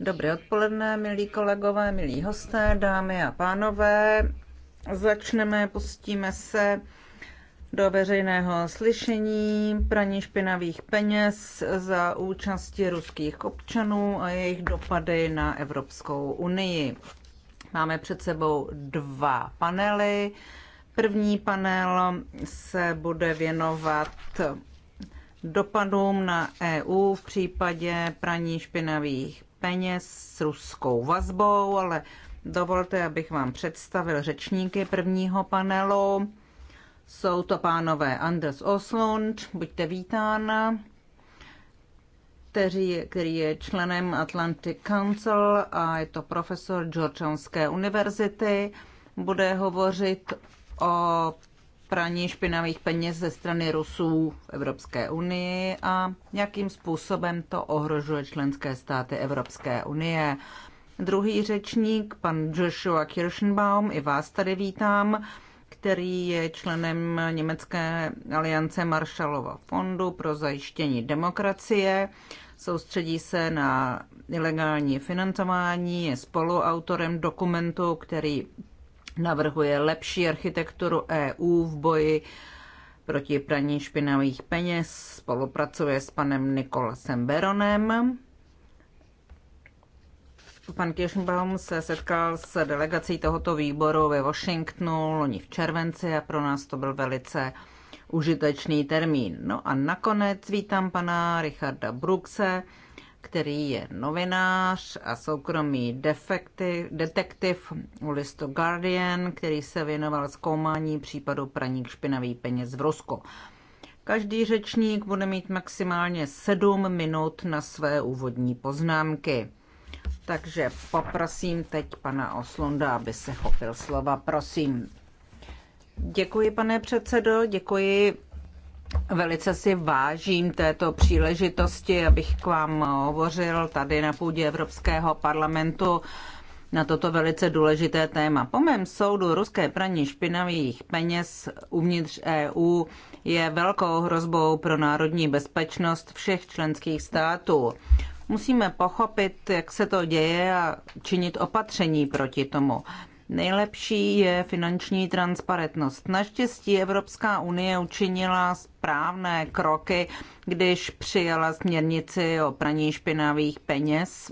Dobré odpoledne, milí kolegové, milí hosté, dámy a pánové. Začneme, pustíme se do veřejného slyšení praní špinavých peněz za účasti ruských občanů a jejich dopady na Evropskou unii. Máme před sebou dva panely. První panel se bude věnovat dopadům na EU v případě praní špinavých peněz s ruskou vazbou, ale dovolte, abych vám představil řečníky prvního panelu. Jsou to pánové Anders Oslund, buďte vítána. který, který je členem Atlantic Council a je to profesor Georgetownské univerzity. Bude hovořit o praní špinavých peněz ze strany Rusů v Evropské unii a jakým způsobem to ohrožuje členské státy Evropské unie. Druhý řečník, pan Joshua Kirschenbaum, i vás tady vítám, který je členem Německé aliance Marshallova fondu pro zajištění demokracie. Soustředí se na ilegální financování, je spoluautorem dokumentu, který navrhuje lepší architekturu EU v boji proti praní špinavých peněz, spolupracuje s panem Nikolasem Beronem. Pan Kirchenbaum se setkal s delegací tohoto výboru ve Washingtonu loni v červenci a pro nás to byl velice užitečný termín. No a nakonec vítám pana Richarda Bruxe, který je novinář a soukromý defektiv, detektiv u listu Guardian, který se věnoval zkoumání případu praní špinavý peněz v Rusku. Každý řečník bude mít maximálně sedm minut na své úvodní poznámky. Takže poprosím teď pana Oslunda, aby se chopil slova. Prosím. Děkuji, pane předsedo, děkuji Velice si vážím této příležitosti, abych k vám hovořil tady na půdě Evropského parlamentu na toto velice důležité téma. Po mém soudu ruské praní špinavých peněz uvnitř EU je velkou hrozbou pro národní bezpečnost všech členských států. Musíme pochopit, jak se to děje a činit opatření proti tomu. Nejlepší je finanční transparentnost. Naštěstí Evropská unie učinila správné kroky, když přijala směrnici o praní špinavých peněz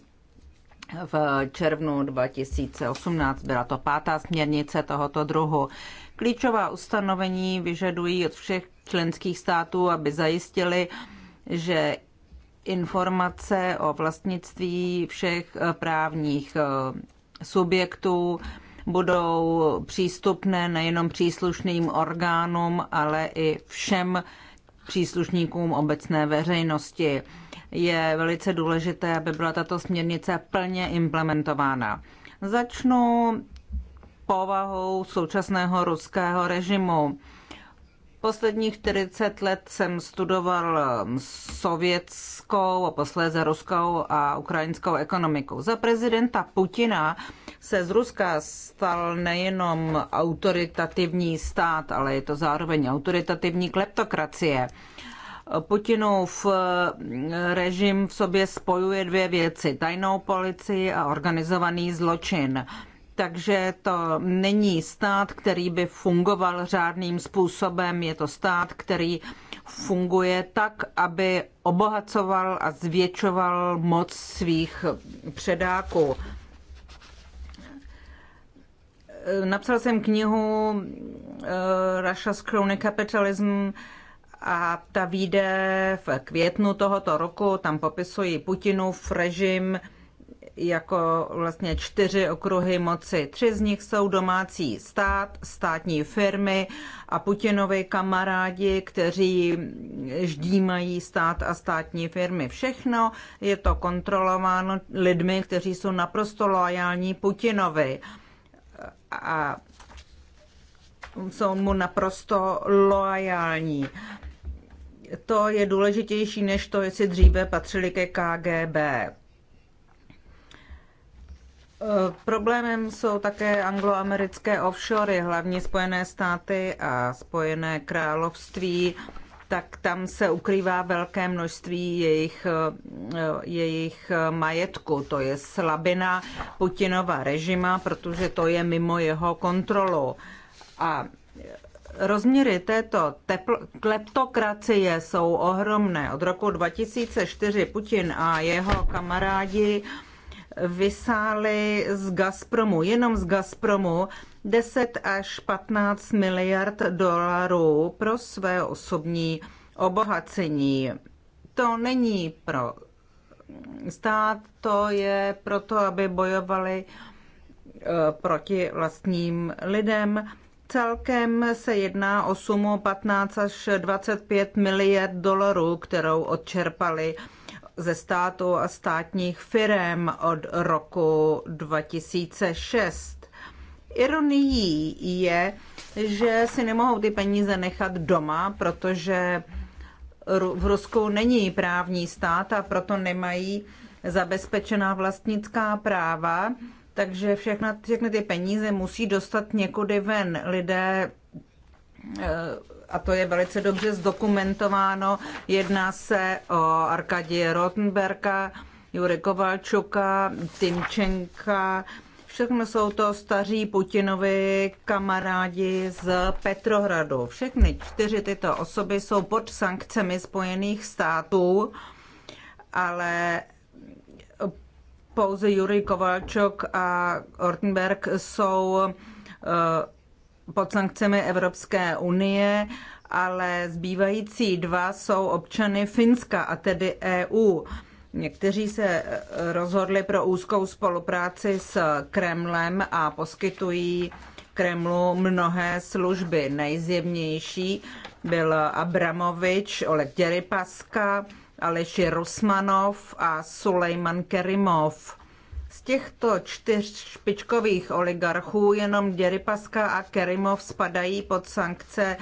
v červnu 2018. Byla to pátá směrnice tohoto druhu. Klíčová ustanovení vyžadují od všech členských států, aby zajistili, že informace o vlastnictví všech právních subjektů budou přístupné nejenom příslušným orgánům, ale i všem příslušníkům obecné veřejnosti. Je velice důležité, aby byla tato směrnice plně implementována. Začnu povahou současného ruského režimu. Posledních 40 let jsem studoval um, sovětskou a posléze ruskou a ukrajinskou ekonomiku. Za prezidenta Putina se z Ruska stal nejenom autoritativní stát, ale je to zároveň autoritativní kleptokracie. Putinův eh, režim v sobě spojuje dvě věci. Tajnou policii a organizovaný zločin takže to není stát, který by fungoval řádným způsobem, je to stát, který funguje tak, aby obohacoval a zvětšoval moc svých předáků. Napsal jsem knihu eh, Russia's Crony Capitalism a ta vyjde v květnu tohoto roku. Tam popisuji Putinův režim, jako vlastně čtyři okruhy moci. Tři z nich jsou domácí stát, státní firmy a Putinovi kamarádi, kteří ždímají stát a státní firmy. Všechno je to kontrolováno lidmi, kteří jsou naprosto loajální Putinovi. A jsou mu naprosto loajální to je důležitější než to, jestli dříve patřili ke KGB. Eh, problémem jsou také angloamerické offshory, hlavně Spojené státy a Spojené království, tak tam se ukrývá velké množství jejich, eh, jejich eh, majetku. To je slabina Putinova režima, protože to je mimo jeho kontrolu. A Rozměry této tepl- kleptokracie jsou ohromné. Od roku 2004 Putin a jeho kamarádi uh, vysáli z Gazpromu, jenom z Gazpromu, 10 až 15 miliard dolarů pro své osobní obohacení. To není pro stát, to je proto, aby bojovali eh, proti vlastním lidem. Celkem se jedná o sumu 15 až 25 miliard dolarů, kterou odčerpali ze státu a státních firm od roku 2006. Ironií je, že si nemohou ty peníze nechat doma, protože v Rusku není právní stát a proto nemají zabezpečená vlastnická práva, takže všechna, všechny ty peníze musí dostat někudy ven. Lidé eh, a to je velice dobře zdokumentováno. Jedná se o Arkadie Rotenberga, Jure Kovalčuka, Timčenka. Všechno jsou to staří Putinovi kamarádi z Petrohradu. Všechny čtyři tyto osoby jsou pod sankcemi Spojených států, ale pouze Jurij Kovalčuk a Ortenberg jsou eh, pod sankcemi Evropské unie, ale zbývající dva jsou občany Finska a tedy EU. Někteří se eh, rozhodli pro úzkou spolupráci s Kremlem a poskytují Kremlu mnohé služby. Nejzjevnější byl Abramovič, Oleg Děrypaska, Aleši Rusmanov a Sulejman Kerimov. Z těchto čtyř špičkových oligarchů jenom Děrypaska a Kerimov spadají pod sankce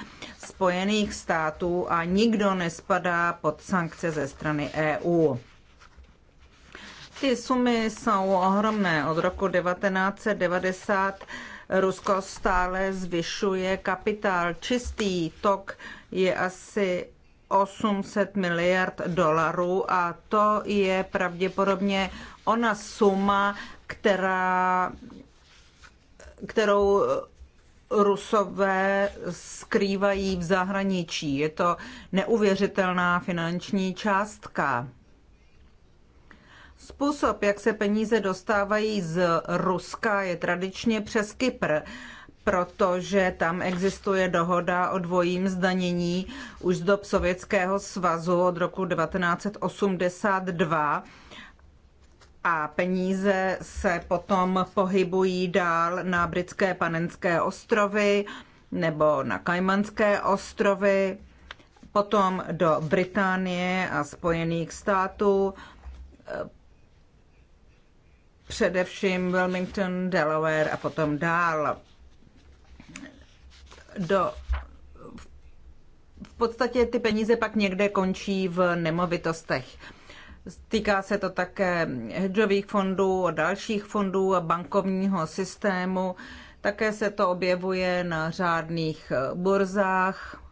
Spojených států a nikdo nespadá pod sankce ze strany EU. Ty sumy jsou ohromné. Od roku 1990 Rusko stále zvyšuje kapitál. Čistý tok je asi 800 miliard dolarů a to je pravděpodobně ona suma, která, kterou Rusové skrývají v zahraničí. Je to neuvěřitelná finanční částka. Způsob, jak se peníze dostávají z Ruska, je tradičně přes Kypr, protože tam existuje dohoda o dvojím zdanění už z dob Sovětského svazu od roku 1982 a peníze se potom pohybují dál na britské panenské ostrovy nebo na Kajmanské ostrovy, potom do Británie a Spojených států, eh, především Wilmington, Delaware a potom dál. Do, v podstatě ty peníze pak někde končí v nemovitostech Týká se to také hedžových fondů a dalších fondů a bankovního systému. Také se to objevuje na řádných eh, burzách.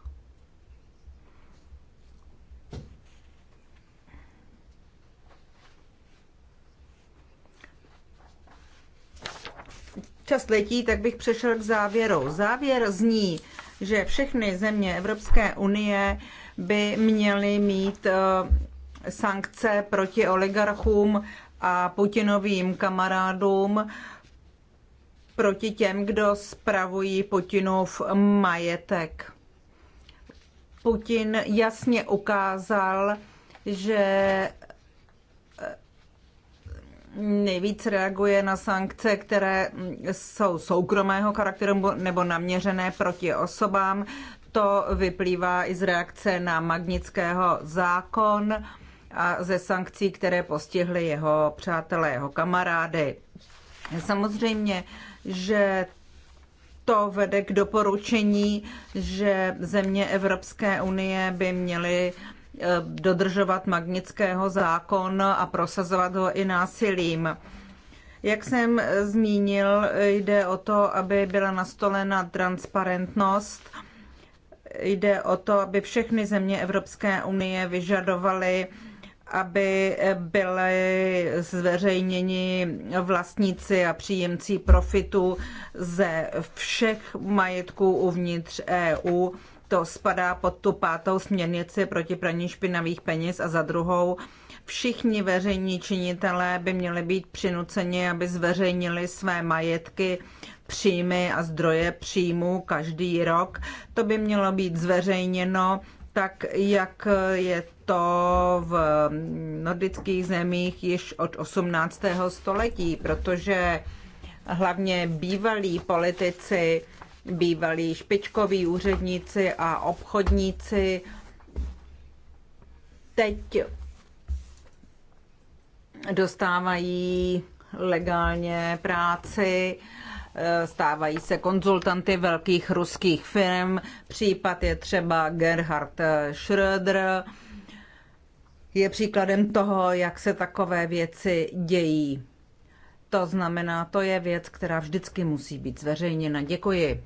Čas letí, tak bych přešel k závěru. Závěr zní, že všechny země Evropské unie by měly mít eh, sankce proti oligarchům a Putinovým kamarádům, proti těm, kdo spravují Putinův majetek. Putin jasně ukázal, že eh, nejvíc reaguje na sankce, které hm, jsou soukromého charakteru nebo naměřené proti osobám. To vyplývá i z reakce na magnického zákon a ze sankcí, které postihly jeho přátelé, jeho kamarády. Samozřejmě, že to vede k doporučení, že země Evropské unie by měly eh, dodržovat magnického zákon a prosazovat ho i násilím. Jak jsem eh, zmínil, jde o to, aby byla nastolena transparentnost. Jde o to, aby všechny země Evropské unie vyžadovaly aby byly zveřejněni vlastníci a příjemci profitu ze všech majetků uvnitř EU. To spadá pod tu pátou směrnici proti praní špinavých peněz a za druhou všichni veřejní činitelé by měli být přinuceni, aby zveřejnili své majetky, příjmy a zdroje příjmů každý rok. To by mělo být zveřejněno tak jak je to v nordických zemích již od 18. století, protože hlavně bývalí politici, bývalí špičkoví úředníci a obchodníci teď dostávají legálně práci stávají se konzultanty velkých ruských firm. Případ je třeba Gerhard Schröder. Je příkladem toho, jak se takové věci dějí. To znamená, to je věc, která vždycky musí být zveřejněna. Děkuji.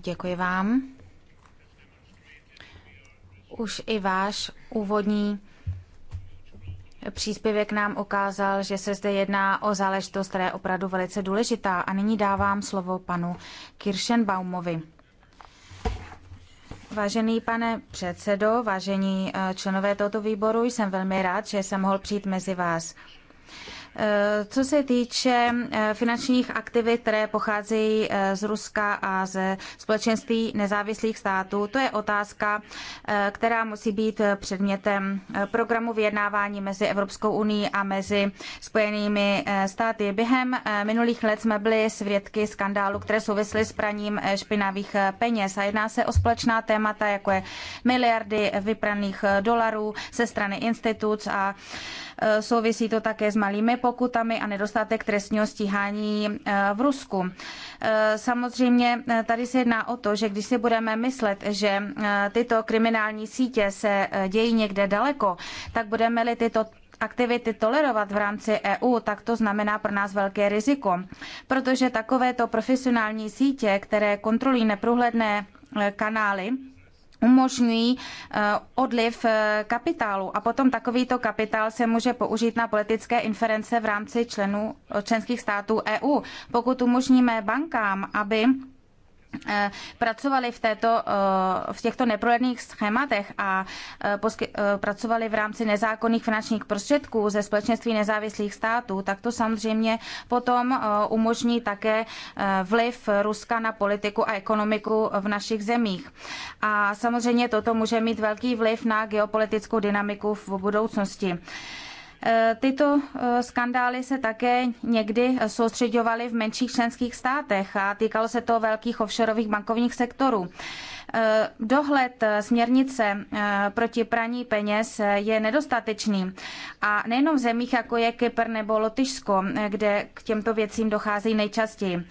Děkuji vám. Už i váš úvodní příspěvek nám ukázal, že se zde jedná o záležitost, která je opravdu velice důležitá. A nyní dávám slovo panu Kirschenbaumovi. Vážený pane předsedo, vážení eh, členové tohoto výboru, jsem velmi rád, že jsem mohl přijít mezi vás. Eh, co se týče eh, finančních aktivit, které pocházejí eh, z Ruska a ze společenství nezávislých států, to je otázka, která musí být předmětem programu vyjednávání mezi Evropskou unii a mezi Spojenými státy. Během minulých let jsme byli svědky skandálu, které souvisly s praním špinavých peněz a jedná se o společná témata, jako je miliardy vypraných dolarů ze strany instituc a Eh, souvisí to také s malými pokutami a nedostatek trestního stíhání eh, v Rusku. Eh, samozřejmě tady se jedná o to, že když si budeme myslet, že tyto kriminální sítě se dějí někde daleko, tak budeme-li tyto aktivity tolerovat v rámci EU, tak to znamená pro nás velké riziko, protože takovéto profesionální sítě, které kontrolují neprůhledné kanály, umožňují eh, odliv eh, kapitálu a potom takovýto kapitál se může použít na politické inference v rámci členů eh, členských států EU. Pokud umožníme bankám, aby Eh, pracovali v, této, eh, v těchto neprojedných schématech a eh, pracovali v rámci nezákonných finančních prostředků ze společenství nezávislých států, tak to samozřejmě potom umožní také vliv Ruska na politiku a ekonomiku v našich zemích. A samozřejmě toto může mít velký vliv na geopolitickou dynamiku v budoucnosti. Eh, tyto eh, skandály se také někdy soustředovaly v menších členských státech a týkalo se to velkých offshoreových bankovních sektorů. Eh, dohled směrnice proti praní peněz je nedostatečný a nejenom v zemích, jako je Kypr nebo Lotyšsko, kde k těmto věcím dochází nejčastěji.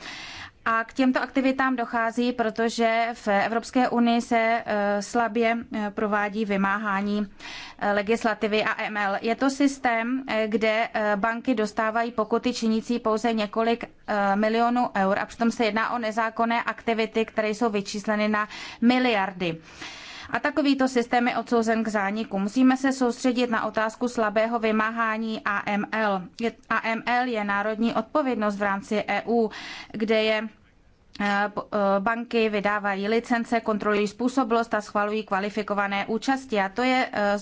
A k těmto aktivitám dochází, protože v Evropské unii se e, slabě e, provádí vymáhání e, legislativy a ML. Je to systém, kde banky dostávají pokuty činící pouze několik milionů eur a přitom se jedná o nezákonné aktivity, které jsou vyčísleny na miliardy a takovýto systém je odsouzen k zániku. Musíme se soustředit na otázku slabého vymáhání AML. AML je národní odpovědnost v rámci EU, kde je eh, eh, banky vydávají licence, kontrolují způsobilost a schvalují kvalifikované účasti a to je eh,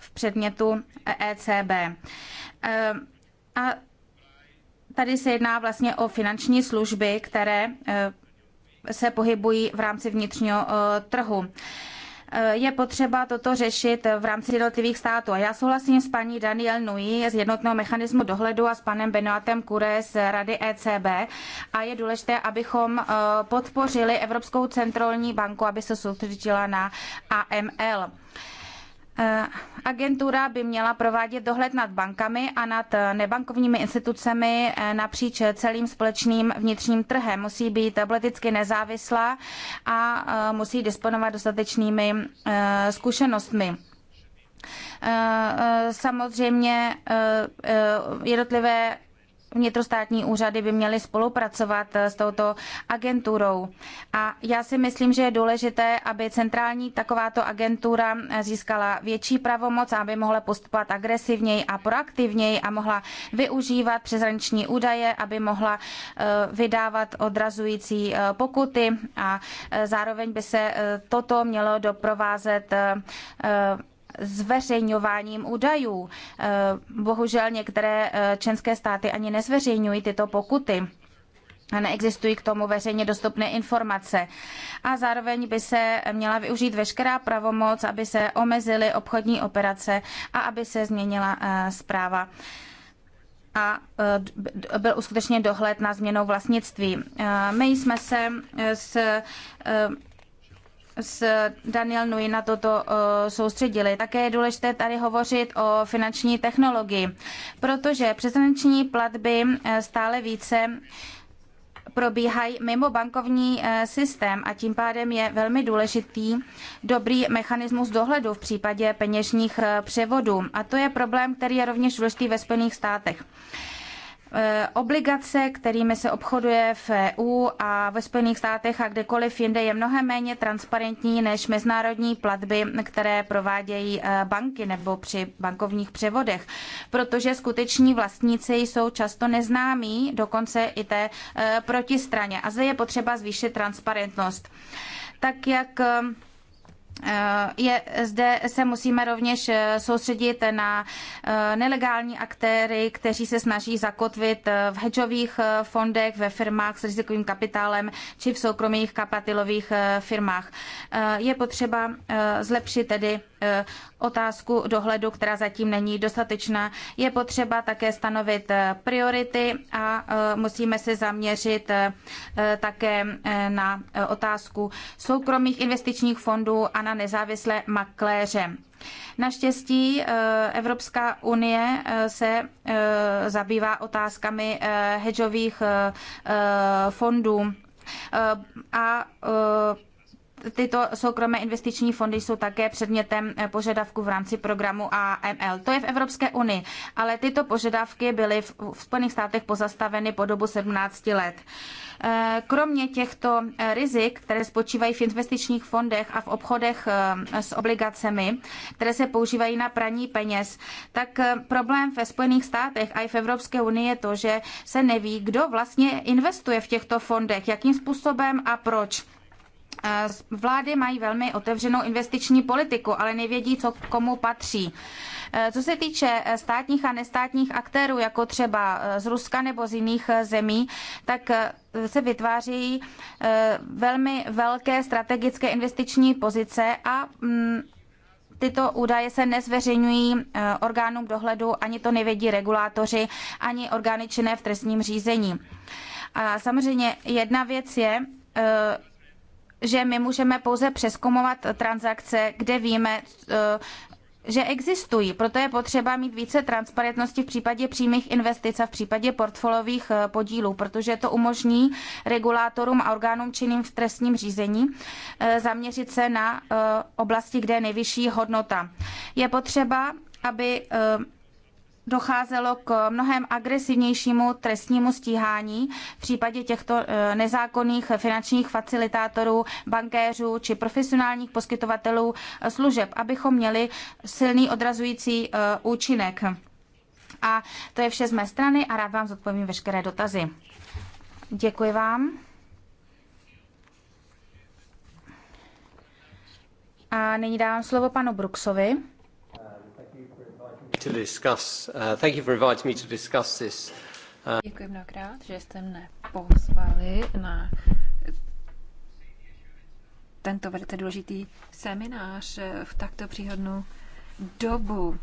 v předmětu ECB. E a tady se jedná vlastně o finanční služby, které se pohybují v rámci vnitřního trhu. Eh, je potřeba toto řešit eh, v rámci jednotlivých států. A já souhlasím s paní Daniel Nui z jednotného mechanismu dohledu a s panem Benoatem Kure z Rady ECB a je důležité, abychom eh, podpořili Evropskou centrální banku, aby se soustředila na AML. Eh, agentura by měla provádět dohled nad bankami a nad eh, nebankovními institucemi eh, napříč celým společným vnitřním trhem. Musí být politicky nezávislá a musí disponovat dostatečnými zkušenostmi. Samozřejmě jednotlivé vnitrostátní úřady by měly spolupracovat eh, s touto agenturou. A já si myslím, že je důležité, aby centrální takováto agentura eh, získala větší pravomoc, aby mohla postupovat agresivněji a proaktivněji a mohla využívat přeshraniční údaje, aby mohla eh, vydávat odrazující pokuty a zároveň by se toto mělo doprovázet zveřejňováním údajů. Eh, bohužel některé eh, členské státy ani nezveřejňují tyto pokuty. A neexistují k tomu veřejně dostupné informace. A zároveň by se měla využít veškerá pravomoc, aby se omezily obchodní operace a aby se změnila zpráva eh, a byl uskutečně dohled na změnou vlastnictví. My jsme se s s Daniel Nui na toto eh, soustředili. Také je důležité tady hovořit o finanční technologii, protože přeshraniční platby eh, stále více probíhají mimo bankovní eh, systém a tím pádem je velmi důležitý dobrý mechanismus dohledu v případě peněžních převodů. A to je problém, který je rovněž důležitý ve Spojených státech. Eh, obligace, kterými se obchoduje v EU a ve Spojených státech a kdekoliv jinde, je mnohem méně transparentní než mezinárodní platby, které provádějí eh, banky nebo při bankovních převodech, protože skuteční vlastníci jsou často neznámí, dokonce i té eh, protistraně. A zde je potřeba zvýšit transparentnost. Tak jak Eh, je, zde se musíme rovněž eh, soustředit na eh, nelegální aktéry, kteří se snaží zakotvit v hedžových fondech, ve firmách s rizikovým kapitálem či v soukromých kapitálových firmách. Je potřeba zlepšit tedy Eh, otázku dohledu, která zatím není dostatečná. Je potřeba také stanovit eh, priority a eh, musíme se zaměřit také na otázku soukromých investičních fondů a na nezávislé makléře. Naštěstí Evropská unie se zabývá otázkami hedžových fondů a tyto soukromé investiční fondy jsou také předmětem eh, požadavku v rámci programu AML. To je v Evropské unii, ale tyto požadavky byly v, v Spojených státech pozastaveny po dobu 17 let. Eh, kromě těchto eh, rizik, které spočívají v investičních fondech a v obchodech s obligacemi, které se používají na praní peněz, tak problém ve Spojených státech a i v Evropské unii je to, že se neví, kdo vlastně investuje v těchto fondech, jakým způsobem a proč. Vlády mají velmi otevřenou investiční politiku, ale nevědí, co komu patří. E, co se týče e, státních a nestátních aktérů, jako třeba e, z Ruska nebo z jiných zemí, tak se vytvářejí velmi velké strategické investiční pozice a mm, Tyto údaje se nezveřejňují orgánům dohledu, ani to nevědí regulátoři, ani orgány činné v trestním řízení. A samozřejmě jedna věc je, že my můžeme pouze přeskumovat transakce, kde víme, eh, že existují. Proto je potřeba mít více transparentnosti v případě přímých investic a v případě portfolových eh, podílů, protože to umožní regulátorům a orgánům činným v trestním řízení eh, zaměřit se na oblasti, kde je nejvyšší hodnota. Je potřeba, aby docházelo k mnohem agresivnějšímu trestnímu stíhání v případě těchto eh, nezákonných finančních facilitátorů, bankéřů či profesionálních poskytovatelů eh, služeb, abychom měli silný odrazující eh, účinek. A to je vše z mé strany a rád vám zodpovím veškeré dotazy. Děkuji vám. A nyní dávám slovo panu Bruxovi to discuss. Uh, thank you for inviting me to discuss this. Uh... Děkuji mnohokrát, že jste mne pozvali na tento velice důležitý seminář v takto příhodnou dobu.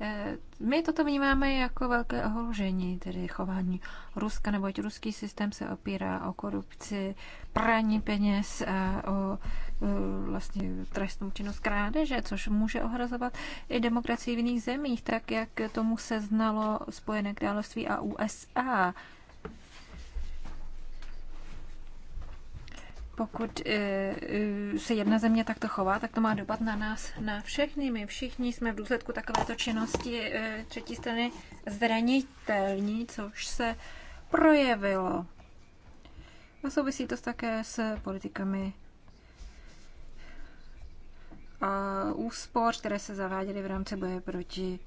Eh, my toto vnímáme jako velké ohrožení, tedy chování Ruska, neboť ruský systém se opírá o korupci, praní peněz a o eh, vlastně trestnou činnost krádeže, což může ohrazovat i demokracii v jiných zemích, tak jak tomu se znalo Spojené království a USA. pokud eh, eh, se jedna země takto chová, tak to má dopad na nás, na všechny. My všichni jsme v důsledku takovéto činnosti eh, třetí strany zranitelní, což se projevilo. A souvisí to také s politikami a úspor, které se zaváděly v rámci boje proti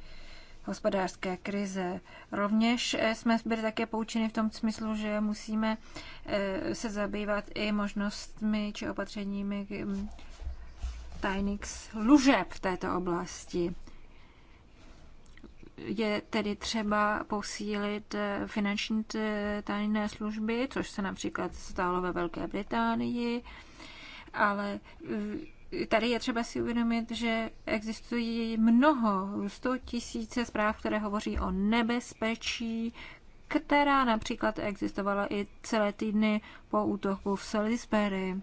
hospodářské krize. Rovněž eh, jsme byli také poučeni v tom smyslu, že musíme eh, se zabývat i možnostmi či opatřeními mm, tajných služeb v této oblasti. Je tedy třeba posílit eh, finanční tajné služby, což se například stalo ve Velké Británii, ale tady je třeba si uvědomit, že existují mnoho, 100 tisíce zpráv, které hovoří o nebezpečí, která například existovala i celé týdny po útoku v Salisbury.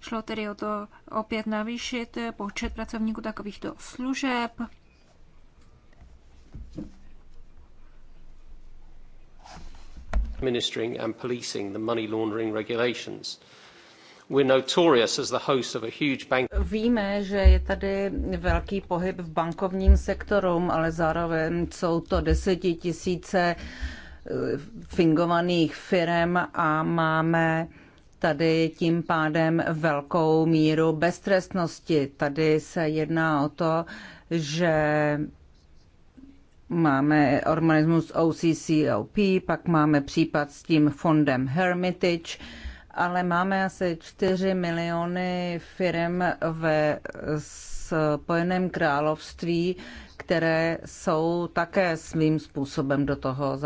Šlo tedy o to opět navýšit počet pracovníků takovýchto služeb. Ministering and policing the money laundering regulations. Víme, že je tady velký pohyb v bankovním sektoru, ale zároveň jsou to desetitisíce eh, fingovaných firm a máme tady tím pádem velkou míru beztrestnosti. Tady se jedná o to, že máme organismus OCCOP, pak máme případ s tím fondem Hermitage, ale máme asi 4 miliony firm ve Spojeném království, které jsou také svým způsobem do toho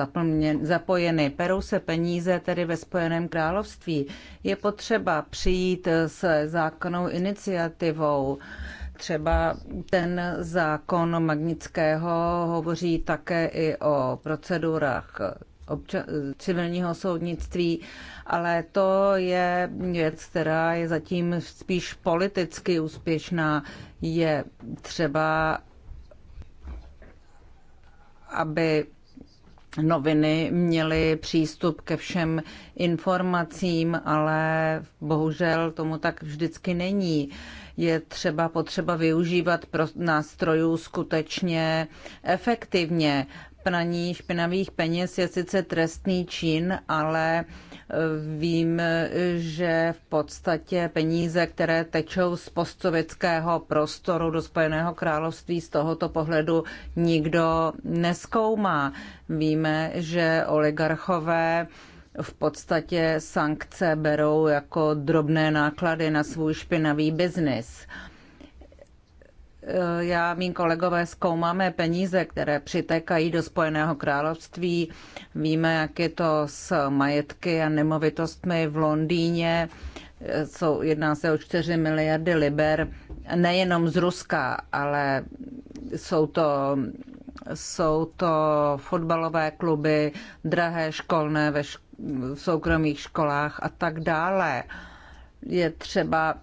zapojeny. Perou se peníze tedy ve Spojeném království. Je potřeba přijít s zákonnou iniciativou. Třeba ten zákon Magnického hovoří také i o procedurách obča- civilního soudnictví, ale to je věc, která je zatím spíš politicky úspěšná. Je třeba, aby noviny měly přístup ke všem informacím, ale bohužel tomu tak vždycky není. Je třeba potřeba využívat nástrojů skutečně efektivně praní špinavých peněz je sice trestný čin, ale e, vím, že v podstatě peníze, které tečou z postsovětského prostoru do Spojeného království, z tohoto pohledu nikdo neskoumá. Víme, že oligarchové v podstatě sankce berou jako drobné náklady na svůj špinavý biznis. Eh, já, mým kolegové, zkoumáme peníze, které přitékají do Spojeného království. Víme, jak je to s majetky a nemovitostmi v Londýně. Eh, jsou, jedná se o 4 miliardy liber, nejenom z Ruska, ale jsou to, jsou to fotbalové kluby, drahé školné ve šk- v soukromých školách a tak dále. Je třeba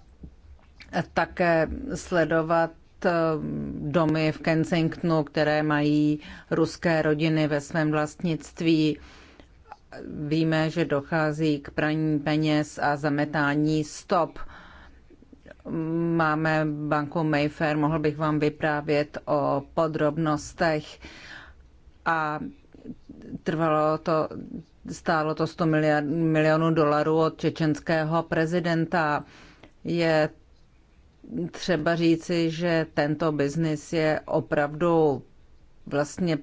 také sledovat Eh, domy v Kensingtonu, které mají ruské rodiny ve svém vlastnictví. Víme, že dochází k praní peněz a zametání stop. Máme banku Mayfair, mohl bych vám vyprávět o podrobnostech. A trvalo to, stálo to 100 miliard, milionů dolarů od čečenského prezidenta. Je třeba říci, že tento biznis je opravdu vlastně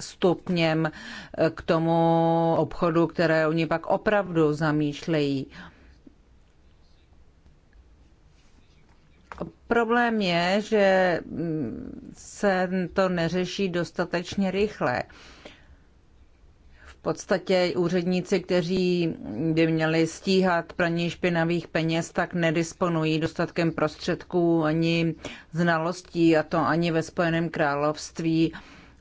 stupněm eh, k tomu obchodu, které oni pak opravdu zamýšlejí. Problém je, že mm, se to neřeší dostatečně rychle podstatě úředníci, kteří by měli stíhat praní špinavých peněz, tak nedisponují dostatkem prostředků ani znalostí, a to ani ve Spojeném království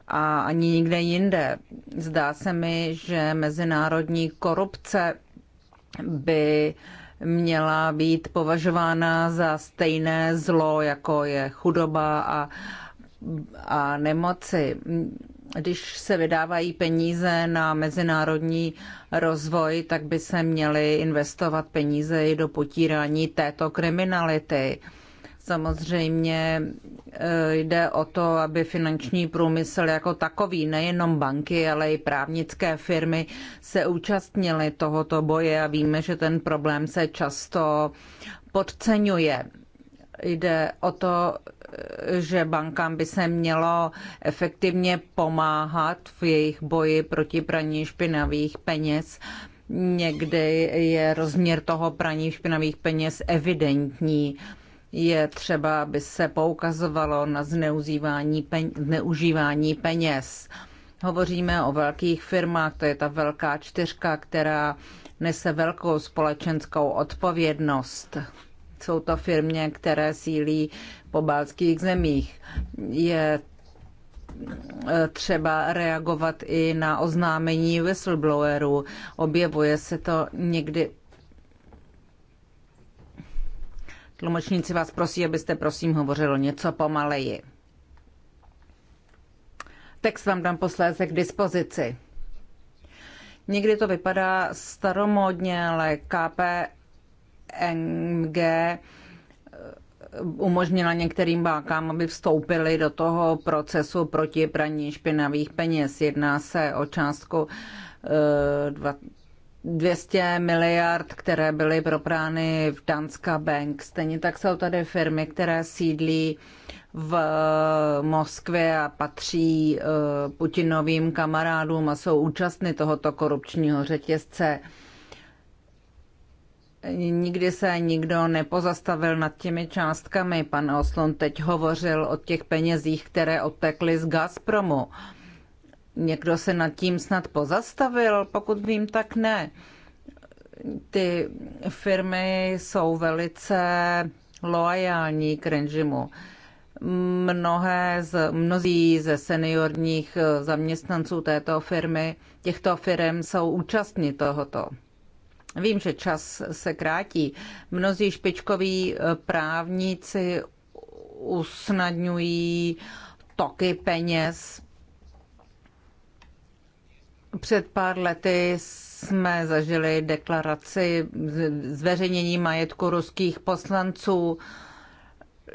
a ani nikde jinde. Zdá se mi, že mezinárodní korupce by měla být považována za stejné zlo, jako je chudoba a, a nemoci když se vydávají peníze na mezinárodní rozvoj, tak by se měly investovat peníze i do potírání této kriminality. Samozřejmě eh, jde o to, aby finanční průmysl jako takový, nejenom banky, ale i právnické firmy se účastnily tohoto boje a víme, že ten problém se často podceňuje. Jde o to, že bankám by se mělo efektivně pomáhat v jejich boji proti praní špinavých peněz. Někdy je rozměr toho praní špinavých peněz evidentní. Je třeba, aby se poukazovalo na zneužívání peněz. peněz. Hovoříme o velkých firmách, to je ta velká čtyřka, která nese velkou společenskou odpovědnost. Jsou to firmy, které sílí pobaltských zemích. Je e, třeba reagovat i na oznámení whistleblowerů. Objevuje se to někdy. Tlumočníci vás prosí, abyste prosím hovořilo něco pomaleji. Text vám dám posléze k dispozici. Někdy to vypadá staromódně, ale KPMG umožnila některým bankám, aby vstoupili do toho procesu proti praní špinavých peněz. Jedná se o částku 200 eh, miliard, které byly proprány v Danska Bank. Stejně tak jsou tady firmy, které sídlí v Moskvě a patří eh, Putinovým kamarádům a jsou účastny tohoto korupčního řetězce. Nikdy se nikdo nepozastavil nad těmi částkami. Pan Oslon teď hovořil o těch penězích, které odtekly z Gazpromu. Někdo se nad tím snad pozastavil? Pokud vím, tak ne. Ty firmy jsou velice loajální k režimu. Mnohé z, mnozí ze seniorních zaměstnanců této firmy, těchto firm jsou účastní tohoto. Vím, že čas se krátí. Mnozí špičkoví eh, právníci usnadňují toky peněz. Před pár lety jsme zažili deklaraci zveřejnění majetku ruských poslanců,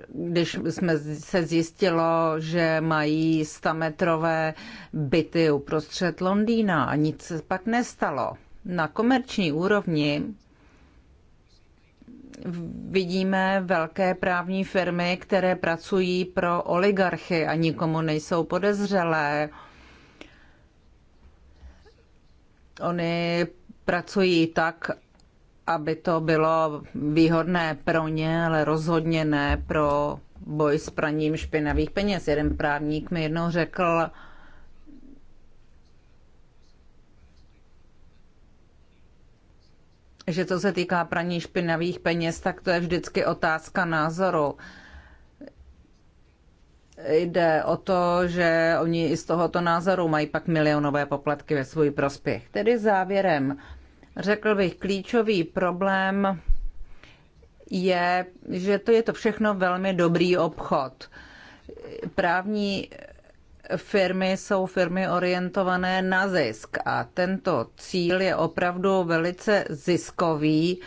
když jsme se zjistilo, že mají stametrové byty uprostřed Londýna a nic se pak nestalo na komerční úrovni vidíme velké právní firmy, které pracují pro oligarchy a nikomu nejsou podezřelé. Oni pracují tak, aby to bylo výhodné pro ně, ale rozhodně ne pro boj s praním špinavých peněz. Jeden právník mi jednou řekl, že to se týká praní špinavých peněz, tak to je vždycky otázka názoru. Jde o to, že oni i z tohoto názoru mají pak milionové poplatky ve svůj prospěch. Tedy závěrem, řekl bych, klíčový problém je, že to je to všechno velmi dobrý obchod. Právní firmy jsou firmy orientované na zisk a tento cíl je opravdu velice ziskový.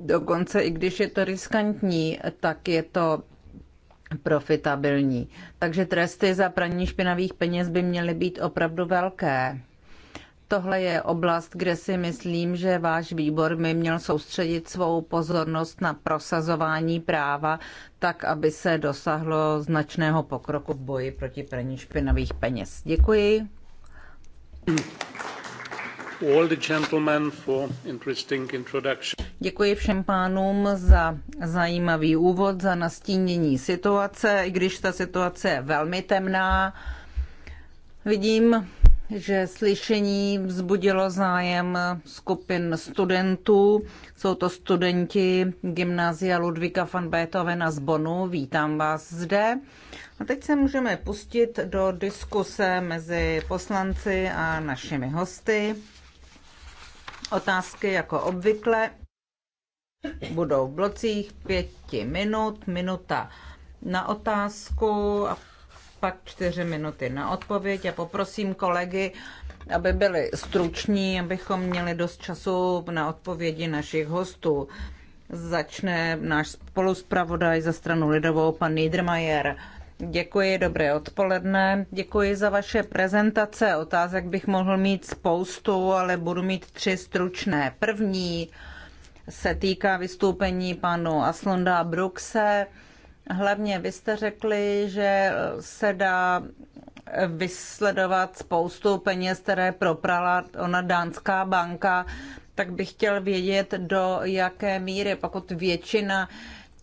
Dokonce i když je to riskantní, tak je to profitabilní. Takže tresty za praní špinavých peněz by měly být opravdu velké. Tohle je oblast, kde si myslím, že váš výbor by měl soustředit svou pozornost na prosazování práva, tak aby se dosahlo značného pokroku v boji proti praní špinavých peněz. Děkuji. All the gentlemen for interesting introduction. Děkuji všem pánům za zajímavý úvod, za nastínění situace, i když ta situace je velmi temná. Vidím že slyšení vzbudilo zájem skupin studentů. Jsou to studenti Gymnázia Ludvíka van Beethovena z Bonu. Vítám vás zde. A teď se můžeme pustit do diskuse mezi poslanci a našimi hosty. Otázky jako obvykle budou v blocích pěti minut, minuta na otázku a pak čtyři minuty na odpověď a poprosím kolegy, aby byli struční, abychom měli dost času na odpovědi našich hostů. Začne náš spoluspravodaj za stranu Lidovou, pan Niedermayer. Děkuji, dobré odpoledne. Děkuji za vaše prezentace. Otázek bych mohl mít spoustu, ale budu mít tři stručné. První se týká vystoupení panu Aslonda Bruxe. Hlavně vy jste řekli, že se dá vysledovat spoustu peněz, které proprala ona dánská banka, tak bych chtěl vědět, do jaké míry, pokud většina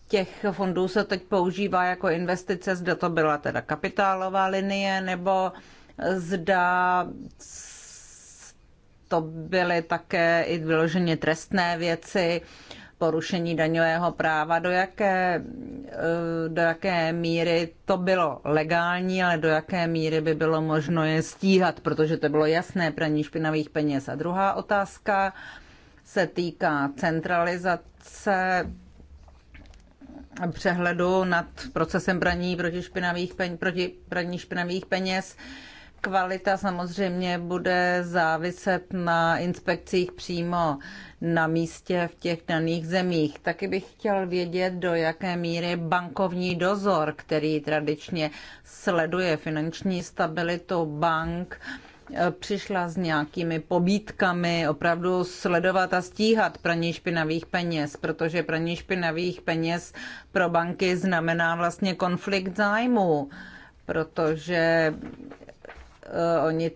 těch fondů se teď používá jako investice, zda to byla teda kapitálová linie, nebo zda to byly také i vyloženě trestné věci. Uh, porušení daňového práva, do jaké, eh, do jaké míry to bylo legální, ale do jaké míry by bylo možno je stíhat, protože to bylo jasné praní špinavých peněz. A druhá otázka se týká centralizace přehledu nad procesem praní proti, špinavých peněz, proti praní špinavých peněz. Kvalita samozřejmě bude záviset na inspekcích přímo na místě v těch daných zemích. Taky bych chtěl vědět, do jaké míry bankovní dozor, který tradičně sleduje finanční stabilitu bank, přišla s nějakými pobítkami opravdu sledovat a stíhat praní špinavých peněz, protože praní špinavých peněz pro banky znamená vlastně konflikt zájmů, protože Eh, oni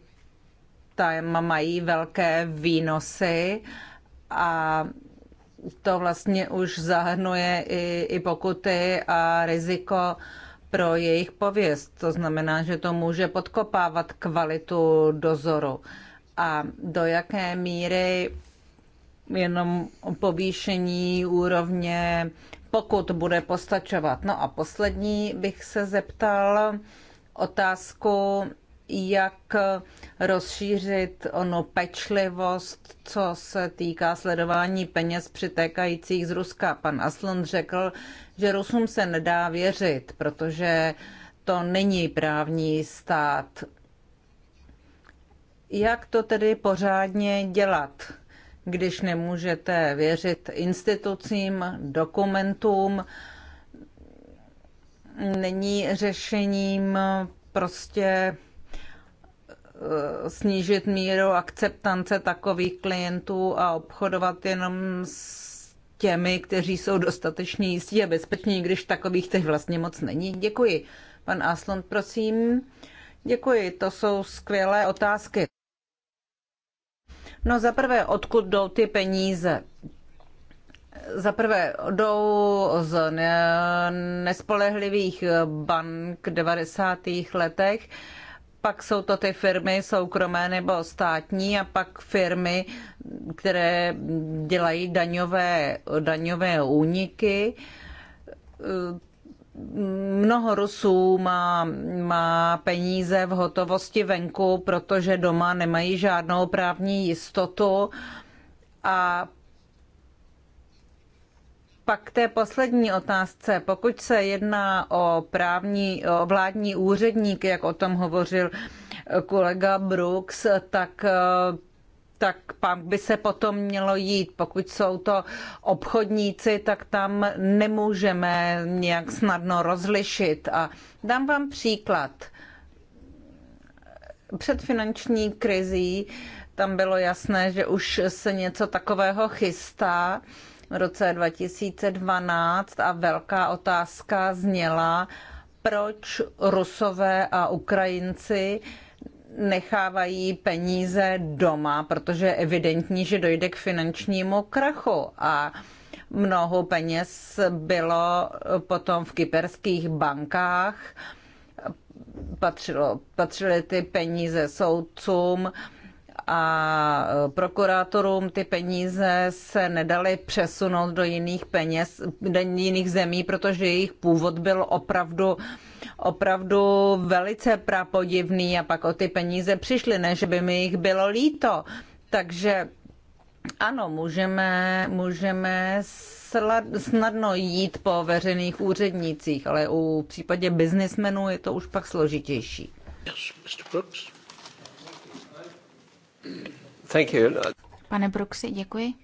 tam mají velké výnosy a to vlastně už zahrnuje i, i pokuty a riziko pro jejich pověst. To znamená, že to může podkopávat kvalitu dozoru. A do jaké míry jenom povýšení úrovně pokud bude postačovat. No a poslední bych se zeptal otázku jak rozšířit ono pečlivost, co se týká sledování peněz přitékajících z Ruska. Pan Aslan řekl, že Rusům se nedá věřit, protože to není právní stát. Jak to tedy pořádně dělat, když nemůžete věřit institucím, dokumentům? Není řešením prostě Eh, snížit míru akceptance takových klientů a obchodovat jenom s těmi, kteří jsou dostatečně jistí a bezpeční, když takových těch vlastně moc není. Děkuji. Pan Aslund, prosím. Děkuji, to jsou skvělé otázky. No za prvé, odkud jdou ty peníze? Za prvé, jdou z nespolehlivých bank v 90. letech pak jsou to ty firmy soukromé nebo státní a pak firmy, které dělají daňové, daňové úniky. Mnoho Rusů má, má peníze v hotovosti venku, protože doma nemají žádnou právní jistotu a pak té poslední otázce. Pokud se jedná o právní, o vládní úředníky, jak o tom hovořil kolega Brooks, tak eh, tak pak by se potom mělo jít. Pokud jsou to obchodníci, tak tam nemůžeme nějak snadno rozlišit. A dám vám příklad. Před finanční krizí tam bylo jasné, že už se něco takového chystá v roce 2012 a velká otázka zněla, proč Rusové a Ukrajinci nechávají peníze doma, protože je evidentní, že dojde k finančnímu krachu a mnoho peněz bylo potom v kyperských bankách, patřilo, patřily ty peníze soudcům, a e, prokurátorům ty peníze se nedaly přesunout do jiných peněz, do jiných zemí, protože jejich původ byl opravdu opravdu velice prapodivný a pak o ty peníze přišli, ne, že by mi jich bylo líto. Takže ano, můžeme, můžeme snadno jít po veřejných úřednících, ale u případě biznismenů je to už pak složitější. Yes, Mr. Brooks. Pane Broxy, děkuji.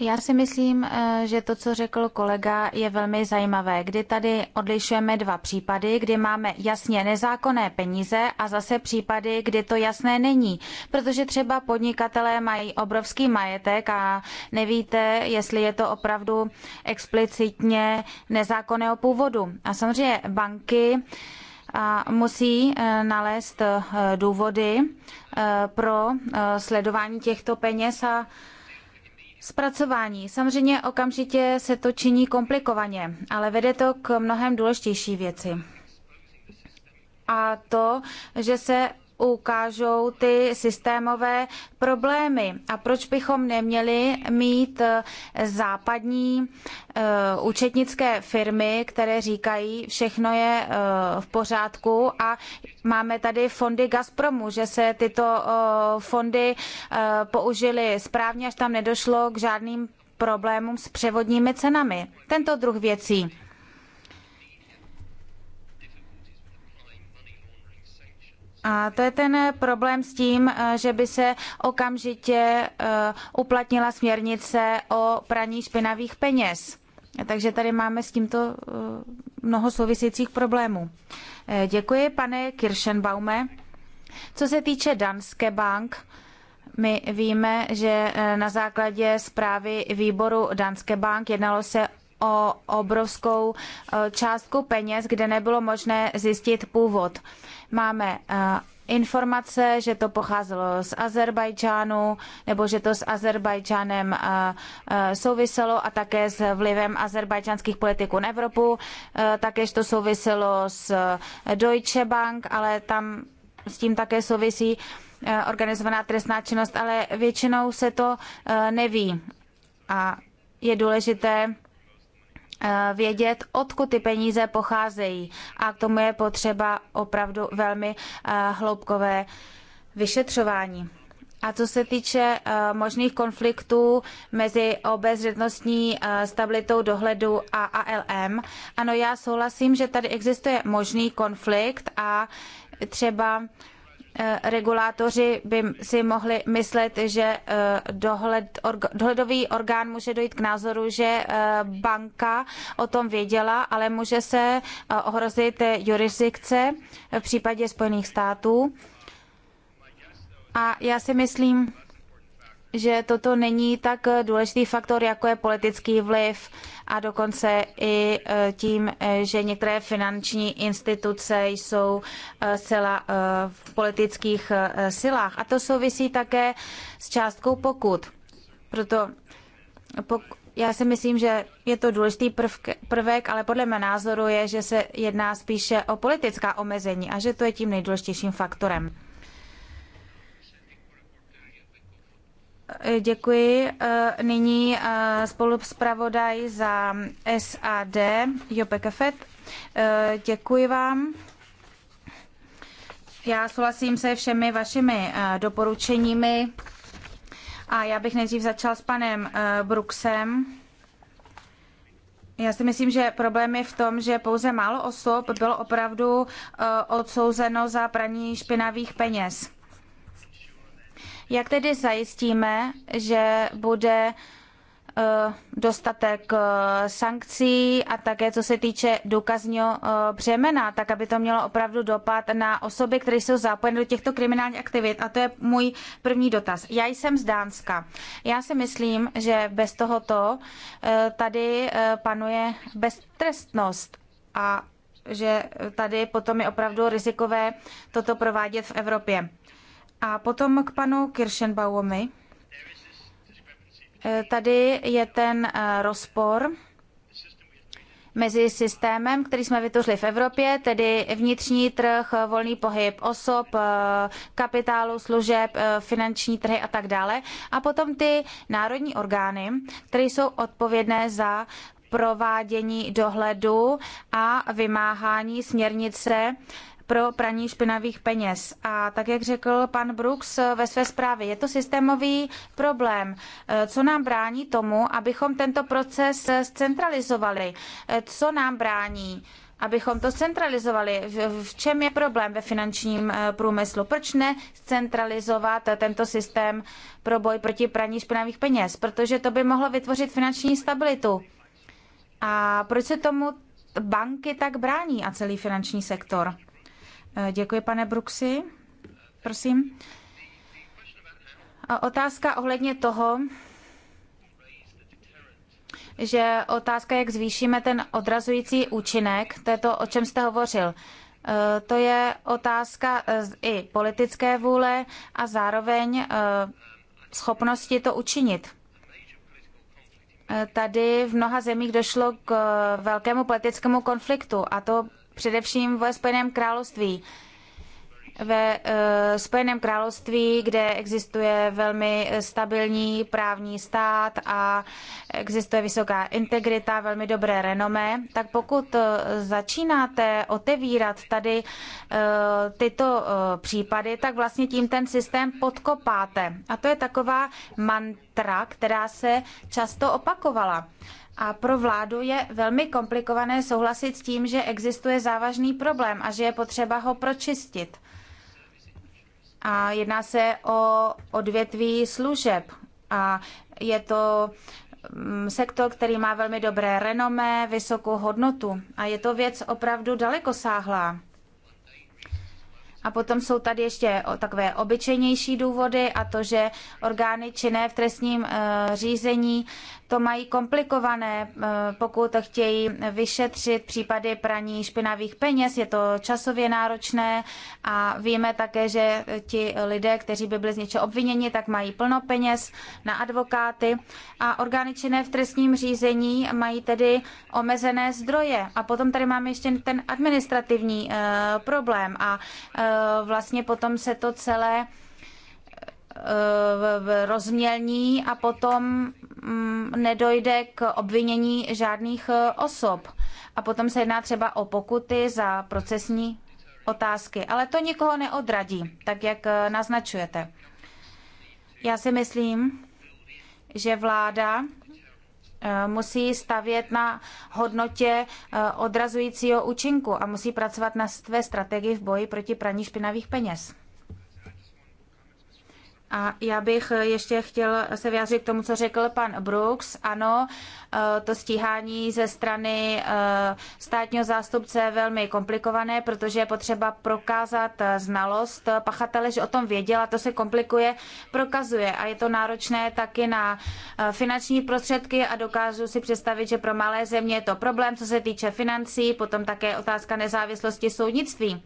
Já si myslím, eh, že to, co řekl kolega, je velmi zajímavé, kdy tady odlišujeme dva případy, kdy máme jasně nezákonné peníze a zase případy, kdy to jasné není. Protože třeba podnikatelé mají obrovský majetek a nevíte, jestli je to opravdu explicitně nezákonného původu. A samozřejmě banky a musí eh, nalézt eh, důvody eh, pro sledování těchto peněz a Zpracování. Samozřejmě okamžitě se to činí komplikovaně, ale vede to k mnohem důležitější věci. A to, že se ukážou ty systémové problémy. A proč bychom neměli mít eh, západní eh, účetnické firmy, které říkají, všechno je eh, v pořádku a máme tady fondy Gazpromu, že se tyto fondy použily správně, až tam nedošlo k žádným problémům s převodními cenami. Tento druh věcí. A to je ten problém s tím, eh, že by se okamžitě eh, uplatnila směrnice o praní špinavých peněz. Takže tady máme s tímto eh, mnoho souvisících problémů. Děkuji, pane Kirschenbaume. Co se týče Danske Bank, my víme, že na základě zprávy výboru Danske Bank jednalo se o obrovskou eh, částku peněz, kde nebylo možné zjistit původ. Máme eh, informace, že to pocházelo z Azerbajdžánu, nebo že to s Azerbajdžánem eh, souviselo a také s vlivem azerbajdžánských politiků na Evropu. Také to souviselo s Deutsche Bank, ale tam s tím také souvisí organizovaná trestná činnost, ale většinou se to neví. A je důležité Eh, vědět, odkud ty peníze pocházejí. A k tomu je potřeba opravdu velmi eh, hloubkové vyšetřování. A co se týče eh, možných konfliktů mezi obezřetnostní stabilitou dohledu a ALM, ano, já souhlasím, že tady existuje možný konflikt a třeba Eh, regulátoři by si mohli myslet, že eh, dohled, dohledový orgán může dojít k názoru, že eh, banka o tom věděla, ale může se ohrozit jurisdikce v případě Spojených států. A já si myslím, že toto není tak důležitý faktor, jako je politický vliv a dokonce i e, tím, e, že některé finanční instituce jsou e, zcela v politických silách. A to souvisí také s částkou pokut. Proto pok- já si myslím, že je to důležitý prvk, prvek, ale podle mého názoru je, že se jedná spíše o politická omezení a že to je tím nejdůležitějším faktorem. Děkuji. Eh, nyní eh, spoluzpravodaj za SAD, Jope Kefet. Eh, děkuji vám. Já souhlasím se všemi vašimi doporučeními a já bych nejdřív začal s panem Bruxem. Já si myslím, že problém je v tom, že pouze málo osob bylo opravdu odsouzeno za praní špinavých peněz. Jak tedy zajistíme, že bude eh, dostatek eh, sankcí a také co se týče důkazního eh, břemena, tak aby to mělo opravdu dopad na osoby, které jsou zapojeny do těchto kriminálních aktivit. A to je můj první dotaz. Já jsem z Dánska. Já si myslím, že bez tohoto tady panuje beztrestnost a že tady potom je opravdu rizikové toto provádět v Evropě. A potom k panu Kirschenbaumovi. E, tady je ten e, rozpor mezi systémem, který jsme vytvořili v Evropě, tedy vnitřní trh, volný pohyb osob, e, kapitálu, služeb, finanční trhy a tak dále. A potom ty národní orgány, které jsou odpovědné za provádění dohledu a vymáhání směrnice pro praní špinavých peněz. A tak, jak řekl pan Brooks ve své zprávě, je to systémový problém. Eh, co nám brání tomu, abychom tento proces zcentralizovali? Eh, co nám brání? abychom to centralizovali. V čem je problém ve finančním eh, průmyslu? Proč ne centralizovat tento systém pro boj proti praní špinavých peněz? Protože to by mohlo vytvořit finanční stabilitu. A proč se tomu banky tak brání a celý finanční sektor? Eh, děkuji, pane Bruxy. Prosím. Otázka ohledně toho, že otázka, jak zvýšíme ten odrazující účinek, to je to, o čem jste hovořil. Eh, to je otázka eh, i politické vůle a zároveň schopnosti to učinit. Tady v mnoha zemích došlo k velkému politickému konfliktu a to především ve Spojeném království. Ve uh, Spojeném království, kde existuje velmi stabilní právní stát a existuje vysoká integrita, velmi dobré renomé, tak pokud eh, začínáte otevírat tady uh, tyto uh, případy, tak vlastně tím ten systém podkopáte. A to je taková mantra, která se často opakovala. Uh, a pro vládu je velmi komplikované souhlasit s tím, že existuje závažný problém a že je potřeba ho pročistit. A jedná se o odvětví služeb. A je to mm, sektor, který má velmi dobré renomé, vysokou hodnotu. A je to věc opravdu dalekosáhlá. A potom jsou tady ještě takové obyčejnější důvody a to, že orgány činné v trestním eh, řízení to mají komplikované, eh, pokud chtějí vyšetřit případy praní špinavých peněz, je to časově náročné a víme také, že ti lidé, kteří by byli z něčeho obviněni, tak mají plno peněz na advokáty a orgány činné v trestním řízení mají tedy omezené zdroje. A potom tady máme ještě ten administrativní eh, problém a eh, vlastně potom se to celé rozmělní a potom mm, nedojde k obvinění žádných e, osob. A potom se jedná třeba o pokuty za procesní otázky. Ale to nikoho neodradí, tak jak e, naznačujete. Já si myslím, že vláda e, musí stavět na hodnotě odrazujícího účinku a musí pracovat na své strategii v boji proti praní špinavých peněz. A já bych ještě chtěl se vyjádřit k tomu, co řekl pan Brooks. Ano, eh, to stíhání ze strany eh, státního zástupce je velmi komplikované, protože je potřeba prokázat eh, znalost pachatele, že o tom věděl a to se komplikuje, prokazuje. A je to náročné taky na finanční prostředky a dokážu si představit, že pro malé země je to problém, co se týče financí, potom také otázka nezávislosti soudnictví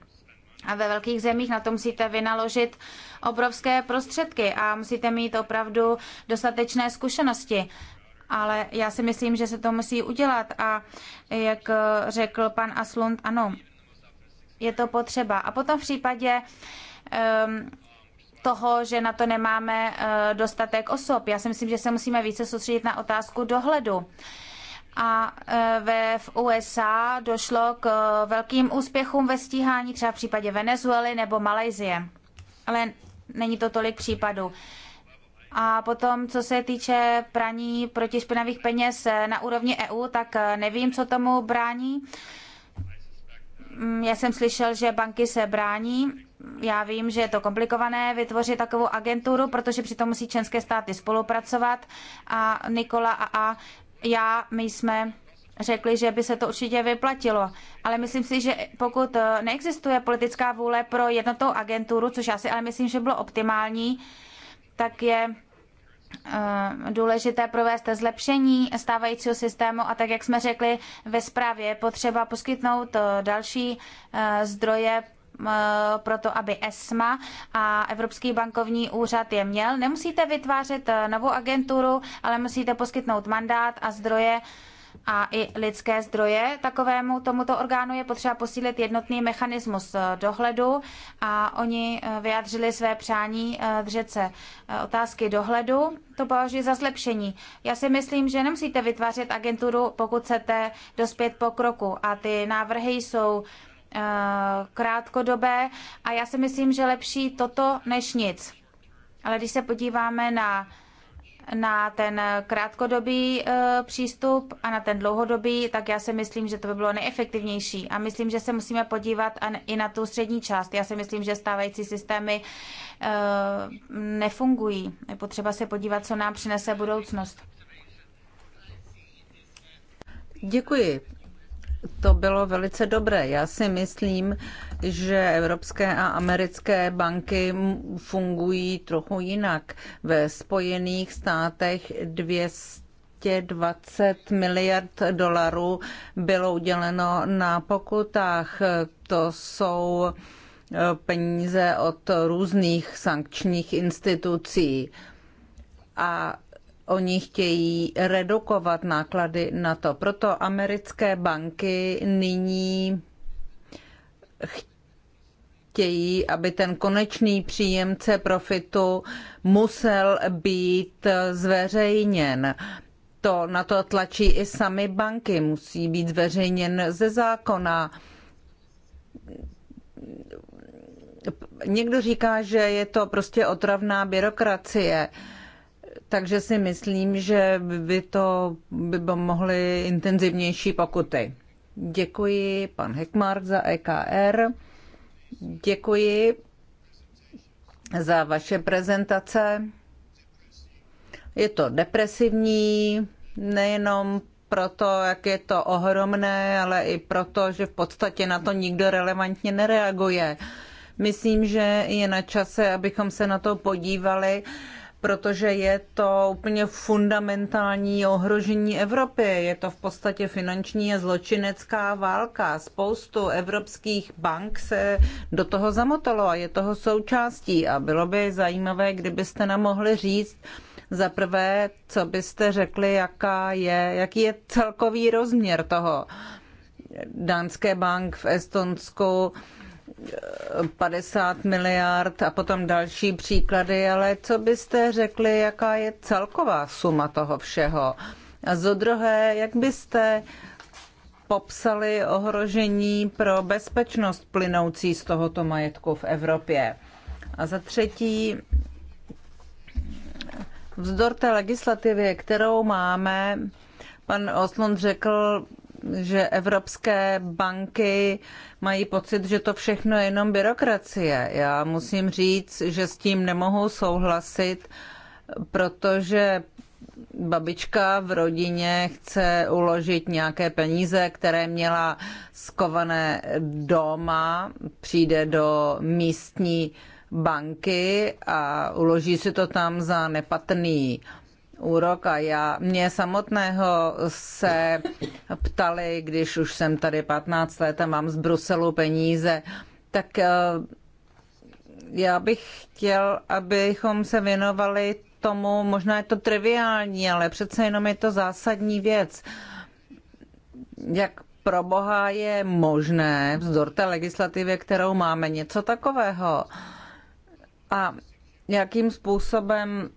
a ve velkých zemích na to musíte vynaložit obrovské prostředky a musíte mít opravdu dostatečné zkušenosti. Ale já si myslím, že se to musí udělat a jak řekl pan Aslund, ano, je to potřeba. A potom v případě um, toho, že na to nemáme eh, dostatek osob. Já si myslím, že se musíme více soustředit na otázku dohledu a e, ve, v USA došlo k e, velkým úspěchům ve stíhání, třeba v případě Venezuely nebo Malajzie. Ale není to tolik případů. A potom, co se týče praní proti špinavých peněz e, na úrovni EU, tak nevím, co tomu brání. Mm, já jsem slyšel, že banky se brání. Já vím, že je to komplikované vytvořit takovou agenturu, protože přitom musí členské státy spolupracovat. A Nikola a, a já, my jsme řekli, že by se to určitě vyplatilo. Ale myslím si, že pokud eh, neexistuje politická vůle pro jednotou agenturu, což já si ale myslím, že bylo optimální, tak je eh, důležité provést zlepšení stávajícího systému a tak, jak jsme řekli ve zprávě, potřeba poskytnout eh, další zdroje Eh, proto, aby ESMA a Evropský bankovní úřad je měl. Nemusíte vytvářet eh, novou agenturu, ale musíte poskytnout mandát a zdroje a i lidské zdroje takovému tomuto orgánu je potřeba posílit jednotný mechanismus eh, dohledu a oni vyjádřili své přání držet se otázky dohledu. To považuji za zlepšení. Já si myslím, že nemusíte vytvářet agenturu, pokud chcete dospět po kroku a ty návrhy jsou Eh, krátkodobé a já si myslím, že lepší toto než nic. Ale když se podíváme na, na ten krátkodobý eh, přístup a na ten dlouhodobý, tak já si myslím, že to by bylo neefektivnější. A myslím, že se musíme podívat i na tu střední část. Já si myslím, že stávající systémy eh, nefungují. Je potřeba se podívat, co nám přinese budoucnost. Děkuji to bylo velice dobré. Já si myslím, že evropské a americké banky fungují trochu jinak. Ve Spojených státech 220 miliard dolarů bylo uděleno na pokutách. To jsou eh, peníze od různých sankčních institucí. A Oni chtějí redukovat náklady na to. Proto americké banky nyní chtějí, aby ten konečný příjemce profitu musel být zveřejněn. To na to tlačí i sami banky, musí být zveřejněn ze zákona. Někdo říká, že je to prostě otravná byrokracie takže si myslím, že by to by mohly intenzivnější pokuty. Děkuji pan Heckmark za EKR. Děkuji za vaše prezentace. Je to depresivní, nejenom proto, jak je to ohromné, ale i proto, že v podstatě na to nikdo relevantně nereaguje. Myslím, že je na čase, abychom se na to podívali protože je to úplně fundamentální ohrožení Evropy. Je to v podstatě finanční a zločinecká válka. Spoustu evropských bank se do toho zamotalo a je toho součástí. A bylo by zajímavé, kdybyste nám mohli říct, za prvé, co byste řekli, jaká je, jaký je celkový rozměr toho. Dánské bank v Estonsku, 50 miliard a potom další příklady, ale co byste řekli, jaká je celková suma toho všeho? A za druhé, jak byste popsali ohrožení pro bezpečnost plynoucí z tohoto majetku v Evropě? A za třetí, vzdor té legislativě, kterou máme, pan Oslund řekl, že evropské banky mají pocit, že to všechno je jenom byrokracie. Já musím říct, že s tím nemohu souhlasit, protože babička v rodině chce uložit nějaké peníze, které měla skované doma, přijde do místní banky a uloží si to tam za nepatrný úrok a já mě samotného se ptali, když už jsem tady 15 let a mám z Bruselu peníze, tak eh, já bych chtěl, abychom se věnovali tomu, možná je to triviální, ale přece jenom je to zásadní věc. Jak pro boha je možné, vzdor té legislativě, kterou máme, něco takového? A jakým způsobem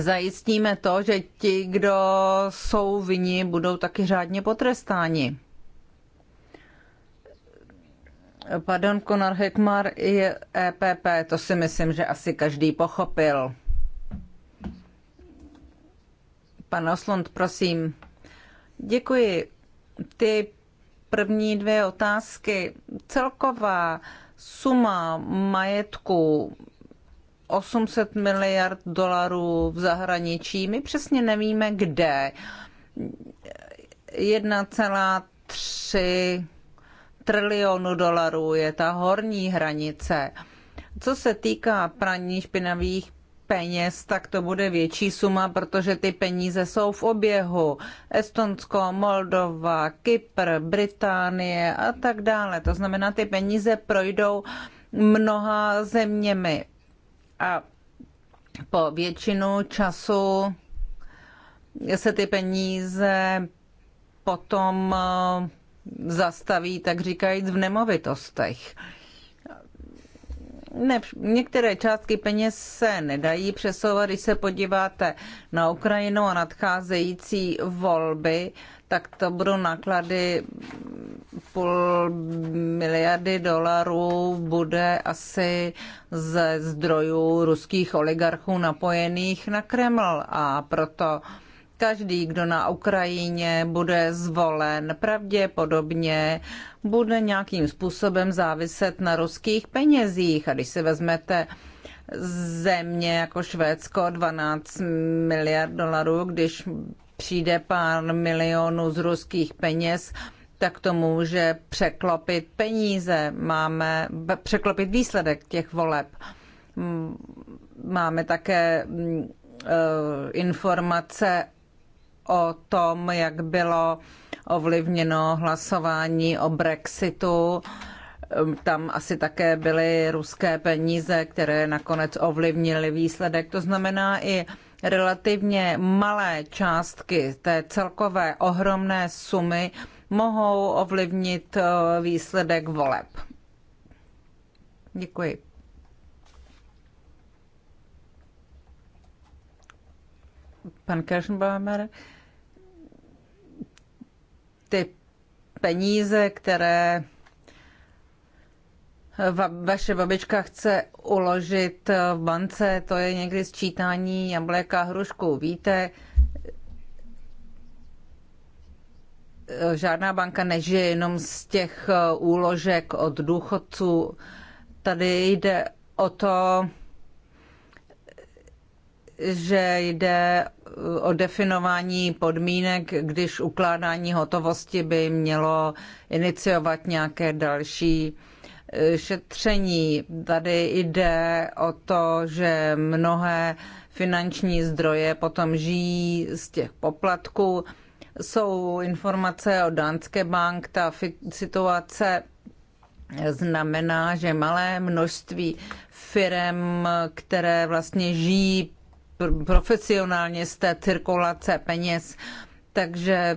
zajistíme to, že ti, kdo jsou vinni, budou taky řádně potrestáni. Pardon, Konar Hekmar i EPP, to si myslím, že asi každý pochopil. Pan Oslund, prosím. Děkuji. Ty první dvě otázky. Celková suma majetku 800 miliard dolarů v zahraničí. My přesně nevíme, kde. 1,3 trilionu dolarů je ta horní hranice. Co se týká praní špinavých peněz, tak to bude větší suma, protože ty peníze jsou v oběhu. Estonsko, Moldova, Kypr, Británie a tak dále. To znamená, ty peníze projdou mnoha zeměmi a po většinu času se ty peníze potom eh, zastaví, tak říkajíc, v nemovitostech. Ne, některé částky peněz se nedají přesouvat, když se podíváte na Ukrajinu a nadcházející volby, tak to budou náklady půl miliardy dolarů bude asi ze zdrojů ruských oligarchů napojených na Kreml a proto každý, kdo na Ukrajině bude zvolen, pravděpodobně bude nějakým způsobem záviset na ruských penězích. A když si vezmete země jako Švédsko 12 miliard dolarů, když přijde pár milionů z ruských peněz, tak to může překlopit peníze, máme překlopit výsledek těch voleb. Máme také e, informace o tom, jak bylo ovlivněno hlasování o Brexitu. Tam asi také byly ruské peníze, které nakonec ovlivnily výsledek. To znamená i relativně malé částky té celkové ohromné sumy mohou ovlivnit eh, výsledek voleb. Děkuji. Pan Kirschenbaumer, ty peníze, které vaše babička chce uložit v bance, to je někdy sčítání jablek a hrušku. Víte, žádná banka nežije jenom z těch eh, úložek od důchodců. Tady jde o to, že jde eh, o definování podmínek, když ukládání hotovosti by mělo iniciovat nějaké další Eh, šetření. Tady jde o to, že mnohé finanční zdroje potom žijí z těch poplatků. Jsou informace o Danské bank, ta situace znamená, že malé množství firm, které vlastně žijí profesionálně z té cirkulace peněz, takže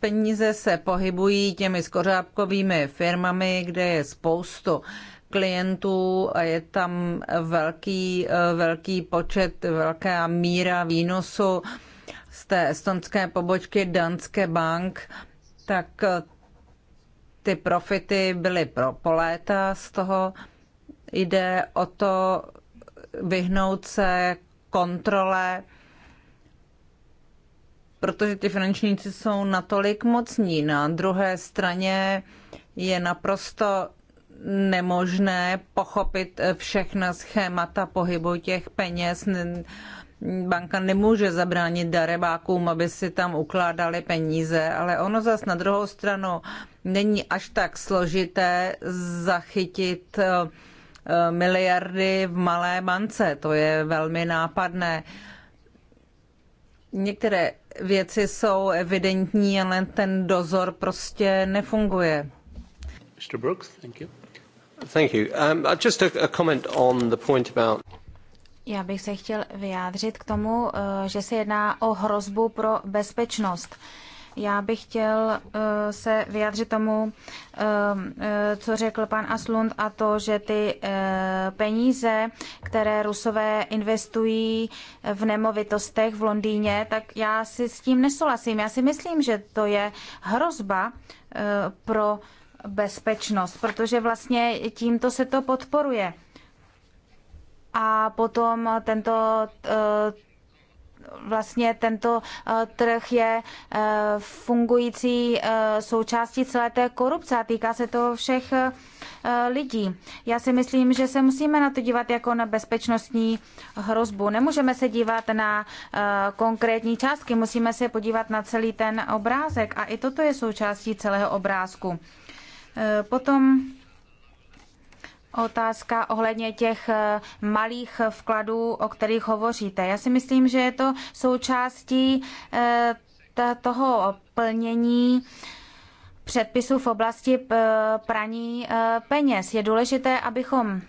peníze se pohybují těmi skořápkovými firmami, kde je spoustu klientů a je tam velký, velký počet, velká míra výnosu z té estonské pobočky Danske Bank, tak eh, ty profity byly pro poléta z toho. Jde o to vyhnout se kontrole protože ty finančníci jsou natolik mocní. Na druhé straně je naprosto nemožné pochopit všechna schémata pohybu těch peněz. Banka nemůže zabránit darebákům, aby si tam ukládali peníze, ale ono zas na druhou stranu není až tak složité zachytit eh, miliardy v malé bance. To je velmi nápadné. Některé věci jsou evidentní, ale ten dozor prostě nefunguje. Mr. Brooks, thank you. Thank you. Um, uh, just a, a comment on the point about já bych se chtěl vyjádřit k tomu, uh, že se jedná o hrozbu pro bezpečnost. Já bych chtěl eh, se vyjádřit tomu, eh, eh, co řekl pan Aslund a to, že ty peníze, které rusové investují v nemovitostech v Londýně, tak já si s tím nesouhlasím. Já si myslím, že to je hrozba pro bezpečnost, protože vlastně tímto se to podporuje. A potom tento vlastně tento eh, trh je eh, fungující eh, součástí celé té korupce a týká se to všech lidí. Já si myslím, že se musíme na to dívat jako na bezpečnostní hrozbu. Nemůžeme se dívat na konkrétní částky, musíme se podívat na celý ten obrázek a i toto je součástí celého obrázku. Potom otázka ohledně těch eh, malých vkladů, o kterých hovoříte. Já si myslím, že je to součástí eh, toho plnění předpisů v oblasti eh, praní peněz. Je důležité, abychom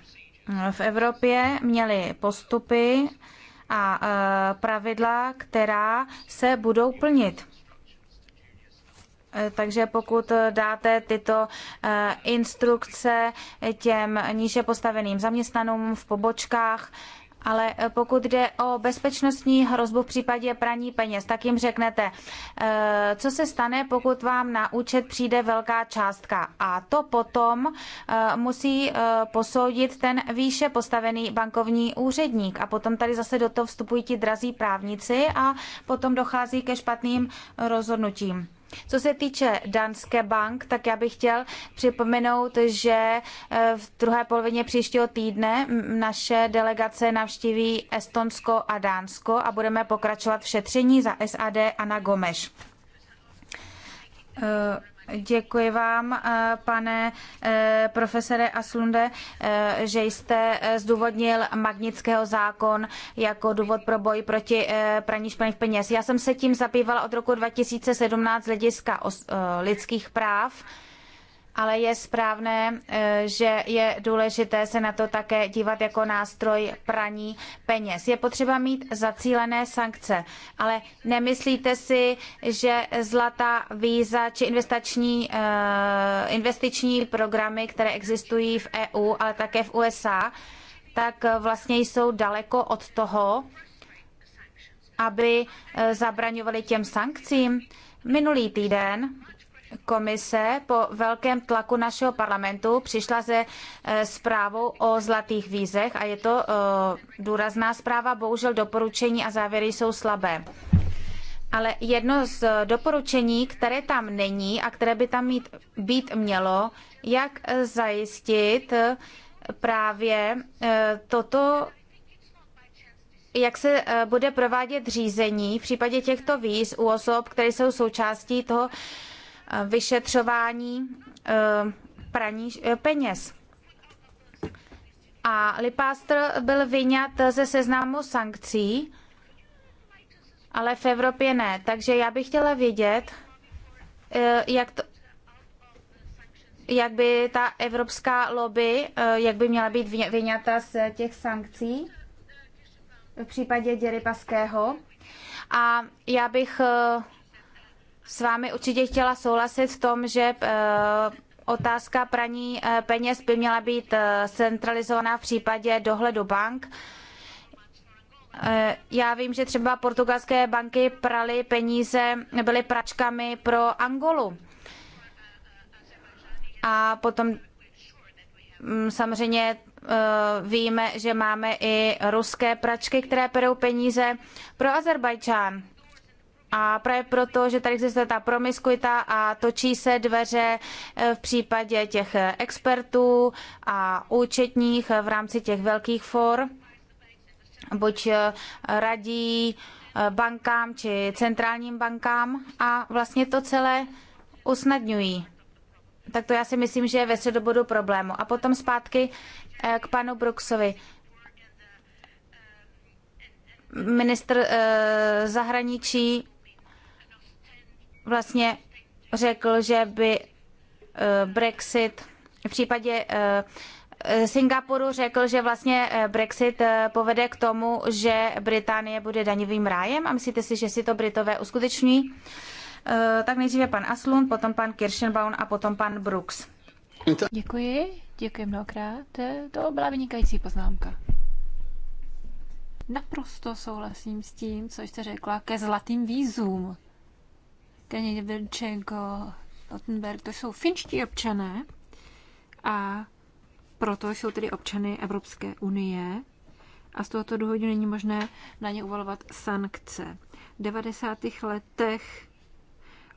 v Evropě měli postupy a pravidla, která se budou plnit. Eh, takže pokud eh, dáte tyto eh, instrukce těm níže postaveným zaměstnanům v pobočkách, ale pokud jde o bezpečnostní hrozbu v případě praní peněz, tak jim řeknete, co se stane, pokud vám na účet přijde velká částka. A to potom musí posoudit ten výše postavený bankovní úředník. A potom tady zase do toho vstupují ti drazí právníci a potom dochází ke špatným rozhodnutím. Co se týče Danské bank, tak já bych chtěl připomenout, že eh, v druhé polovině příštího týdne naše delegace navštíví Estonsko a Dánsko a budeme pokračovat v šetření za SAD Ana Gomeš. Eh, Děkuji vám, eh, pane eh, profesore Aslunde, eh, že jste zdůvodnil Magnického zákon jako důvod pro boj proti praní špinavých peněz. Já jsem se tím zabývala od roku 2017 z hlediska lidských práv ale je správné, eh, že je důležité se na to také dívat jako nástroj praní peněz. Je potřeba mít zacílené sankce, ale nemyslíte si, že zlatá víza či eh, investiční programy, které existují v EU, ale také v USA, tak vlastně jsou daleko od toho, aby eh, zabraňovali těm sankcím. Minulý týden Komise po velkém tlaku našeho parlamentu přišla se e, zprávou o zlatých vízech a je to e, důrazná zpráva, bohužel doporučení a závěry jsou slabé. Ale jedno z doporučení, které tam není a které by tam mít, být mělo, jak zajistit právě e, toto jak se bude provádět řízení v případě těchto víz u osob, které jsou součástí toho vyšetřování eh, praní eh, peněz. A Lipástr byl vyňat ze seznámu sankcí, ale v Evropě ne. Takže já bych chtěla vědět, eh, jak, to, jak by ta evropská lobby, jak by měla být vyňata z těch sankcí v případě Děry Paského. A já bych s vámi určitě chtěla souhlasit v tom, že eh, otázka praní eh, peněz by měla být eh, centralizovaná v případě dohledu bank. Já vím, že třeba portugalské banky praly peníze, byly pračkami pro Angolu. A potom mm, samozřejmě víme, že máme i ruské pračky, které perou peníze pro Azerbajdžán. A právě proto, že tady existuje ta promiskuita a točí se dveře eh, v případě těch expertů a účetních eh, v rámci těch velkých for, buď eh, radí bankám či centrálním bankám a vlastně to celé usnadňují. Tak to já si myslím, že je ve středobodu problému. A potom zpátky k panu Brooksovi ministr zahraničí vlastně řekl, že by eh, Brexit v případě eh, Singapuru řekl, že vlastně eh, Brexit povede k tomu, že Británie bude daňovým rájem a myslíte si, že si to Britové uskuteční? Tak nejdříve pan Aslund, potom pan Kirschenbaum a potom pan Brooks. Děkuji, děkuji mnohokrát. To byla vynikající poznámka. Naprosto souhlasím s tím, co jste řekla ke zlatým vízům. Denis Vilčenko, Lottenberg, to jsou finští občané a proto jsou tedy občany Evropské unie a z tohoto důvodu není možné na ně uvalovat sankce. V 90. letech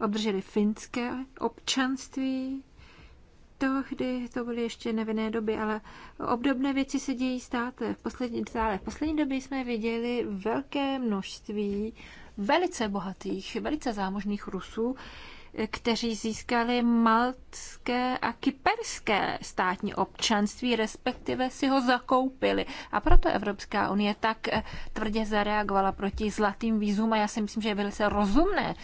obdrželi finské občanství, tehdy to byly ještě nevinné doby, ale obdobné věci se dějí státe. V poslední, V poslední době jsme viděli velké množství velice bohatých, velice zámožných Rusů, eh, kteří získali maltské a kyperské státní občanství, respektive si ho zakoupili. A proto Evropská unie tak eh, tvrdě zareagovala proti zlatým výzům a já si myslím, že je velice rozumné,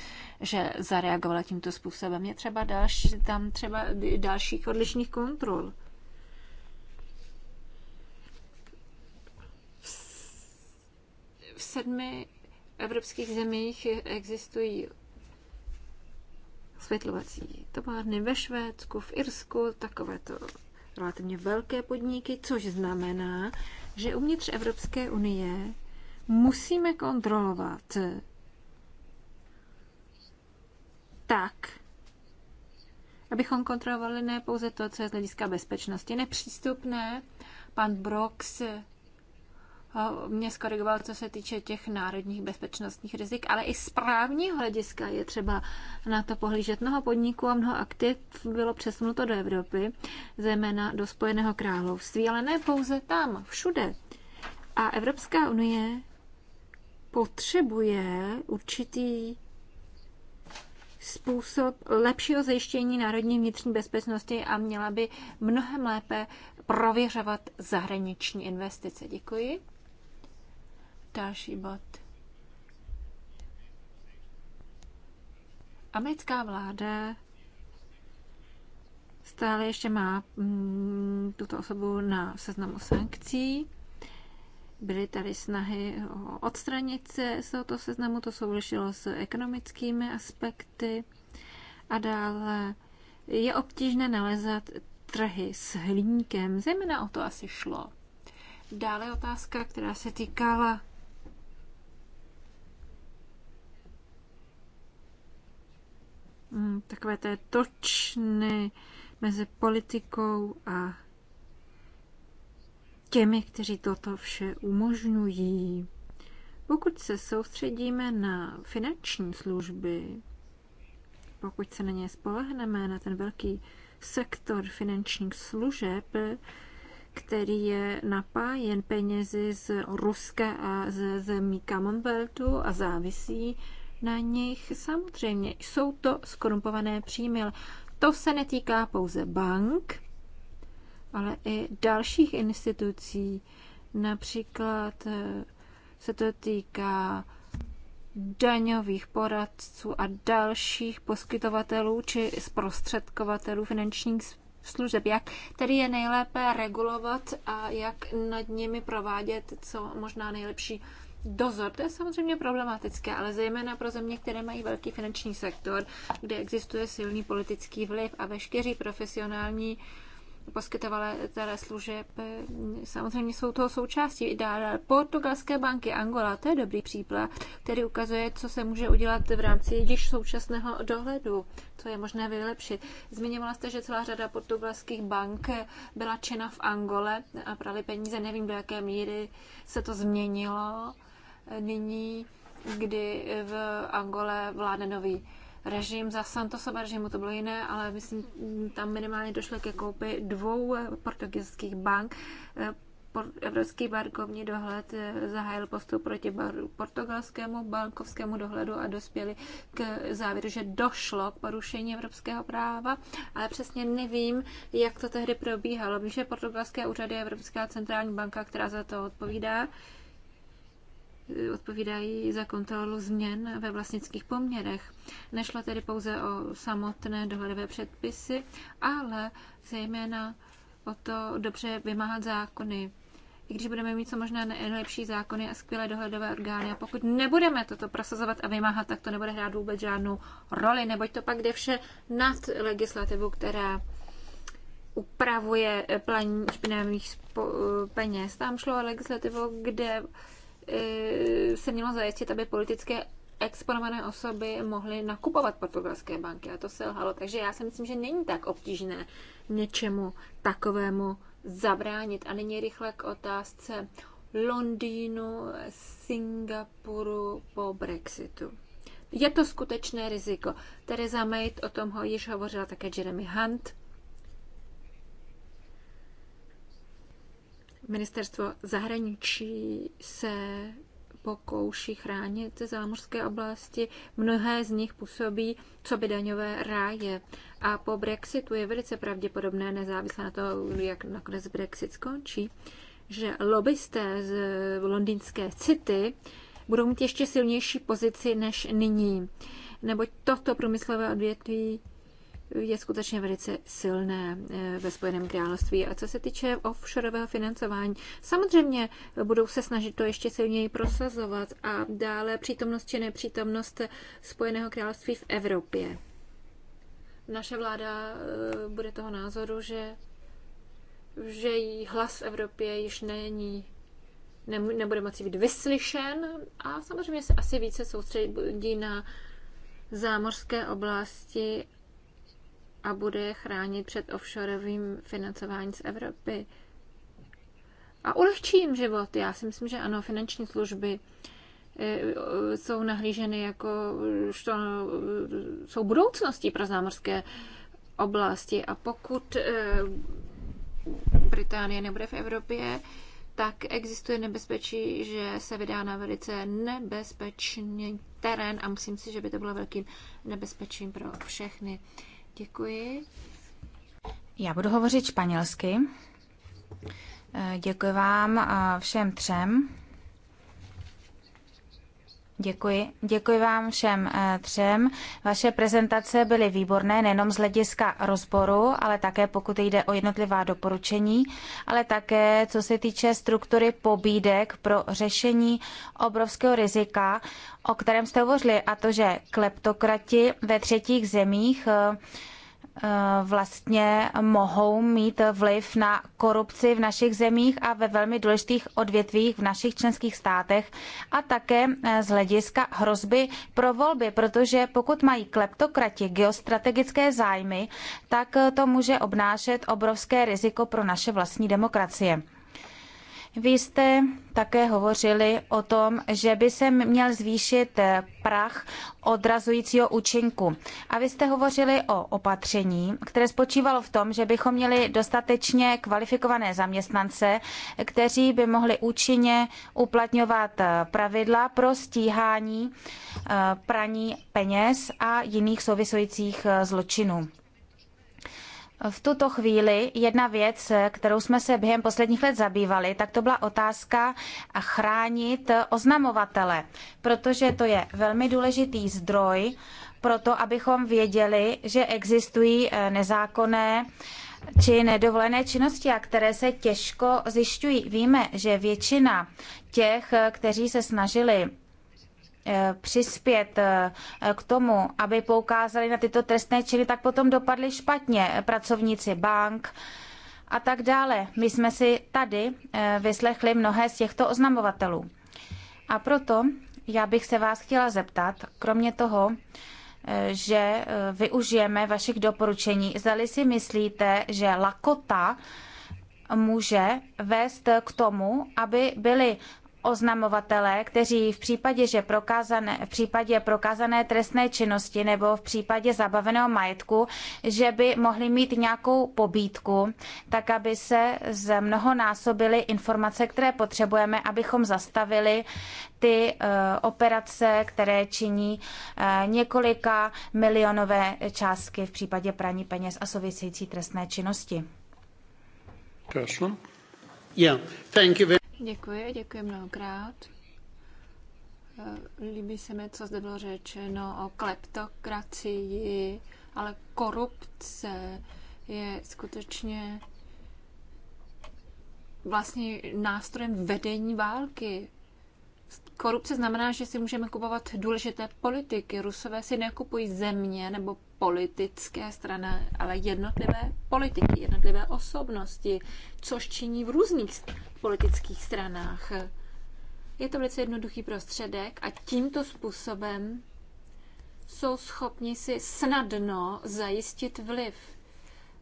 že zareagovala tímto způsobem. Je třeba další, tam třeba dalších odlišných kontrol. V sedmi evropských zemích existují světlovací továrny ve Švédsku, v Irsku, takovéto relativně velké podniky, což znamená, že uvnitř Evropské unie musíme kontrolovat tak, abychom kontrolovali ne pouze to, co je z hlediska bezpečnosti nepřístupné. Pan Brox mě skorigoval, co se týče těch národních bezpečnostních rizik, ale i z právního hlediska je třeba na to pohlížet. Mnoho podniků a mnoho aktiv bylo přesunuto do Evropy, zejména do Spojeného království, ale ne pouze tam, všude. A Evropská unie potřebuje určitý způsob lepšího zajištění národní vnitřní bezpečnosti a měla by mnohem lépe prověřovat zahraniční investice. Děkuji. Další bod. Americká vláda stále ještě má mm, tuto osobu na seznamu sankcí. Byly tady snahy o odstranit se z tohoto seznamu, to souvisilo s ekonomickými aspekty. A dále je obtížné nalezat trhy s hliníkem, zejména o to asi šlo. Dále otázka, která se týkala Mm, takové té točny mezi politikou a těmi, kteří toto vše umožňují. Pokud se soustředíme na finanční služby, pokud se na ně spolehneme, na ten velký sektor finančních služeb, který je napájen penězi z Ruska a ze zemí Commonwealthu a závisí na nich. Samozřejmě jsou to skorumpované příjmy. To se netýká pouze bank, ale i dalších institucí. Například eh, se to týká daňových poradců a dalších poskytovatelů či zprostředkovatelů finančních služeb. Jak tedy je nejlépe regulovat a jak nad nimi provádět co možná nejlepší dozor. To je samozřejmě problematické, ale zejména pro země, které mají velký finanční sektor, kde existuje silný politický vliv a veškerý profesionální poskytovatele služeb eh, samozřejmě jsou toho součástí. I dále portugalské banky Angola, to je dobrý příklad, který ukazuje, co se může udělat v rámci již současného dohledu, co je možné vylepšit. Zmiňovala jste, že celá řada portugalských bank byla čena v Angole a prali peníze, nevím do jaké míry se to změnilo nyní, kdy v Angole vládne nový režim. Za Santosova režimu to bylo jiné, ale myslím, tam minimálně došlo ke koupi dvou portugalských bank. Evropský bankovní dohled eh, zahájil postup proti portugalskému bankovskému dohledu a dospěli k závěru, že došlo k porušení evropského práva, ale přesně nevím, jak to tehdy probíhalo. Vím, že portugalské úřady Evropská centrální banka, která za to odpovídá, odpovídají za kontrolu změn ve vlastnických poměrech. Nešlo tedy pouze o samotné dohledové předpisy, ale zejména o to dobře vymáhat zákony. I když budeme mít co možná nejlepší zákony a skvělé dohledové orgány, a pokud nebudeme toto prosazovat a vymáhat, tak to nebude hrát vůbec žádnou roli, neboť to pak jde vše nad legislativu, která upravuje plání špinavých peněz. Tam šlo o legislativu, kde Eh, se mělo zajistit, aby politické exponované osoby mohly nakupovat portugalské banky a to se lhalo. Takže já si myslím, že není tak obtížné něčemu takovému zabránit. A nyní rychle k otázce Londýnu, Singapuru po Brexitu. Je to skutečné riziko. Tereza May o tom ho již hovořila také Jeremy Hunt. Ministerstvo zahraničí se pokouší chránit zámořské oblasti. Mnohé z nich působí co by daňové ráje. A po Brexitu je velice pravděpodobné, nezávisle na to, jak nakonec Brexit skončí, že lobbysté z londýnské city budou mít ještě silnější pozici než nyní. Neboť toto průmyslové odvětví je skutečně velice silné eh, ve Spojeném království. A co se týče offshoreového financování, samozřejmě budou se snažit to ještě silněji prosazovat a dále přítomnost či nepřítomnost Spojeného království v Evropě. Naše vláda eh, bude toho názoru, že, že její hlas v Evropě již není nebude moci být vyslyšen a samozřejmě se asi více soustředí na zámořské oblasti a bude je chránit před offshoreovým financováním z Evropy. A ulehčí jim život. Já si myslím, že ano, finanční služby eh, jsou nahlíženy jako, što, eh, jsou budoucností pro zámořské oblasti. A pokud eh, Británie nebude v Evropě, tak existuje nebezpečí, že se vydá na velice nebezpečný terén a myslím si, že by to bylo velkým nebezpečím pro všechny. Děkuji. Já budu hovořit španělsky. Eh, děkuji vám eh, všem třem. Děkuji. Děkuji vám všem eh, třem. Vaše prezentace byly výborné nejenom z hlediska rozboru, ale také pokud jde o jednotlivá doporučení, ale také co se týče struktury pobídek pro řešení obrovského rizika, o kterém jste hovořili, a to, že kleptokrati ve třetích zemích eh, vlastně mohou mít vliv na korupci v našich zemích a ve velmi důležitých odvětvích v našich členských státech a také eh, z hlediska hrozby pro volby, protože pokud mají kleptokrati geostrategické zájmy, tak eh, to může obnášet obrovské riziko pro naše vlastní demokracie. Vy jste také hovořili o tom, že by se měl zvýšit eh, prach odrazujícího účinku. A vy jste hovořili o opatření, které spočívalo v tom, že bychom měli dostatečně kvalifikované zaměstnance, kteří by mohli účinně uplatňovat eh, pravidla pro stíhání eh, praní peněz a jiných souvisujících zločinů. V tuto chvíli jedna věc, kterou jsme se během posledních let zabývali, tak to byla otázka chránit oznamovatele, protože to je velmi důležitý zdroj pro to, abychom věděli, že existují eh, nezákonné či nedovolené činnosti, a které se těžko zjišťují. Víme, že většina těch, eh, kteří se snažili Eh, přispět eh, k tomu, aby poukázali na tyto trestné činy, tak potom dopadli špatně pracovníci bank a tak dále. My jsme si tady eh, vyslechli mnohé z těchto oznamovatelů. A proto já bych se vás chtěla zeptat, kromě toho, že využijeme vašich doporučení, zdali si myslíte, že lakota může vést k tomu, aby byly oznamovatele, kteří v případě, že prokázané, v případě prokázané trestné činnosti nebo v případě zabaveného majetku, že by mohli mít nějakou pobídku, tak aby se z mnohonásobily informace, které potřebujeme, abychom zastavili ty eh, operace, které činí eh, několika milionové částky v případě praní peněz a související trestné činnosti. Yeah, thank you very Děkuji, děkuji mnohokrát. Eh, líbí se mi, co zde bylo řečeno o kleptokracii, ale korupce je skutečně vlastně nástrojem vedení války Korupce znamená, že si můžeme kupovat důležité politiky. Rusové si nekupují země nebo politické strany, ale jednotlivé politiky, jednotlivé osobnosti, což činí v různých politických stranách. Je to velice jednoduchý prostředek a tímto způsobem jsou schopni si snadno zajistit vliv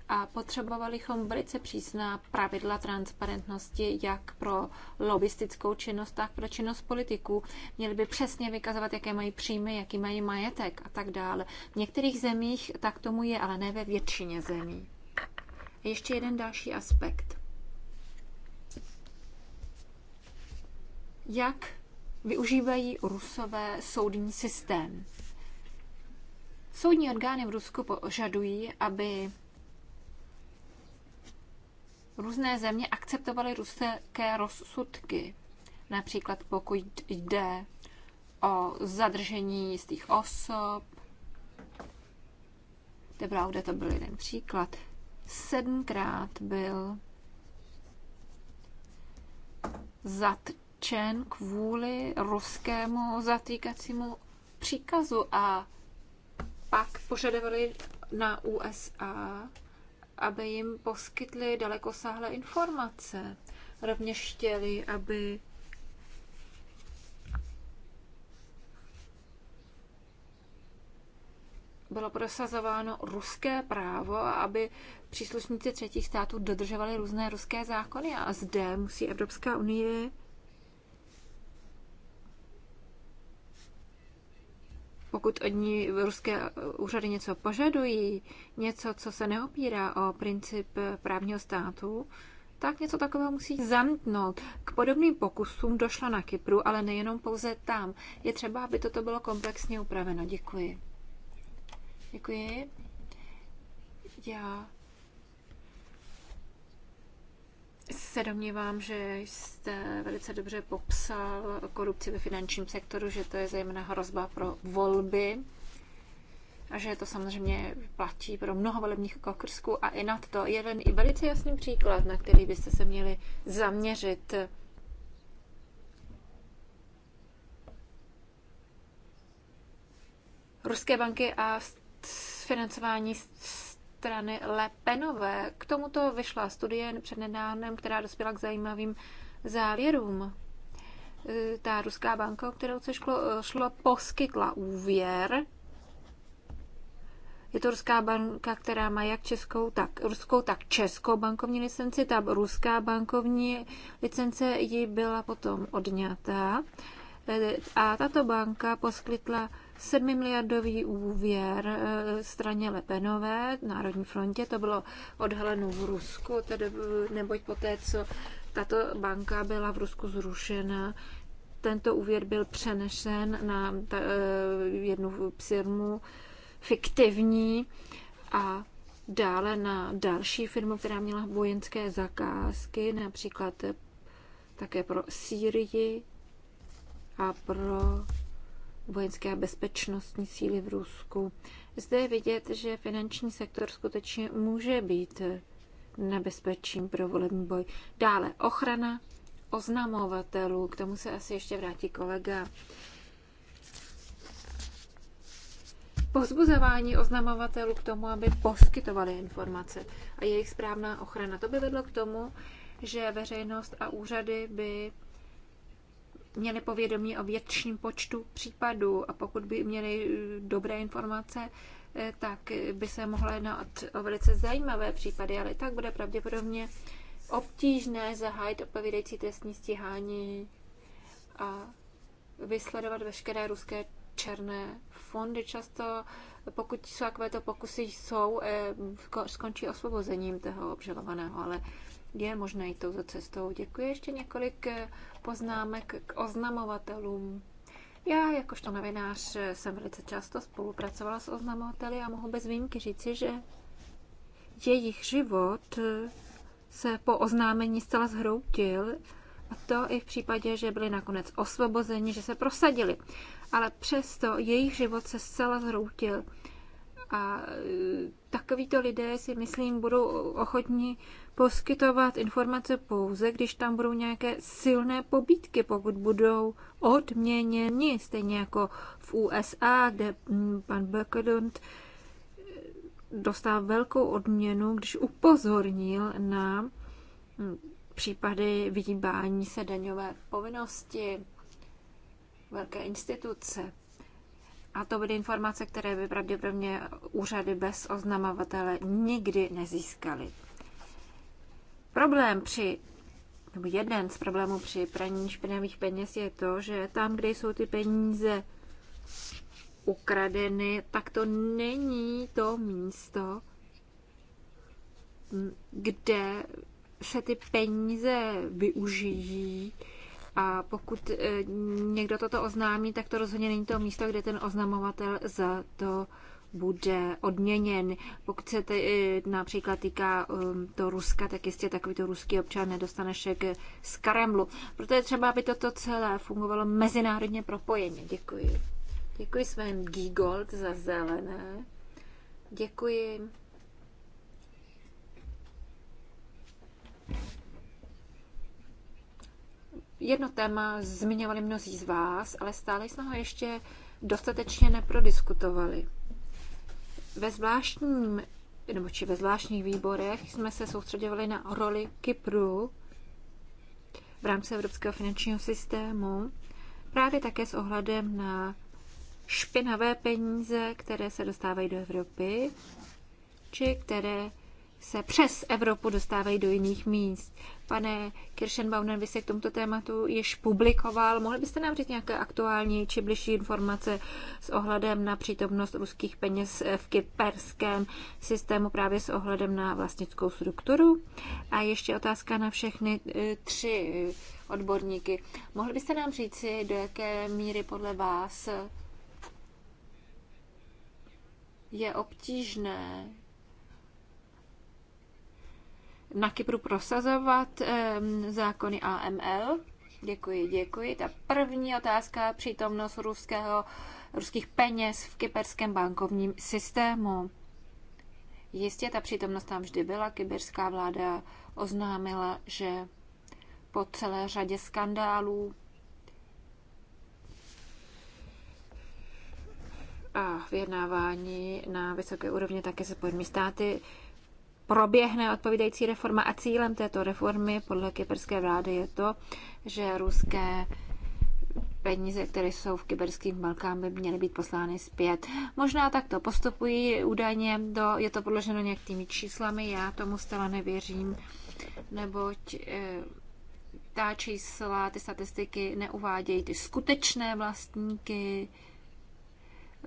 a potřebovali bychom velice přísná pravidla transparentnosti jak pro lobistickou činnost, tak pro činnost politiků. Měli by přesně vykazovat, jaké mají příjmy, jaký mají majetek a tak dále. V některých zemích tak tomu je, ale ne ve většině zemí. ještě jeden další aspekt. Jak využívají rusové soudní systém? Soudní orgány v Rusku požadují, aby různé země akceptovaly ruské rozsudky. Například pokud jde o zadržení jistých osob. Debraude to byl jeden příklad. Sedmkrát byl zatčen kvůli ruskému zatýkacímu příkazu a pak požadovali na USA aby jim poskytli dalekosáhlé informace. Rovněž chtěli, aby bylo prosazováno ruské právo a aby příslušníci třetích států dodržovali různé ruské zákony. A zde musí Evropská unie pokud od ní ruské úřady něco požadují, něco, co se neopírá o princip právního státu, tak něco takového musí zamknout. K podobným pokusům došlo na Kypru, ale nejenom pouze tam. Je třeba, aby toto bylo komplexně upraveno. Děkuji. Děkuji. Já se domnívám, že jste velice dobře popsal korupci ve finančním sektoru, že to je zejména hrozba pro volby a že to samozřejmě platí pro mnoho volebních kokrsků a i nad to jeden i velice jasný příklad, na který byste se měli zaměřit. Ruské banky a financování strany Lepenové. K tomuto vyšla studie nedávnem, která dospěla k zajímavým závěrům. E, ta ruská banka, o kterou se šlo, e, šlo poskytla úvěr. Je to ruská banka, která má jak českou, tak ruskou, tak českou bankovní licenci. Ta ruská bankovní licence ji byla potom odňatá. E, a tato banka poskytla 7 miliardový úvěr eh, straně Lepenové, Národní frontě, to bylo odhaleno v Rusku, tedy, eh, neboť poté, co tato banka byla v Rusku zrušena, tento úvěr byl přenešen na ta, eh, jednu firmu fiktivní a dále na další firmu, která měla vojenské zakázky, například také pro Sýrii a pro vojenské a bezpečnostní síly v Rusku. Zde je vidět, že finanční sektor skutečně může být nebezpečím pro volební boj. Dále ochrana oznamovatelů, k tomu se asi ještě vrátí kolega. Pozbuzování oznamovatelů k tomu, aby poskytovali informace a jejich správná ochrana. To by vedlo k tomu, že veřejnost a úřady by měli povědomí o větším počtu případů a pokud by měli eh, dobré informace, eh, tak eh, by se mohlo jednat o velice zajímavé případy, ale tak bude pravděpodobně obtížné zahájit odpovídající trestní stíhání a vysledovat veškeré ruské černé fondy. Často, pokud takovéto pokusy jsou, skončí osvobozením toho obžalovaného, ale je možné jít touto cestou. Děkuji ještě několik eh, poznámek k oznamovatelům. Já jakožto novinář eh, jsem velice často spolupracovala s oznamovateli a mohu bez výjimky říci, že jejich život eh, se po oznámení zcela zhroutil a to i v případě, že byli nakonec osvobozeni, že se prosadili. Ale přesto jejich život se zcela zhroutil. A takovýto lidé si myslím budou ochotní poskytovat informace pouze, když tam budou nějaké silné pobídky, pokud budou odměněni, stejně jako v USA, kde mm, pan Berkelund eh, dostal velkou odměnu, když upozornil na mm, případy vyhýbání se daňové povinnosti velké instituce. A to byly informace, které by pravděpodobně úřady bez oznamovatele nikdy nezískaly. Problém při nebo jeden z problémů při praní špinavých peněz je to, že tam, kde jsou ty peníze ukradeny, tak to není to místo, kde se ty peníze využijí. A pokud eh, někdo toto oznámí, tak to rozhodně není to místo, kde ten oznamovatel za to bude odměněn. Pokud se tý, eh, například týká um, to Ruska, tak jistě to ruský občan nedostane šek z Kremlu. Proto je třeba, aby toto celé fungovalo mezinárodně propojeně. Děkuji. Děkuji svém Gigold za zelené. Děkuji. Jedno téma zmiňovali mnozí z vás, ale stále jsme ho ještě dostatečně neprodiskutovali. Ve zvláštním nebo či ve zvláštních výborech jsme se soustředovali na roli Kypru v rámci evropského finančního systému, právě také s ohledem na špinavé peníze, které se dostávají do Evropy, či které se přes Evropu dostávají do jiných míst. Pane Kirschenbaumer, vy se k tomuto tématu již publikoval. Mohli byste nám říct nějaké aktuální či bližší informace s ohledem na přítomnost ruských peněz v kyperském systému právě s ohledem na vlastnickou strukturu? A ještě otázka na všechny e, tři e, odborníky. Mohli byste nám říci, do jaké míry podle vás je obtížné na Kypru prosazovat zákony AML? Děkuji, děkuji. Ta první otázka, přítomnost ruského, ruských peněz v kyperském bankovním systému. Jistě ta přítomnost tam vždy byla. Kyberská vláda oznámila, že po celé řadě skandálů a vyjednávání na vysoké úrovni také se Spojenými státy proběhne odpovídající reforma a cílem této reformy podle kyperské vlády je to, že ruské peníze, které jsou v kyberských balkách, by měly být poslány zpět. Možná tak to postupují údajně, do, je to podloženo některými číslami, já tomu stále nevěřím, neboť e, ta čísla, ty statistiky neuvádějí ty skutečné vlastníky,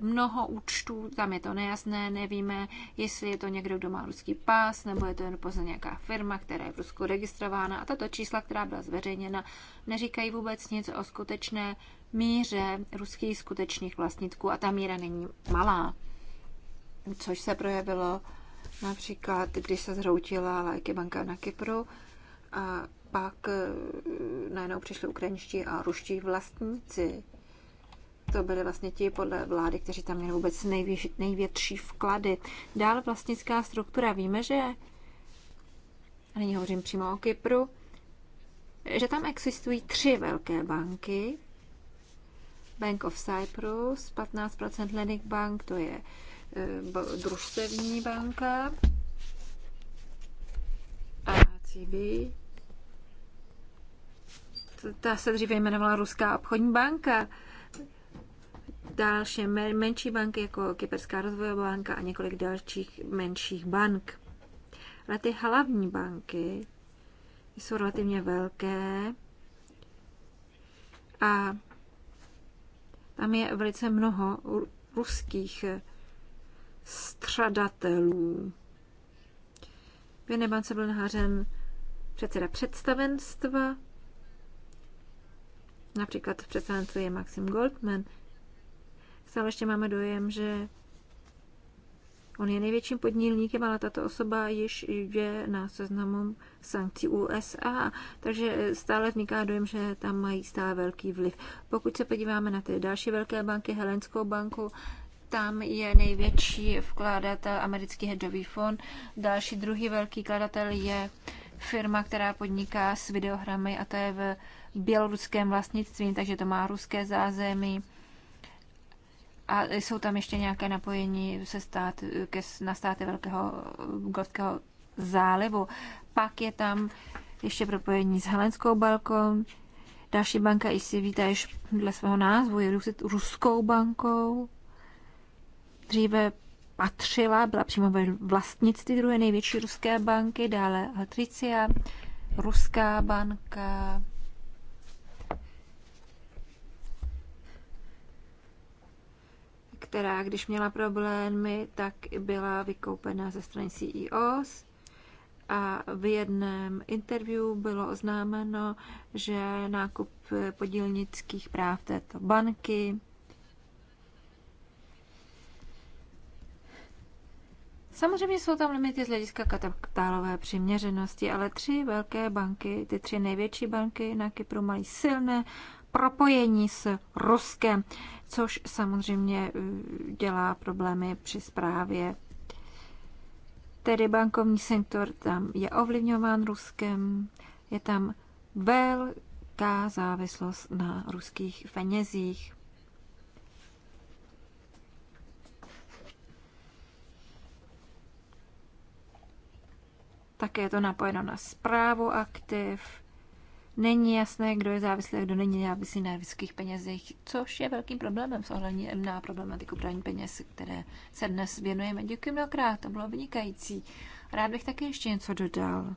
mnoho účtů, tam je to nejasné, nevíme, jestli je to někdo, kdo má ruský pás, nebo je to jen pouze nějaká firma, která je v Rusku registrována. A tato čísla, která byla zveřejněna, neříkají vůbec nic o skutečné míře ruských skutečných vlastníků a ta míra není malá, což se projevilo například, když se zhroutila léky banka na Kypru a pak eh, najednou přišli ukrajinští a ruští vlastníci to byly vlastně ti podle vlády, kteří tam měli vůbec největší, největší vklady. Dál vlastnická struktura. Víme, že, a nyní hovořím přímo o Kypru, že tam existují tři velké banky. Bank of Cyprus, 15% Lenik Bank, to je e, družstevní banka a CB. Ta se dříve jmenovala Ruská obchodní banka další menší banky, jako Kyperská rozvojová banka a několik dalších menších bank. Ale ty hlavní banky jsou relativně velké a tam je velice mnoho ruských střadatelů. V jedné bance byl nahářen předseda představenstva, například v představenstvu je Maxim Goldman, Stále ještě máme dojem, že on je největším podílníkem, ale tato osoba již je na seznamu sankcí USA, takže stále vzniká dojem, že tam mají stále velký vliv. Pokud se podíváme na ty další velké banky, Helenskou banku, tam je největší vkladatel americký hedžový fond. Další druhý velký vkladatel je firma, která podniká s videohrami a to je v běloruském vlastnictví, takže to má ruské zázemí. A jsou tam ještě nějaké napojení se stát, ke, na státy Velkého Golfského zálivu. Pak je tam ještě propojení s Helenskou Balkou Další banka i si víte, již dle svého názvu je ruskou bankou. Dříve patřila, byla přímo ve vlastnictví druhé největší ruské banky, dále Altricia, ruská banka, která, když měla problémy, tak byla vykoupena ze strany CEOs a v jednom interview bylo oznámeno, že nákup podílnických práv této banky Samozřejmě jsou tam limity z hlediska kapitálové přiměřenosti, ale tři velké banky, ty tři největší banky na Kypru mají silné propojení s Ruskem, což samozřejmě eh, dělá problémy při zprávě. Tedy bankovní sektor tam je ovlivňován Ruskem, je tam velká závislost na ruských penězích. Také je to napojeno na zprávu aktiv, není jasné, kdo je závislý a kdo není závislý na vysokých penězích, což je velkým problémem s ohledem na problematiku praní peněz, které se dnes věnujeme. Děkuji mnohokrát, to bylo vynikající. Rád bych taky ještě něco dodal.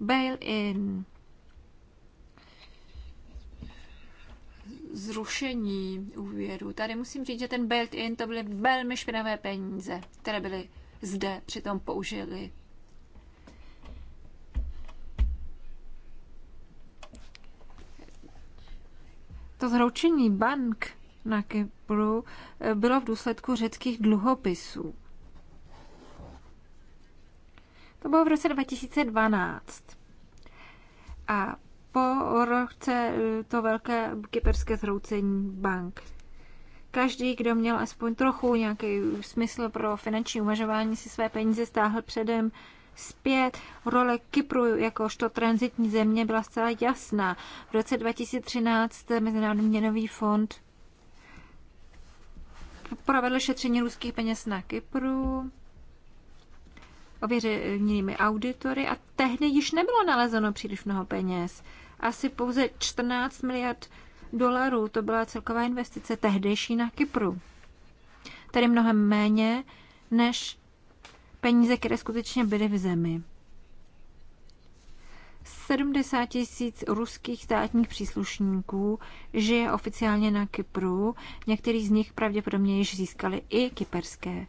Bail-in. Zrušení úvěru. Tady musím říct, že ten bail-in to byly velmi špinavé peníze, které byly zde přitom použili To zhroučení bank na Kypru eh, bylo v důsledku řeckých dluhopisů. To bylo v roce 2012. A po roce eh, to velké kyperské zhroucení bank. Každý, kdo měl aspoň trochu nějaký smysl pro finanční uvažování, si své peníze stáhl předem zpět. Role Kypru jakožto transitní země byla zcela jasná. V roce 2013 Mezinárodní měnový fond provedl šetření ruských peněz na Kypru ověřenými auditory a tehdy již nebylo nalezeno příliš mnoho peněz. Asi pouze 14 miliard dolarů to byla celková investice tehdejší na Kypru. Tedy mnohem méně, než peníze, které skutečně byly v zemi. 70 tisíc ruských státních příslušníků žije oficiálně na Kypru. Některý z nich pravděpodobně již získali i kyperské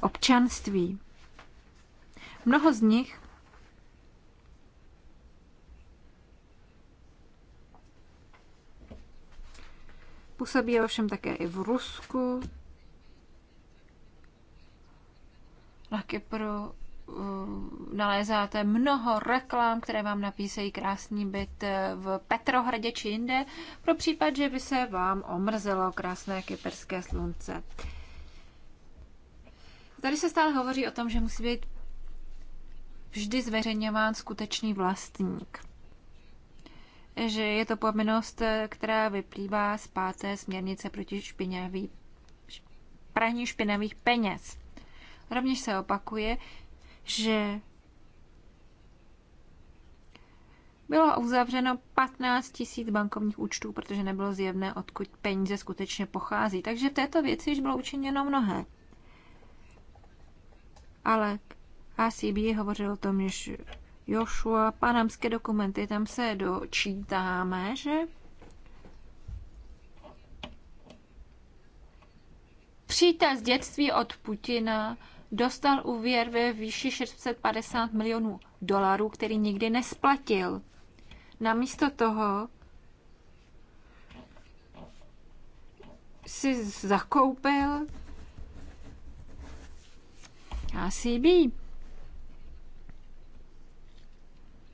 občanství. Mnoho z nich působí ovšem také i v Rusku, Na Kypru eh, nalézáte mnoho reklam, které vám napísejí krásný byt eh, v Petrohradě či jinde, pro případ, že by se vám omrzelo krásné kyperské slunce. Tady se stále hovoří o tom, že musí být vždy zveřejňován skutečný vlastník. Že je to povinnost, eh, která vyplývá z páté směrnice proti špinavý, praní špinavých peněz. Rovněž se opakuje, že bylo uzavřeno 15 tisíc bankovních účtů, protože nebylo zjevné, odkud peníze skutečně pochází. Takže v této věci již bylo učiněno mnohé. Ale ACB hovořil o tom, že Joshua, panamské dokumenty, tam se dočítáme, že přítel z dětství od Putina dostal úvěr ve výši 650 milionů dolarů, který nikdy nesplatil. Namísto toho si zakoupil ACB.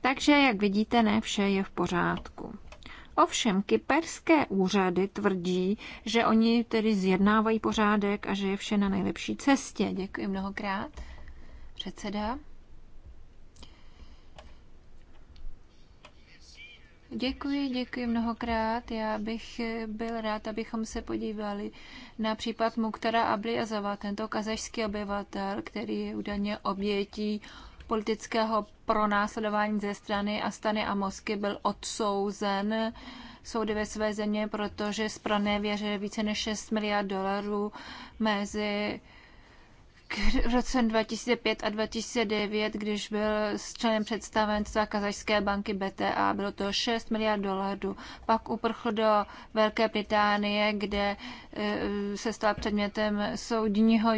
Takže, jak vidíte, ne vše je v pořádku. Ovšem, kyperské úřady tvrdí, že oni tedy zjednávají pořádek a že je vše na nejlepší cestě. Děkuji mnohokrát. Předseda. Děkuji, děkuji mnohokrát. Já bych byl rád, abychom se podívali na případ Muktara Abliazova, tento kazašský obyvatel, který je údajně obětí politického pronásledování ze strany Astany a Mosky byl odsouzen soudy ve své země, protože sprané věře více než 6 miliard dolarů mezi k roce 2005 a 2009, když byl s členem představenstva kazašské banky BTA, bylo to 6 miliard dolarů. Pak uprchl do Velké Británie, kde e, se stal předmětem soudního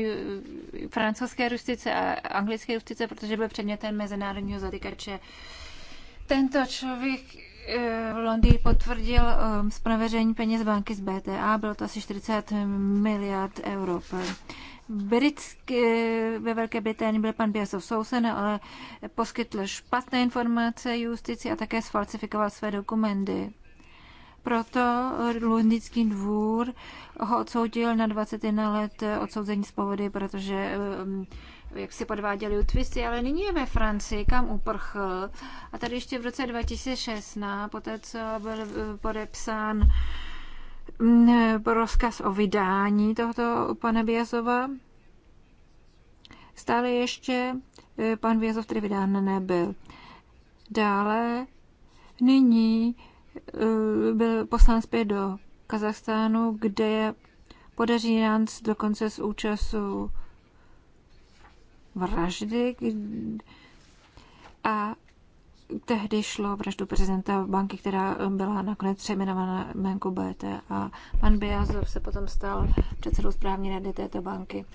francouzské justice a anglické justice, protože byl předmětem mezinárodního zatykače. Tento člověk e, v Londýně potvrdil e, zpravěření peněz banky z BTA, bylo to asi 40 miliard euro Britsky, ve Velké Británii byl pan Biasov sousen, ale poskytl špatné informace justici a také sfalsifikoval své dokumenty. Proto Lundický dvůr ho odsoudil na 21 let odsouzení z povody, protože um, jak si podváděli u Twisty, ale nyní je ve Francii, kam uprchl. A tady ještě v roce 2016, poté co byl uh, podepsán rozkaz o vydání tohoto pana Vězova Stále ještě e, pan Vězov tedy vydán nebyl. Dále nyní e, byl poslán zpět do Kazachstánu, kde je podaří nás dokonce z účasu vraždy a tehdy šlo vraždu prezidenta banky, která um, byla nakonec přejmenována Bt a Pan Biazov se potom stal předsedou správní rady této banky.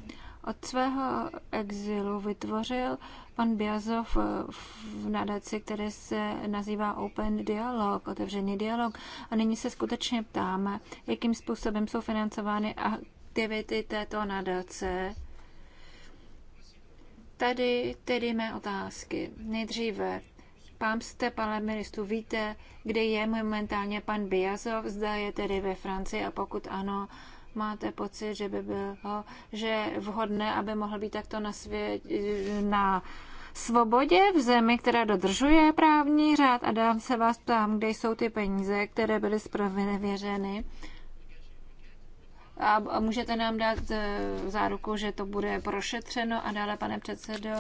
Od svého exilu vytvořil pan Biazov uh, v nadaci, které se nazývá Open Dialog, otevřený dialog. A nyní se skutečně ptáme, jakým způsobem jsou financovány aktivity této nadace. Tady tedy mé otázky. Nejdříve, Pám jste, pane ministru, víte, kde je momentálně pan Biazov, zda je tedy ve Francii a pokud ano, máte pocit, že by bylo, že vhodné, aby mohl být takto na svět, na svobodě v zemi, která dodržuje právní řád a dám se vás ptám, kde jsou ty peníze, které byly věřeny? a můžete nám dát e, záruku, že to bude prošetřeno a dále, pane předsedo,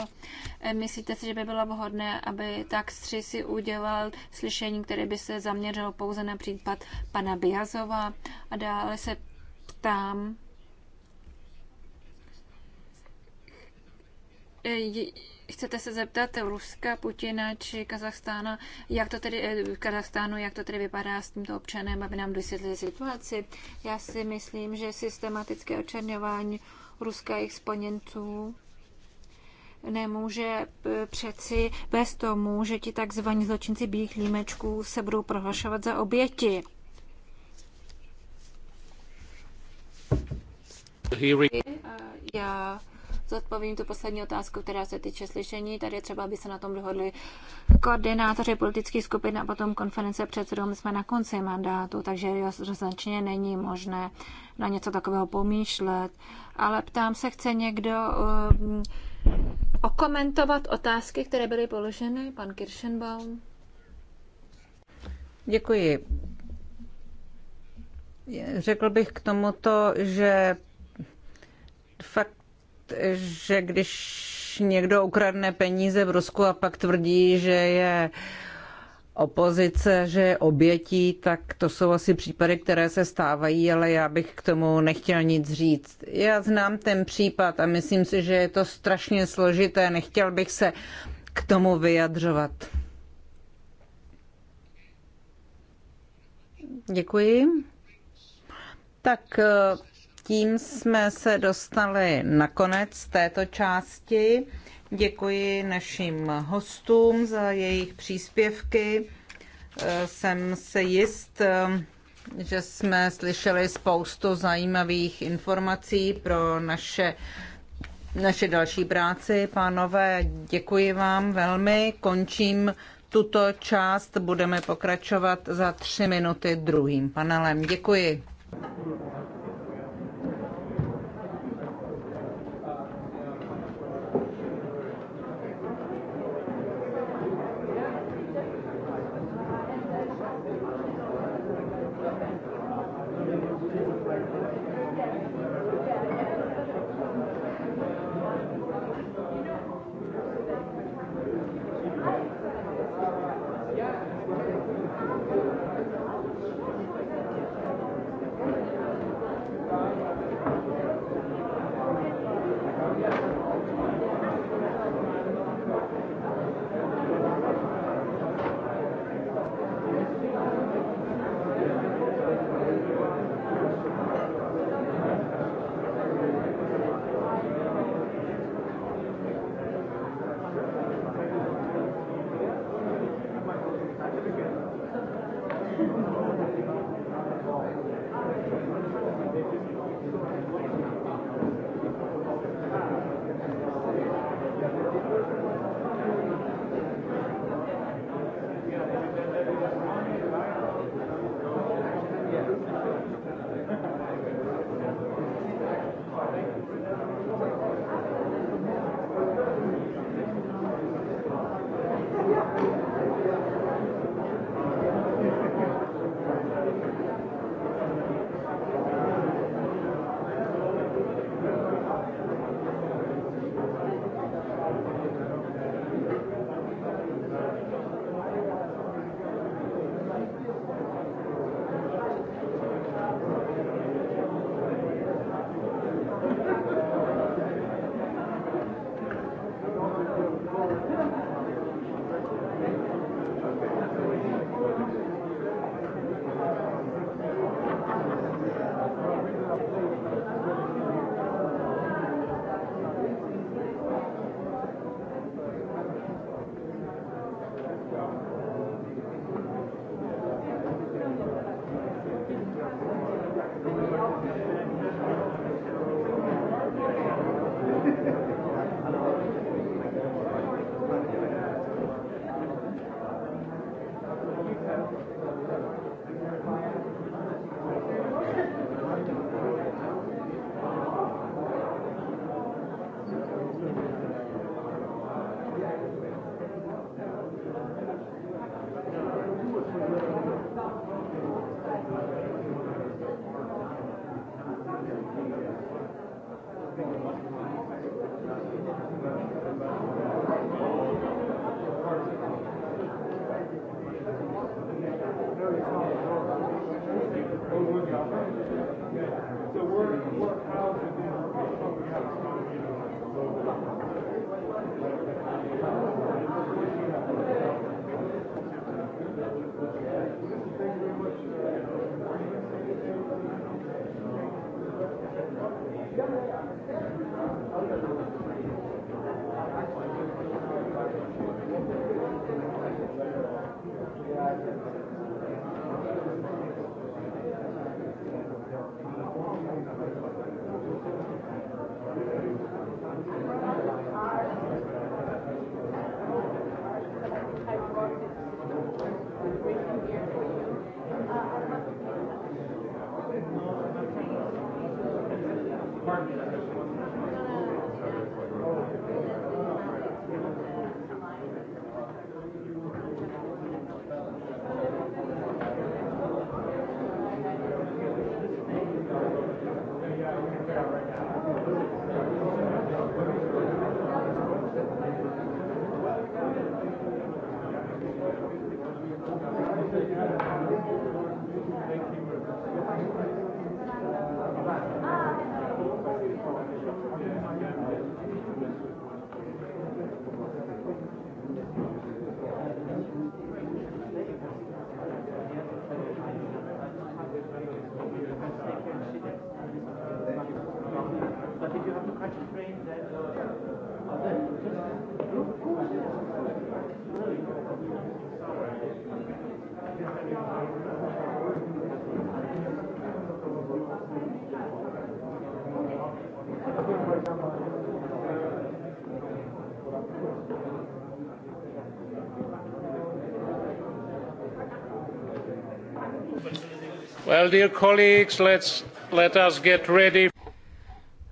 e, myslíte si, že by bylo vhodné, aby tak 3 si udělal slyšení, které by se zaměřilo pouze na případ pana Biazova a dále se ptám, e, chcete se zeptat Ruska, Putina či Kazachstána, jak to tedy, eh, Kazachstánu, jak to tedy vypadá s tímto občanem, aby nám vysvětlili situaci. Já si myslím, že systematické očerňování Ruska jejich spojenců nemůže eh, přeci bez tomu, že ti takzvaní zločinci bílých límečků se budou prohlašovat za oběti. Já zodpovím tu poslední otázku, která se týče slyšení. Tady je třeba, aby se na tom dohodli koordinátoři politických skupin a potom konference předsedů. My jsme na konci mandátu, takže rozhodně není možné na něco takového pomýšlet. Ale ptám se, chce někdo um, okomentovat otázky, které byly položeny? Pan Kirschenbaum. Děkuji. Řekl bych k tomuto, že fakt že když někdo ukradne peníze v Rusku a pak tvrdí, že je opozice, že je obětí, tak to jsou asi případy, které se stávají, ale já bych k tomu nechtěl nic říct. Já znám ten případ a myslím si, že je to strašně složité. Nechtěl bych se k tomu vyjadřovat. Děkuji. Tak eh, tím jsme se dostali na konec této části. Děkuji našim hostům za jejich příspěvky. Eh, jsem se jist, eh, že jsme slyšeli spoustu zajímavých informací pro naše, naše další práci. Pánové, děkuji vám velmi. Končím tuto část. Budeme pokračovat za tři minuty druhým panelem. Děkuji.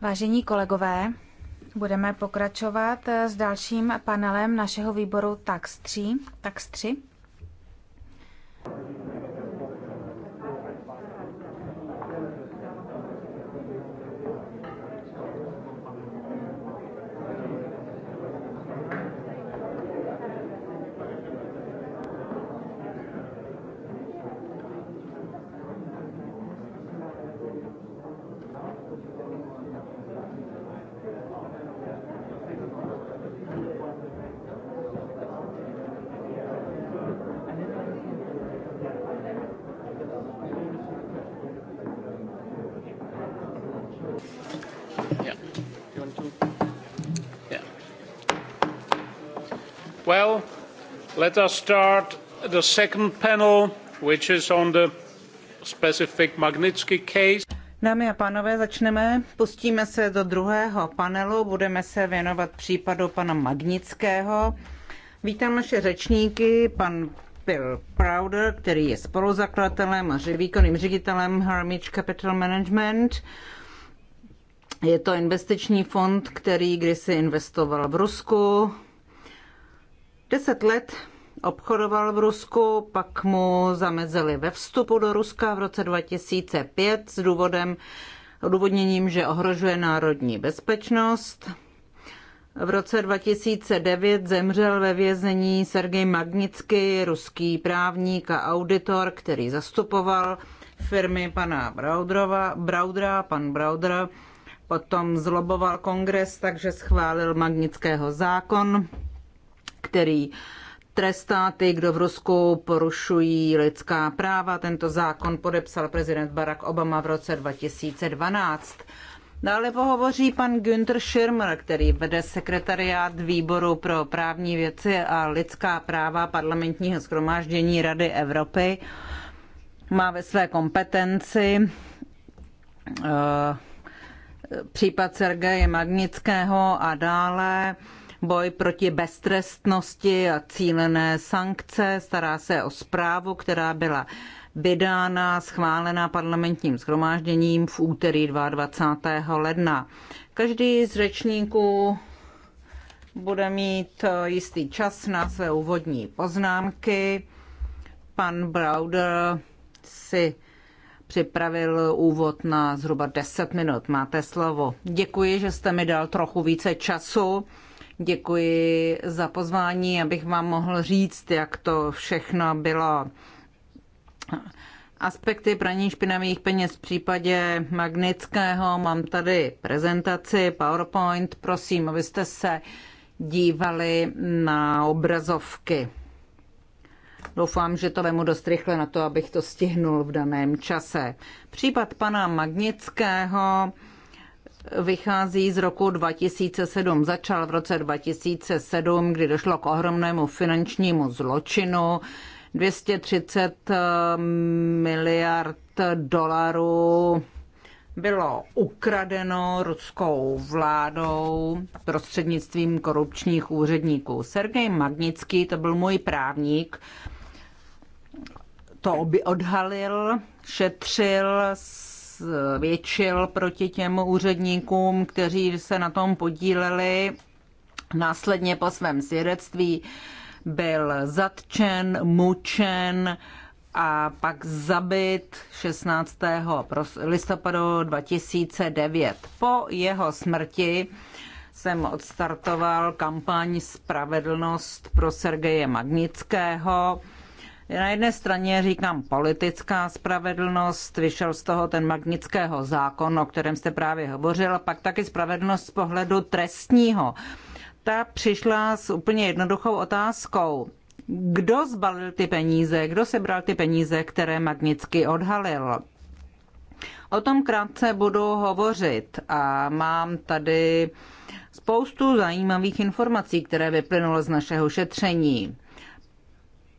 Vážení kolegové, budeme pokračovat s dalším panelem našeho výboru TAX 3. TAX 3. Let us start the second panel, which is on the specific Magnitsky case. Dámy a pánové, začneme. Pustíme se do druhého panelu. Budeme se věnovat případu pana Magnického. Vítám naše řečníky, pan Bill Prouder, který je spoluzakladatelem a výkonným ředitelem Hermitage Capital Management. Je to investiční fond, který kdysi investoval v Rusku. Deset let obchodoval v Rusku, pak mu zamezili ve vstupu do Ruska v roce 2005 s důvodem odůvodněním, že ohrožuje národní bezpečnost. V roce 2009 zemřel ve vězení Sergej Magnický, ruský právník a auditor, který zastupoval firmy pana Braudrova, Braudra, pan Braudra. potom zloboval kongres, takže schválil Magnického zákon, který uh, trestá ty, kdo v Rusku porušují lidská práva. Tento zákon podepsal prezident Barack Obama v roce 2012. Dále pohovoří pan Günther Schirmer, který vede sekretariát výboru pro právní věci a lidská práva parlamentního schromáždění Rady Evropy. Má ve své kompetenci uh, případ Sergeje Magnického a dále uh, boj proti beztrestnosti a cílené sankce, stará se o zprávu, která byla vydána, schválená parlamentním schromážděním v úterý 22. ledna. Každý z řečníků bude mít eh, jistý čas na své úvodní poznámky. Pan Browder si připravil úvod na zhruba 10 minut. Máte slovo. Děkuji, že jste mi dal trochu více času. Děkuji za pozvání, abych vám mohl říct, jak to všechno bylo. Aspekty praní špinavých peněz v případě Magnického. Mám tady prezentaci, PowerPoint. Prosím, abyste se dívali na obrazovky. Doufám, že to vemu dost rychle na to, abych to stihnul v daném čase. Případ pana Magnického vychází z roku 2007. Začal v roce 2007, kdy došlo k ohromnému finančnímu zločinu. 230 eh, miliard dolarů bylo ukradeno ruskou vládou prostřednictvím korupčních úředníků. Sergej Magnický, to byl můj právník, to by odhalil, šetřil, zvětšil proti těm úředníkům, kteří se na tom podíleli. Následně po svém svědectví byl zatčen, mučen a pak zabit 16. listopadu 2009. Po jeho smrti jsem odstartoval kampaň Spravedlnost pro Sergeje Magnického na jedné straně říkám politická spravedlnost, vyšel z toho ten magnického zákon, o kterém jste právě hovořil, a pak taky spravedlnost z pohledu trestního. Ta přišla s úplně jednoduchou otázkou. Kdo zbalil ty peníze, kdo sebral ty peníze, které Magnicky odhalil? O tom krátce budu hovořit a mám tady spoustu zajímavých informací, které vyplynulo z našeho šetření.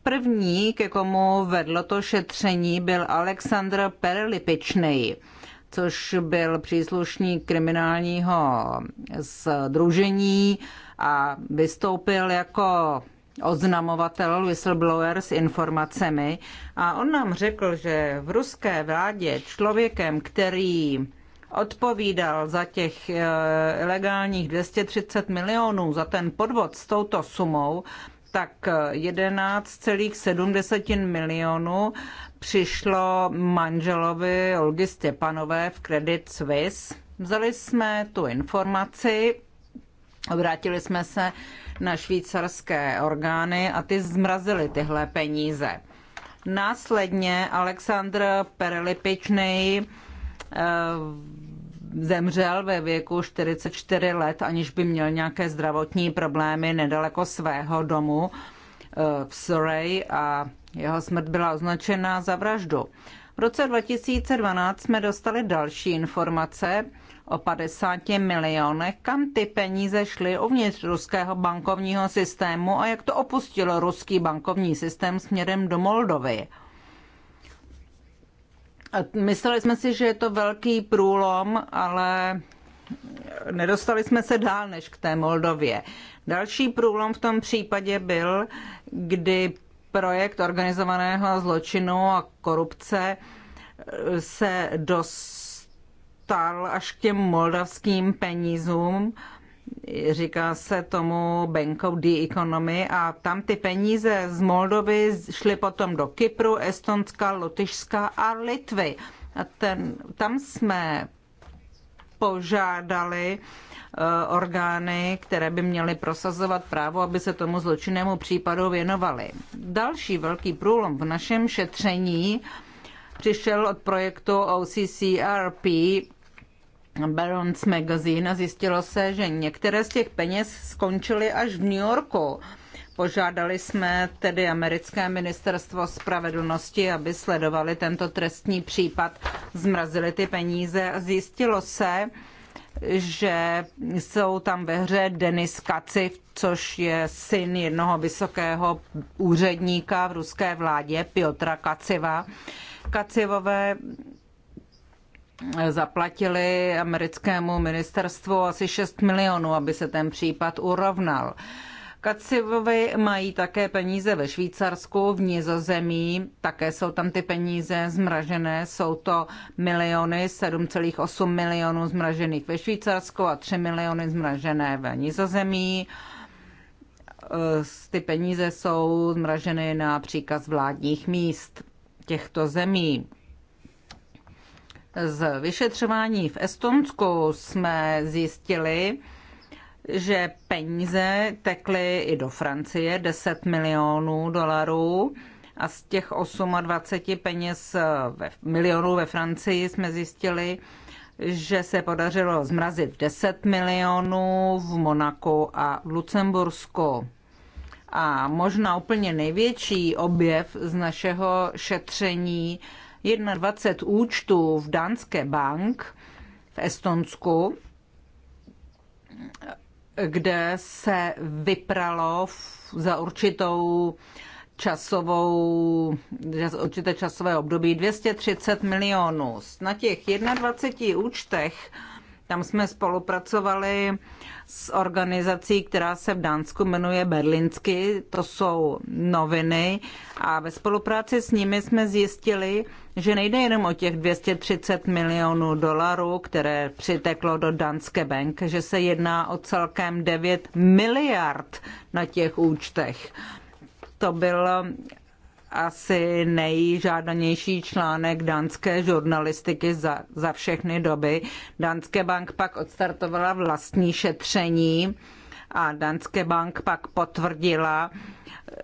První, ke komu vedlo to šetření, byl Aleksandr Perlipičnej, což byl příslušník kriminálního združení a vystoupil jako oznamovatel, whistleblower s informacemi a on nám řekl, že v ruské vládě člověkem, který odpovídal za těch eh, ilegálních 230 milionů za ten podvod s touto sumou, tak 11,7 milionů přišlo manželovi Olgy Stěpanové v Credit Suisse. Vzali jsme tu informaci, obrátili jsme se na švýcarské orgány a ty zmrazili tyhle peníze. Následně Aleksandr Perelipičnej eh, zemřel ve věku 44 let, aniž by měl nějaké zdravotní problémy nedaleko svého domu eh, v Surrey a jeho smrt byla označena za vraždu. V roce 2012 jsme dostali další informace o 50 milionech, kam ty peníze šly uvnitř ruského bankovního systému a jak to opustilo ruský bankovní systém směrem do Moldovy. Mysleli jsme si, že je to velký průlom, ale nedostali jsme se dál než k té Moldově. Další průlom v tom případě byl, kdy projekt organizovaného zločinu a korupce eh, se dostal až k těm moldavským penízům říká se tomu Banco the Economy a tam ty peníze z Moldovy šly potom do Kypru, Estonska, Lotyšska a Litvy. A ten, tam jsme požádali eh, orgány, které by měly prosazovat právo, aby se tomu zločinnému případu věnovaly. Další velký průlom v našem šetření přišel od projektu OCCRP, Barons Magazine a zjistilo se, že některé z těch peněz skončily až v New Yorku. Požádali jsme tedy americké ministerstvo spravedlnosti, aby sledovali tento trestní případ, zmrazili ty peníze a zjistilo se, že jsou tam ve hře Denis Kaciv, což je syn jednoho vysokého úředníka v ruské vládě, Piotra Kaciva. Kacivové zaplatili americkému ministerstvu asi 6 milionů, aby se ten případ urovnal. Kacivovi mají také peníze ve Švýcarsku, v Nizozemí, také jsou tam ty peníze zmražené, jsou to miliony, 7,8 milionů zmražených ve Švýcarsku a 3 miliony zmražené ve Nizozemí. Eh, ty peníze jsou zmraženy na příkaz vládních míst těchto zemí. Z vyšetřování v Estonsku jsme zjistili, že peníze tekly i do Francie 10 milionů dolarů a z těch 28 peněz eh, ve, milionů ve Francii jsme zjistili, že se podařilo zmrazit 10 milionů v Monaku a v Lucembursku. A možná úplně největší objev z našeho šetření 21 účtů v Danské bank v Estonsku, kde se vypralo za určitou časovou, určité časové období 230 milionů. Na těch 21 účtech tam jsme spolupracovali s organizací, která se v Dánsku jmenuje Berlinsky, to jsou noviny a ve spolupráci s nimi jsme zjistili, že nejde jenom o těch 230 milionů dolarů, které přiteklo do Danske bank, že se jedná o celkem 9 miliard na těch účtech. To byl asi nejžádanější článek dánské žurnalistiky za, za všechny doby. Dánské bank pak odstartovala vlastní šetření a Danske Bank pak potvrdila,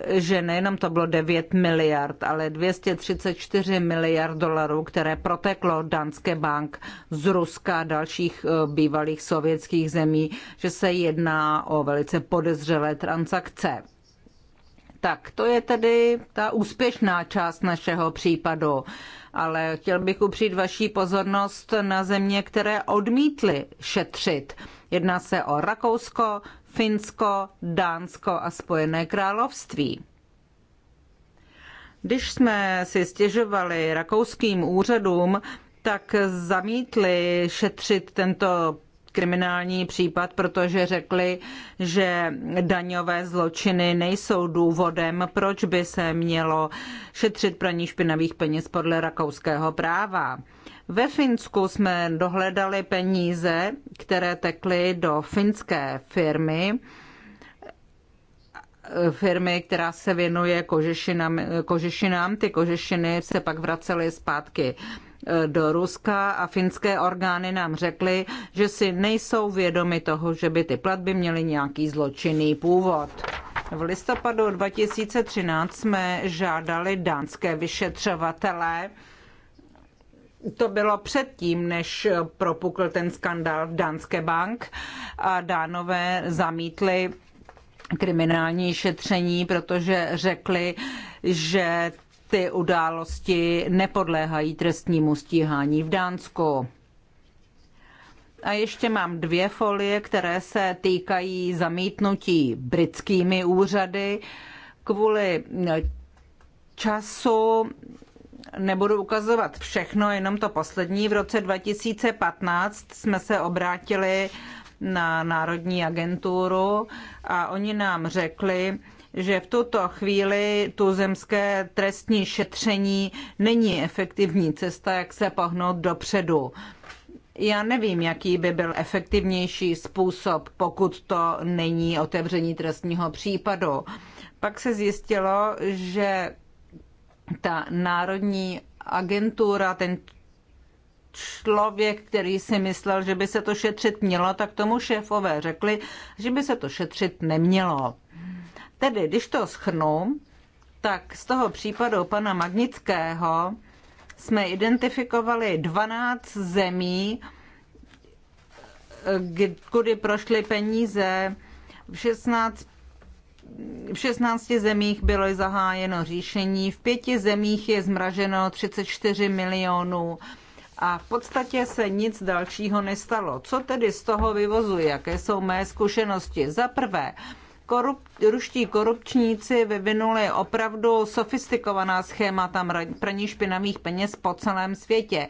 že nejenom to bylo 9 miliard, ale 234 miliard dolarů, které proteklo Danske Bank z Ruska a dalších eh, bývalých sovětských zemí, že se jedná o velice podezřelé transakce. Tak to je tedy ta úspěšná část našeho případu. Ale chtěl bych upřít vaší pozornost na země, které odmítly šetřit. Jedná se o Rakousko, Finsko, Dánsko a Spojené království. Když jsme si stěžovali rakouským úřadům, tak zamítli šetřit tento kriminální případ, protože řekli, že daňové zločiny nejsou důvodem, proč by se mělo šetřit praní špinavých peněz podle rakouského práva. Ve Finsku jsme dohledali peníze, které tekly do finské firmy, firmy, která se věnuje kožešinám. Ty kožešiny se pak vracely zpátky Eh, do Ruska a finské orgány nám řekly, že si nejsou vědomi toho, že by ty platby měly nějaký zločinný původ. V listopadu 2013 jsme žádali dánské vyšetřovatele, to bylo předtím, než propukl ten skandál v Dánské bank a Dánové zamítli kriminální šetření, protože řekli, že ty události nepodléhají trestnímu stíhání v Dánsku. A ještě mám dvě folie, které se týkají zamítnutí britskými úřady. Kvůli času nebudu ukazovat všechno, jenom to poslední. V roce 2015 jsme se obrátili na Národní agenturu a oni nám řekli, že v tuto chvíli tuzemské trestní šetření není efektivní cesta, jak se pohnout dopředu. Já nevím, jaký by byl efektivnější způsob, pokud to není otevření trestního případu. Pak se zjistilo, že ta národní agentura, ten člověk, který si myslel, že by se to šetřit mělo, tak tomu šéfové řekli, že by se to šetřit nemělo. Tedy, když to schrnu, tak z toho případu pana Magnického jsme identifikovali 12 zemí, kudy prošly peníze. V 16, v 16 zemích bylo zahájeno říšení, v pěti zemích je zmraženo 34 milionů a v podstatě se nic dalšího nestalo. Co tedy z toho vyvozuje? Jaké jsou mé zkušenosti? Za prvé, korup, ruští korupčníci vyvinuli opravdu sofistikovaná schémata praní špinavých peněz po celém světě.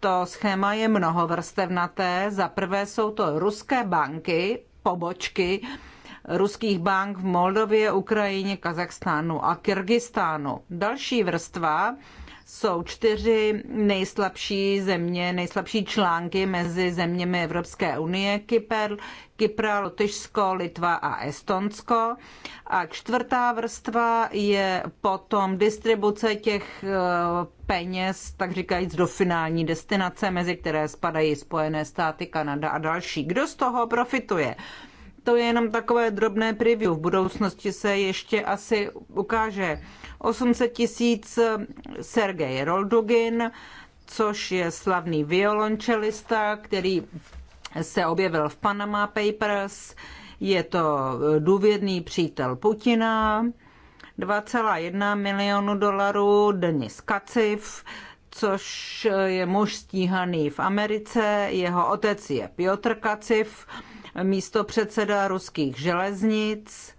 To schéma je mnohovrstevnaté. Za prvé jsou to ruské banky, pobočky ruských bank v Moldově, Ukrajině, Kazachstánu a Kyrgyzstánu. Další vrstva jsou čtyři nejslabší země, nejslabší články mezi zeměmi Evropské unie, Kypr, Kypr, Lotyšsko, Litva a Estonsko. A čtvrtá vrstva je potom distribuce těch eh, peněz, tak říkajíc, do finální destinace, mezi které spadají Spojené státy, Kanada a další. Kdo z toho profituje? To je jenom takové drobné preview. V budoucnosti se ještě asi ukáže 800 tisíc eh, Sergej Roldugin, což je slavný violončelista, který se objevil v Panama Papers. Je to eh, důvěrný přítel Putina. 2,1 milionu dolarů Denis Kaciv, což eh, je muž stíhaný v Americe. Jeho otec je Piotr Kaciv, místo předseda ruských železnic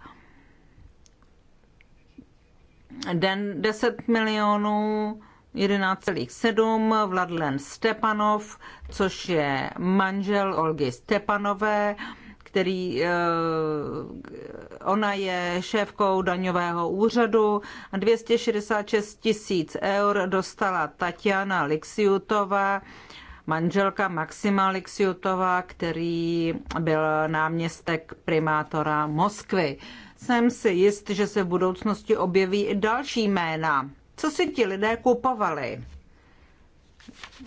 den 10 milionů 11,7 Vladlen Stepanov, což je manžel Olgy Stepanové, který eh, ona je šéfkou daňového úřadu. 266 tisíc eur dostala Tatiana Lixiutová, manželka Maxima Lixiutová, který byl náměstek primátora Moskvy. Jsem si jist, že se v budoucnosti objeví i další jména. Co si ti lidé kupovali?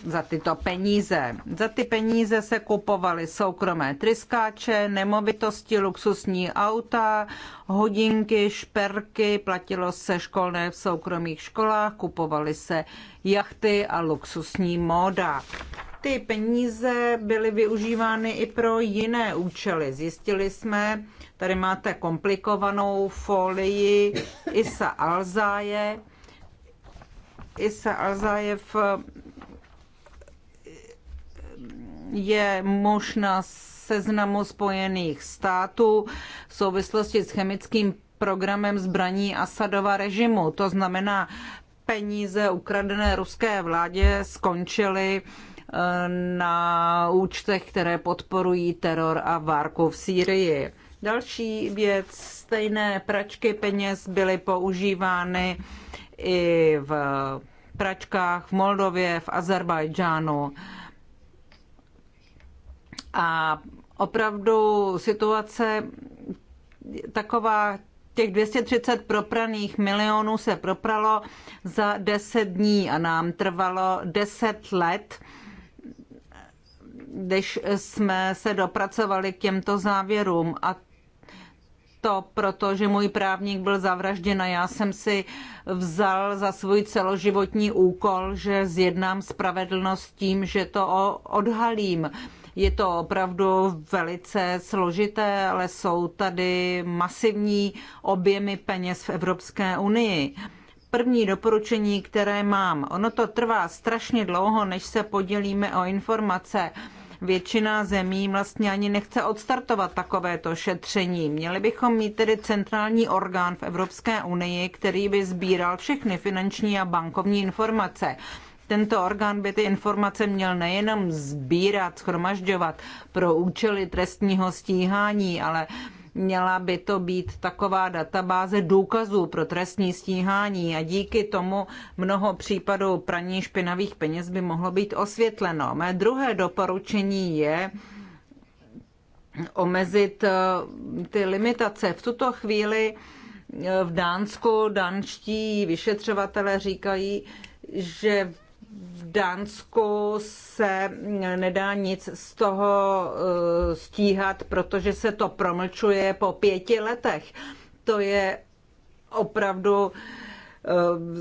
za tyto peníze. Za ty peníze se kupovaly soukromé tryskáče, nemovitosti, luxusní auta, hodinky, šperky, platilo se školné v soukromých školách, kupovaly se jachty a luxusní móda ty peníze byly využívány i pro jiné účely. Zjistili jsme, tady máte komplikovanou folii Isa Alzáje. Isa v je muž na seznamu Spojených států v souvislosti s chemickým programem zbraní Asadova režimu. To znamená, peníze ukradené ruské vládě skončily na účtech, které podporují teror a várku v Sýrii. Další věc, stejné pračky peněz byly používány i v pračkách v Moldově, v Azerbajdžánu. A opravdu situace taková, těch 230 propraných milionů se propralo za 10 dní a nám trvalo 10 let, když jsme se dopracovali k těmto závěrům. A to proto, že můj právník byl zavražděn a já jsem si vzal za svůj celoživotní úkol, že zjednám spravedlnost tím, že to odhalím. Je to opravdu velice složité, ale jsou tady masivní objemy peněz v Evropské unii. První doporučení, které mám, ono to trvá strašně dlouho, než se podělíme o informace většina zemí vlastně ani nechce odstartovat takovéto šetření. Měli bychom mít tedy centrální orgán v Evropské unii, který by sbíral všechny finanční a bankovní informace. Tento orgán by ty informace měl nejenom sbírat, schromažďovat pro účely trestního stíhání, ale Měla by to být taková databáze důkazů pro trestní stíhání a díky tomu mnoho případů praní špinavých peněz by mohlo být osvětleno. Mé druhé doporučení je, omezit eh, ty limitace. V tuto chvíli eh, v Dánsku danští vyšetřovatelé říkají, že v Dánsku se nedá nic z toho eh, stíhat, protože se to promlčuje po pěti letech. To je opravdu eh,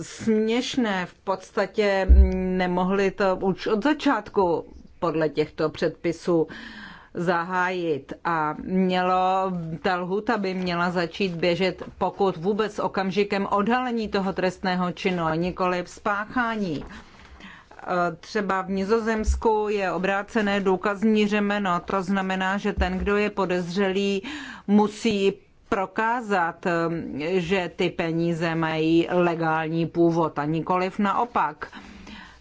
směšné. V podstatě nemohli to už od začátku podle těchto předpisů zahájit a mělo, ta lhuta by měla začít běžet pokud vůbec okamžikem odhalení toho trestného činu a nikoli v spáchání. Třeba v Nizozemsku je obrácené důkazní řemeno. To znamená, že ten, kdo je podezřelý, musí prokázat, že ty peníze mají legální původ a nikoliv naopak.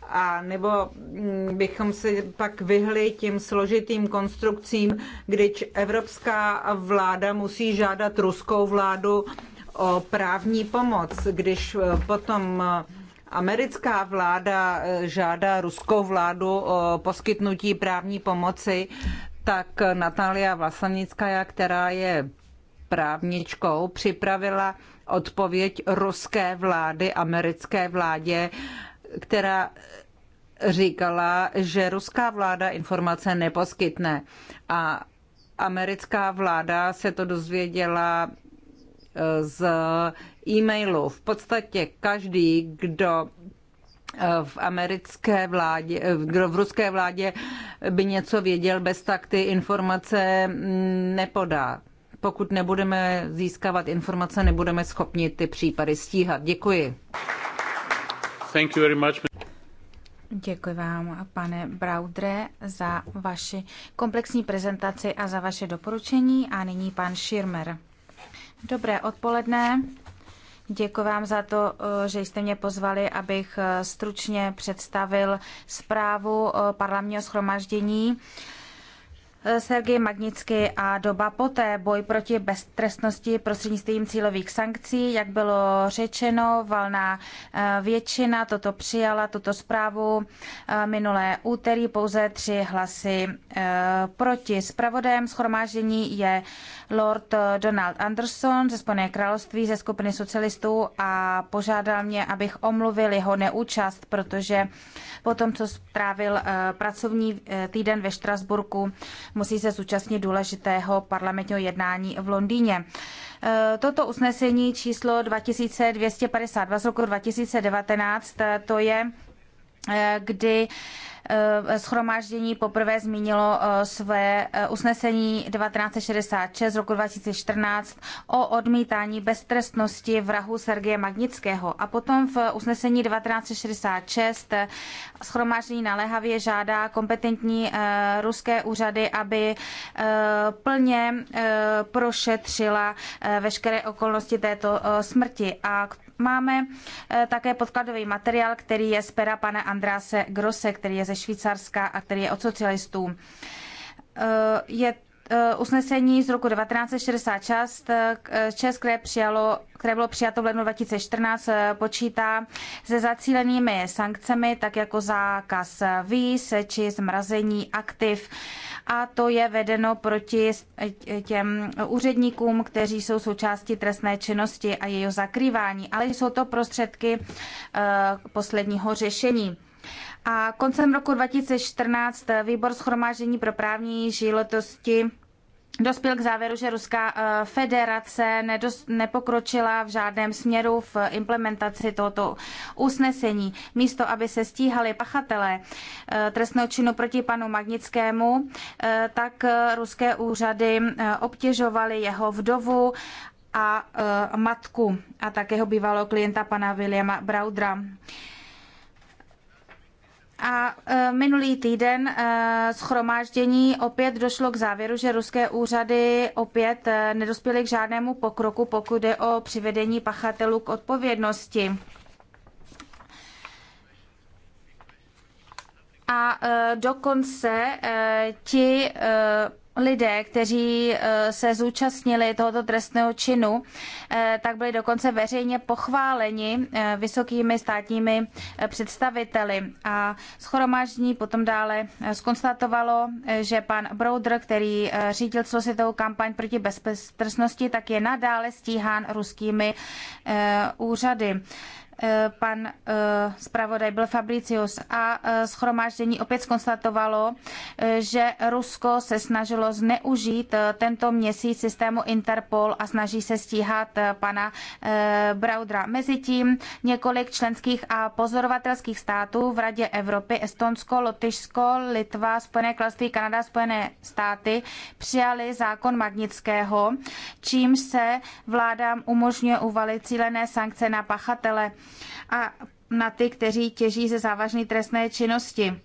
A nebo mm, bychom se pak vyhli tím složitým konstrukcím, když evropská vláda musí žádat ruskou vládu o právní pomoc, když potom Americká vláda eh, žádá ruskou vládu o poskytnutí právní pomoci, tak Natalia Vlasanická, která je právničkou, připravila odpověď ruské vlády, americké vládě, která říkala, že ruská vláda informace neposkytne. A americká vláda se to dozvěděla z e-mailu. V podstatě každý, kdo eh, v americké vládě, eh, kdo v ruské vládě by něco věděl, bez tak ty informace mm, nepodá. Pokud nebudeme získávat informace, nebudeme schopni ty případy stíhat. Děkuji. Thank you very much. Děkuji vám, pane Braudre, za vaši komplexní prezentaci a za vaše doporučení. A nyní pan Schirmer. Dobré odpoledne. Děkuji vám za to, eh, že jste mě pozvali, abych eh, stručně představil zprávu eh, parlamního schromaždění. Sergej Magnický a doba poté boj proti beztrestnosti prostřednictvím cílových sankcí. Jak bylo řečeno, valná většina toto přijala, tuto zprávu minulé úterý pouze tři hlasy proti. Spravodajem schromáždění je Lord Donald Anderson ze Spojené království ze skupiny socialistů a požádal mě, abych omluvil jeho neúčast, protože po tom, co strávil eh, pracovní eh, týden ve Štrasburku, musí se zúčastnit důležitého parlamentního jednání v Londýně. Eh, toto usnesení číslo 2252 z roku 2019, to je Eh, kdy eh, schromáždění poprvé zmínilo eh, své usnesení 1966 z roku 2014 o odmítání beztrestnosti vrahu Sergeje Magnického. A potom v usnesení 1966 schromáždění naléhavě žádá kompetentní ruské úřady, aby plně prošetřila veškeré okolnosti této smrti. A k máme eh, také podkladový materiál, který je z pera pana Andráse Grosse, který je ze Švýcarska a který je od socialistů. Eh, je Eh, usnesení z roku 1966, eh, eh, Čes, které, přijalo, které bylo přijato v lednu 2014, počítá se zacílenými sankcemi, tak jako zákaz víz či zmrazení aktiv. A to je vedeno proti těm úředníkům, kteří jsou součástí trestné činnosti a jejího zakrývání. Ale jsou to prostředky posledního řešení. A koncem roku 2014 výbor schromáždění pro právní žilotosti dospěl k závěru, že Ruská eh, federace nedos, nepokročila v žádném směru v implementaci tohoto usnesení. Místo, aby se stíhali pachatelé eh, trestného činu proti panu Magnickému, eh, tak ruské úřady obtěžovaly jeho vdovu a matku a také jeho bývalého klienta pana Williama Braudra. A e, minulý týden e, schromáždění opět došlo k závěru, že ruské úřady opět e, nedospěly k žádnému pokroku, pokud je o přivedení pachatelů k odpovědnosti. A dokonce ti lidé, kteří eh, se zúčastnili tohoto trestného činu, eh, tak byli dokonce veřejně pochváleni eh, vysokými státními představiteli. A schromáždění potom dále skonstatovalo, že pan Browder, který řídil celosvětovou kampaň proti bezpečnosti, tak je nadále stíhán ruskými úřady. Eh, pan eh, zpravodaj byl Fabricius a eh, schromáždění opět skonstatovalo, že Rusko se snažilo zneužít tento měsíc systému Interpol a snaží se stíhat pana Braudra. Mezitím několik členských a pozorovatelských států v Radě Evropy, Estonsko, Lotyšsko, Litva, Spojené království, Kanada, Spojené státy přijali zákon Magnického, čím se vládám umožňuje uvalit cílené sankce na pachatele a na ty, kteří těží ze závažné trestné činnosti.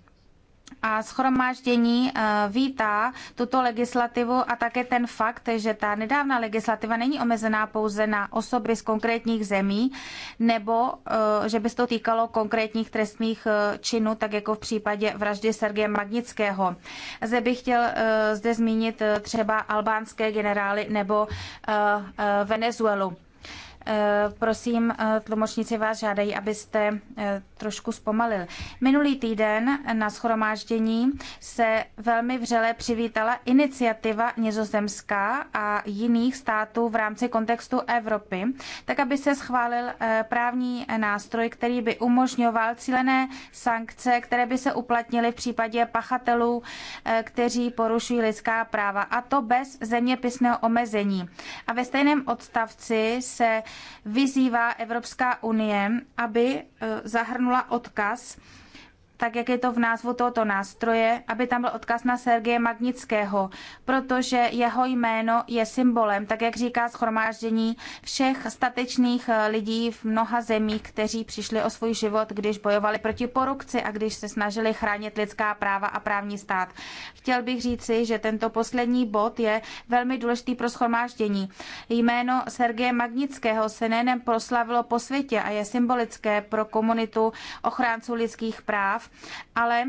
A schromáždění eh, vítá tuto legislativu a také ten fakt, že ta nedávná legislativa není omezená pouze na osoby z konkrétních zemí, nebo eh, že by se to týkalo konkrétních trestných eh, činů, tak jako v případě vraždy Sergeje Magnického. Zde bych chtěl zde zmínit třeba albánské generály nebo Venezuelu. Eh, prosím, eh, tlumočníci vás žádají, abyste eh, trošku zpomalil. Minulý týden na schromáždění se velmi vřele přivítala iniciativa nizozemská a jiných států v rámci kontextu Evropy, tak aby se schválil právní nástroj, který by umožňoval cílené sankce, které by se uplatnily v případě pachatelů, kteří porušují lidská práva, a to bez zeměpisného omezení. A ve stejném odstavci se vyzývá Evropská unie, aby eh, zahrnula odkaz tak jak je to v názvu tohoto nástroje, aby tam byl odkaz na Sergeje Magnického, protože jeho jméno je symbolem, tak jak říká schromáždění všech statečných eh, lidí v mnoha zemích, kteří přišli o svůj život, když bojovali proti porukci a když se snažili chránit lidská práva a právní stát. Chtěl bych říci, že tento poslední bod je velmi důležitý pro schromáždění. Jméno Sergeje Magnického se nejen proslavilo po světě a je symbolické pro komunitu ochránců lidských práv, ale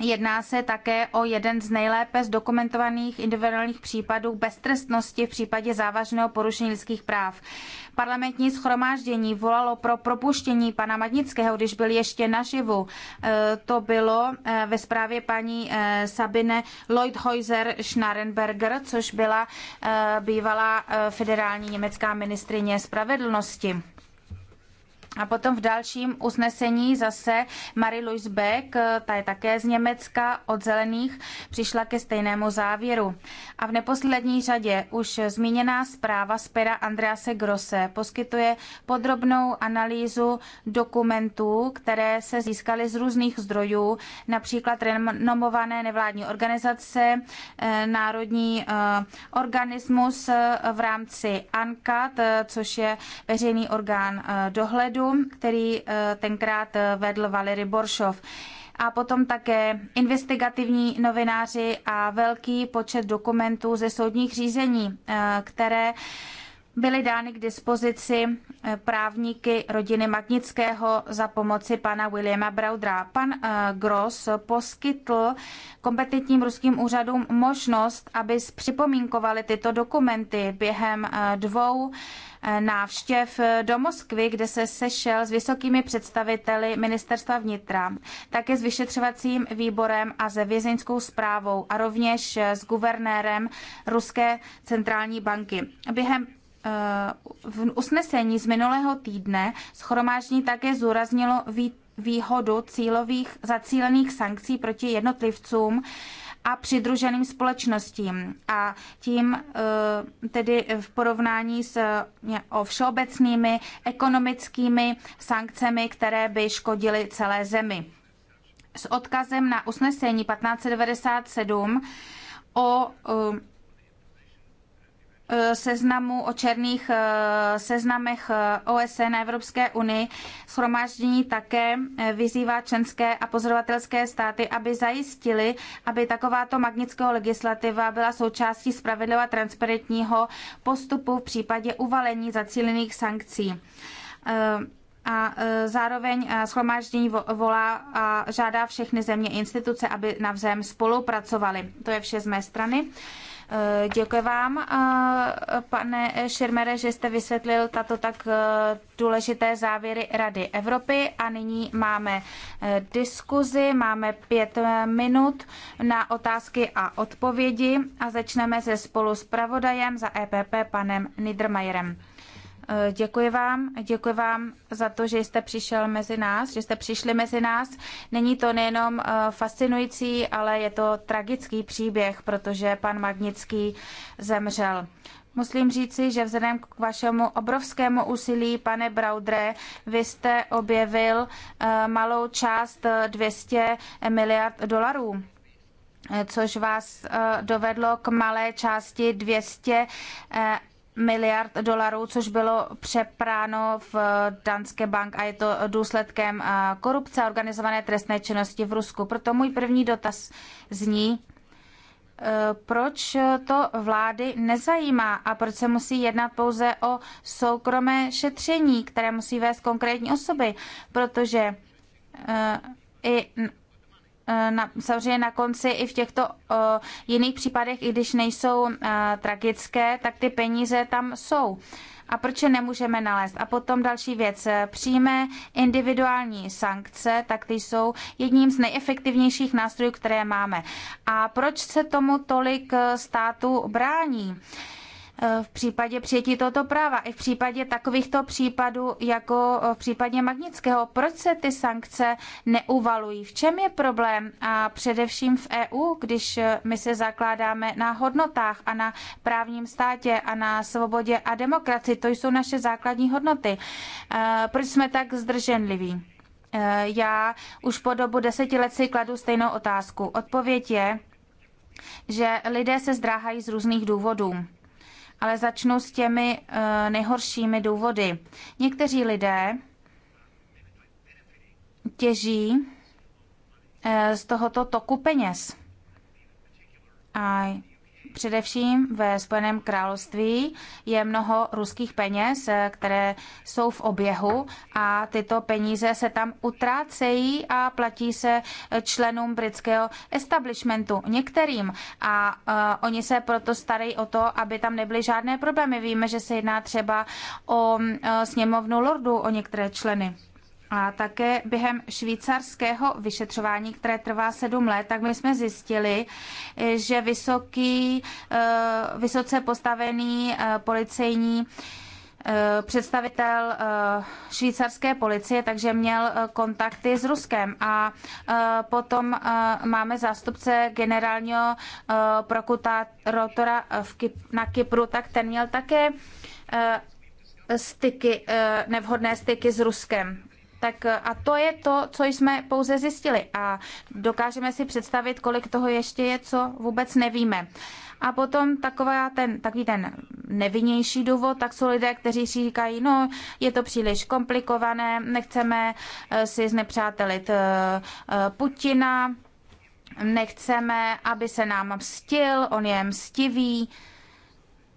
Jedná se také o jeden z nejlépe zdokumentovaných individuálních případů beztrestnosti v případě závažného porušení lidských práv. Parlamentní schromáždění volalo pro propuštění pana Madnického, když byl ještě naživu. E, to bylo e, ve zprávě paní e, Sabine Lloydhäuser Schnarenberger, což byla bývalá federální německá ministrině spravedlnosti. A potom v dalším usnesení zase Marie-Louise Beck, ta je také z Německa, od zelených, přišla ke stejnému závěru. A v neposlední řadě už zmíněná zpráva z pera Andrease Grosse poskytuje podrobnou analýzu dokumentů, které se získaly z různých zdrojů, například renomované nevládní organizace, eh, národní eh, organismus eh, v rámci ANCAT, což je veřejný orgán dohledu, studium, který eh, tenkrát eh, vedl Valery Boršov a potom také investigativní novináři a velký počet dokumentů ze soudních řízení, eh, které byly dány k dispozici právníky rodiny Magnického za pomoci pana Williama Braudra. Pan Gross poskytl kompetentním ruským úřadům možnost, aby připomínkovali tyto dokumenty během dvou návštěv do Moskvy, kde se sešel s vysokými představiteli ministerstva vnitra, také s vyšetřovacím výborem a ze vězeňskou zprávou a rovněž s guvernérem Ruské centrální banky. Během eh, v usnesení z minulého týdne schromáždění také zúraznilo výhodu cílových, zacílených sankcí proti jednotlivcům, a přidruženým společnostím. A tím eh, tedy v porovnání s eh, všeobecnými ekonomickými sankcemi, které by škodily celé zemi. S odkazem na usnesení 1597 o eh, Eh, seznamu o černých eh, seznamech eh, OSN a Evropské unii schromáždění také vyzývá členské a pozorovatelské státy, aby zajistili, aby takováto magnická legislativa byla součástí spravedlivého a transparentního postupu v případě uvalení zacílených sankcí a zároveň schromáždění volá a žádá všechny země instituce, aby navzájem spolupracovali. To je vše z mé strany. Eh, děkuji vám, eh, pane Šermere, že jste vysvětlil tato tak eh, důležité závěry Rady Evropy a nyní máme diskuzi, máme pět minut na otázky a odpovědi a začneme se spolu s pravodajem za EPP panem Niedermayerem. Eh, děkuji vám, děkuji vám za to, že jste přišel mezi nás, že jste přišli mezi nás. Není to nejenom eh, fascinující, ale je to tragický příběh, protože pan Magnický zemřel. Musím říci, že vzhledem k vašemu obrovskému úsilí, pane Braudre, vy jste objevil eh, malou část 200 miliard dolarů což vás dovedlo k malé části 200 miliard dolarů, což bylo přepráno v Danske Bank a je to důsledkem eh, korupce a organizované trestné činnosti v Rusku. Proto můj první dotaz zní, eh, proč to vlády nezajímá a proč se musí jednat pouze o soukromé šetření, které musí vést konkrétní osoby, protože eh, i Eh, na, samozřejmě na konci i v těchto uh, jiných případech, i když nejsou uh, tragické, tak ty peníze tam jsou. A proč je nemůžeme nalézt? A potom další věc. Přijme individuální sankce, tak ty jsou jedním z nejefektivnějších nástrojů, které máme. A proč se tomu tolik státu brání? Uh, Eh, v případě přijetí tohoto práva, i v případě takovýchto případů, jako eh, v případě Magnického. Proč se ty sankce neuvalují? V čem je problém? A především v EU, když eh, my se zakládáme na hodnotách a na právním státě a na svobodě a demokracii, to jsou naše základní hodnoty. Proč jsme tak zdrženliví? Já už po dobu deseti let si kladu stejnou otázku. Odpověď je, že lidé se zdráhají z různých důvodů ale začnu s těmi eh, nejhoršími důvody. Někteří lidé těží eh, z tohoto toku peněz. A Především ve Spojeném království je mnoho ruských peněz, eh, které jsou v oběhu a tyto peníze se tam utrácejí a platí se eh, členům britského establishmentu, některým. A uh, oni se proto starají o to, aby tam nebyly žádné problémy. Víme, že se jedná třeba o uh, sněmovnu lordu, o některé členy. A také během švýcarského vyšetřování, které trvá sedm let, tak my jsme zjistili, že vysoký, eh, vysoce postavený eh, policejní eh, představitel švýcarské policie, takže měl kontakty s Ruskem. A potom máme zástupce generálního prokurátora na Kypru, tak ten měl také styky, nevhodné styky s Ruskem. Tak eh, a to je to, co jsme pouze zjistili a dokážeme si představit, kolik toho ještě je, co vůbec nevíme. A potom taková ten, takový ten nevinnější důvod, tak jsou lidé, kteří si říkají, no, je to příliš komplikované, nechceme eh, si znepřátelit eh, Putina, nechceme, aby se nám mstil, on je mstivý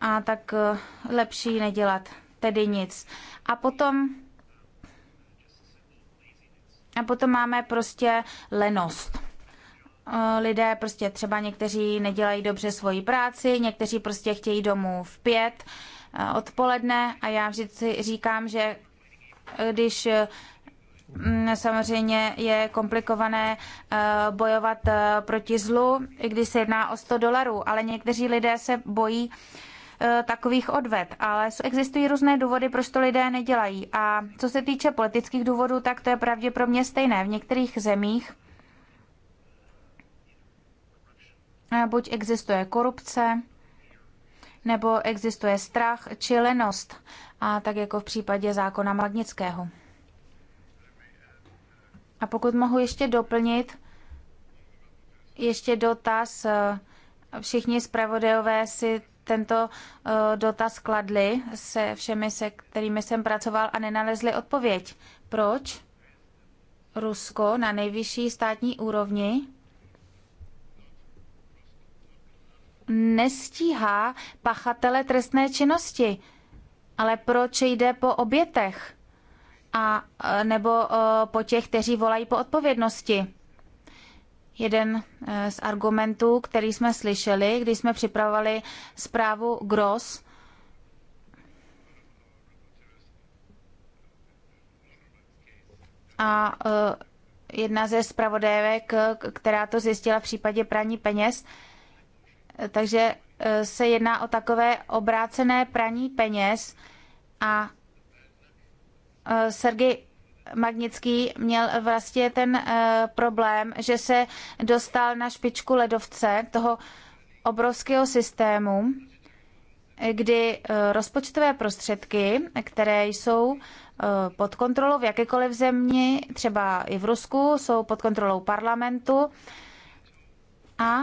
a tak lepší nedělat tedy nic. A potom a potom máme prostě lenost eh, lidé prostě třeba někteří nedělají dobře svoji práci, někteří prostě chtějí domů v pět eh, odpoledne a já vždycky říkám, že eh, když mm, samozřejmě je komplikované bojovat proti zlu, i když se jedná o 100 dolarů, ale někteří lidé se bojí Eh, takových odved, ale existují různé důvody, proč to lidé nedělají. A co se týče politických důvodů, tak to je pravděpodobně stejné. V některých zemích eh, buď existuje korupce, nebo existuje strach či lenost, a tak jako v případě zákona Magnického. A pokud mohu ještě doplnit, ještě dotaz, eh, všichni zpravodajové si tento eh, dotaz kladli se všemi, se kterými jsem pracoval a nenalezli odpověď. Proč Rusko na nejvyšší státní úrovni nestíhá pachatele trestné činnosti, ale proč jde po obětech a eh, nebo eh, po těch, kteří volají po odpovědnosti? jeden eh, z argumentů, který jsme slyšeli, když jsme připravovali zprávu Gross, a eh, jedna ze zpravodajek, která to zjistila v případě praní peněz. Takže eh, se jedná o takové obrácené praní peněz a Sergej Magnický měl vlastně ten eh, problém, že se dostal na špičku ledovce toho obrovského systému, kdy eh, rozpočtové prostředky, které jsou eh, pod kontrolou v jakékoliv zemi, třeba i v Rusku, jsou pod kontrolou parlamentu a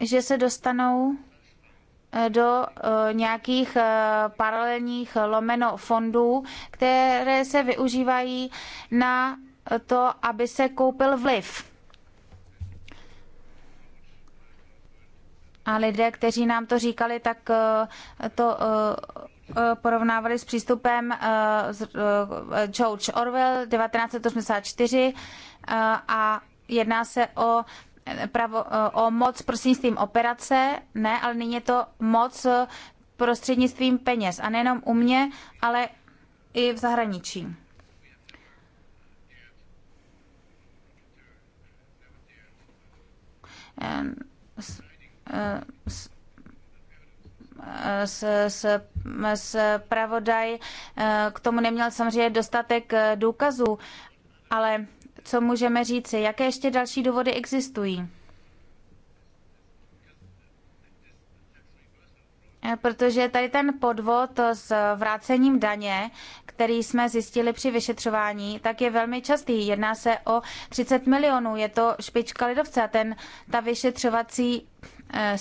že se dostanou do eh, nějakých eh, paralelních lomeno fondů, které se využívají na to, aby se koupil vliv. A lidé, kteří nám to říkali, tak eh, to porovnávali s přístupem George Orwell 1984 a jedná se o pravo, eh, o moc prostřednictvím operace, ne, ale nyní je to moc eh, prostřednictvím peněz. A nejenom u mě, ale i v zahraničí. S, eh, s, s, s pravodaj k tomu neměl samozřejmě dostatek důkazů, ale co můžeme říci? Jaké ještě další důvody existují? Protože tady ten podvod s vrácením daně, který jsme zjistili při vyšetřování, tak je velmi častý. Jedná se o 30 milionů, je to špička lidovce a ten, ta vyšetřovací e,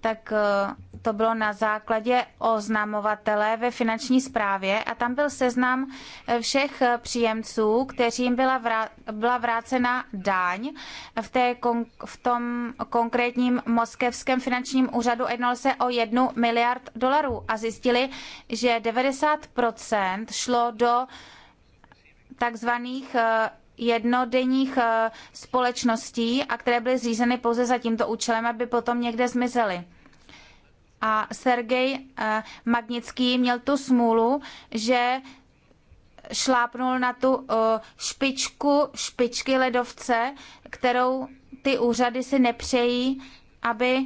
tak eh, to bylo na základě oznamovatele ve finanční správě a tam byl seznam eh, všech eh, příjemců, kterým byla, vrá, byla vrácena dáň v, té, v tom konkrétním moskevském finančním úřadu. Jednalo se o jednu miliard dolarů a zjistili, že 90% šlo do takzvaných jednodenních eh, společností a které byly zřízeny pouze za tímto účelem, aby potom někde zmizely. A Sergej eh, Magnický měl tu smůlu, že šlápnul na tu eh, špičku špičky ledovce, kterou ty úřady si nepřejí, aby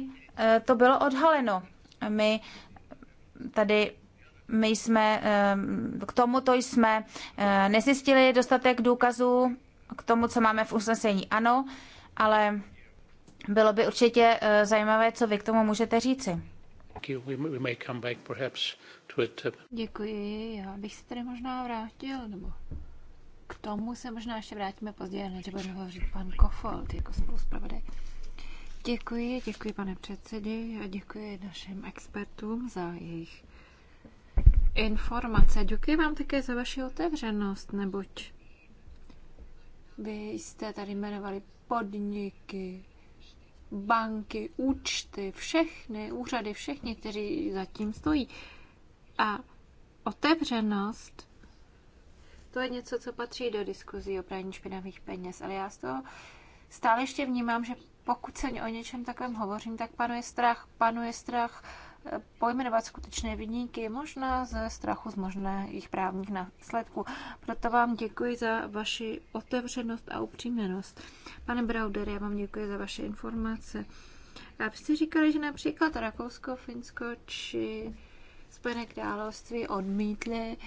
to bylo odhaleno. My tady my jsme, eh, k tomuto jsme eh, nezjistili dostatek důkazů, k tomu, co máme v usnesení, ano, ale bylo by určitě eh, zajímavé, co vy k tomu můžete říci. Děkuji, já bych se tady možná vrátil, nebo k tomu se možná ještě vrátíme později, než bude hovořit pan Kofold jako spoluzpravodaj. Děkuji, děkuji pane předsedy a děkuji našim expertům za jejich informace. Děkuji vám také za vaši otevřenost, neboť vy jste tady jmenovali podniky, banky, účty, všechny úřady, všechny, kteří zatím stojí. A otevřenost, to je něco, co patří do diskuzí o praní špinavých peněz, ale já z toho stále ještě vnímám, že pokud se o něčem takovém hovořím, tak panuje strach, panuje strach pojmenovat skutečné vidníky, možná ze strachu z možných právních následků. Proto vám děkuji za vaši otevřenost a upřímnost. Pane Brauder, já vám děkuji za vaše informace. A jste říkali, že například Rakousko, Finsko či Spojené království odmítly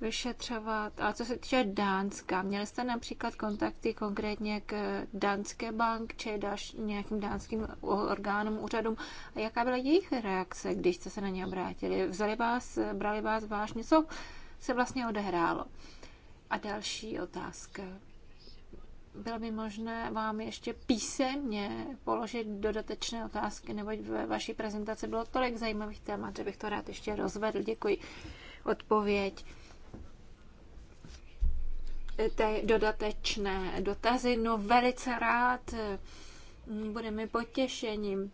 vyšetřovat. A co se týče Dánska, měli jste například kontakty konkrétně k dánské bank či daž, nějakým dánským orgánům, úřadům? A jaká byla jejich reakce, když jste se na ně obrátili? Vzali vás, brali vás vážně? Co se vlastně odehrálo? A další otázka bylo by možné vám ještě písemně položit dodatečné otázky, neboť ve vaší prezentaci bylo tolik zajímavých témat, že bych to rád ještě rozvedl. Děkuji. Odpověď. Ty dodatečné dotazy, no velice rád, bude mi potěšením.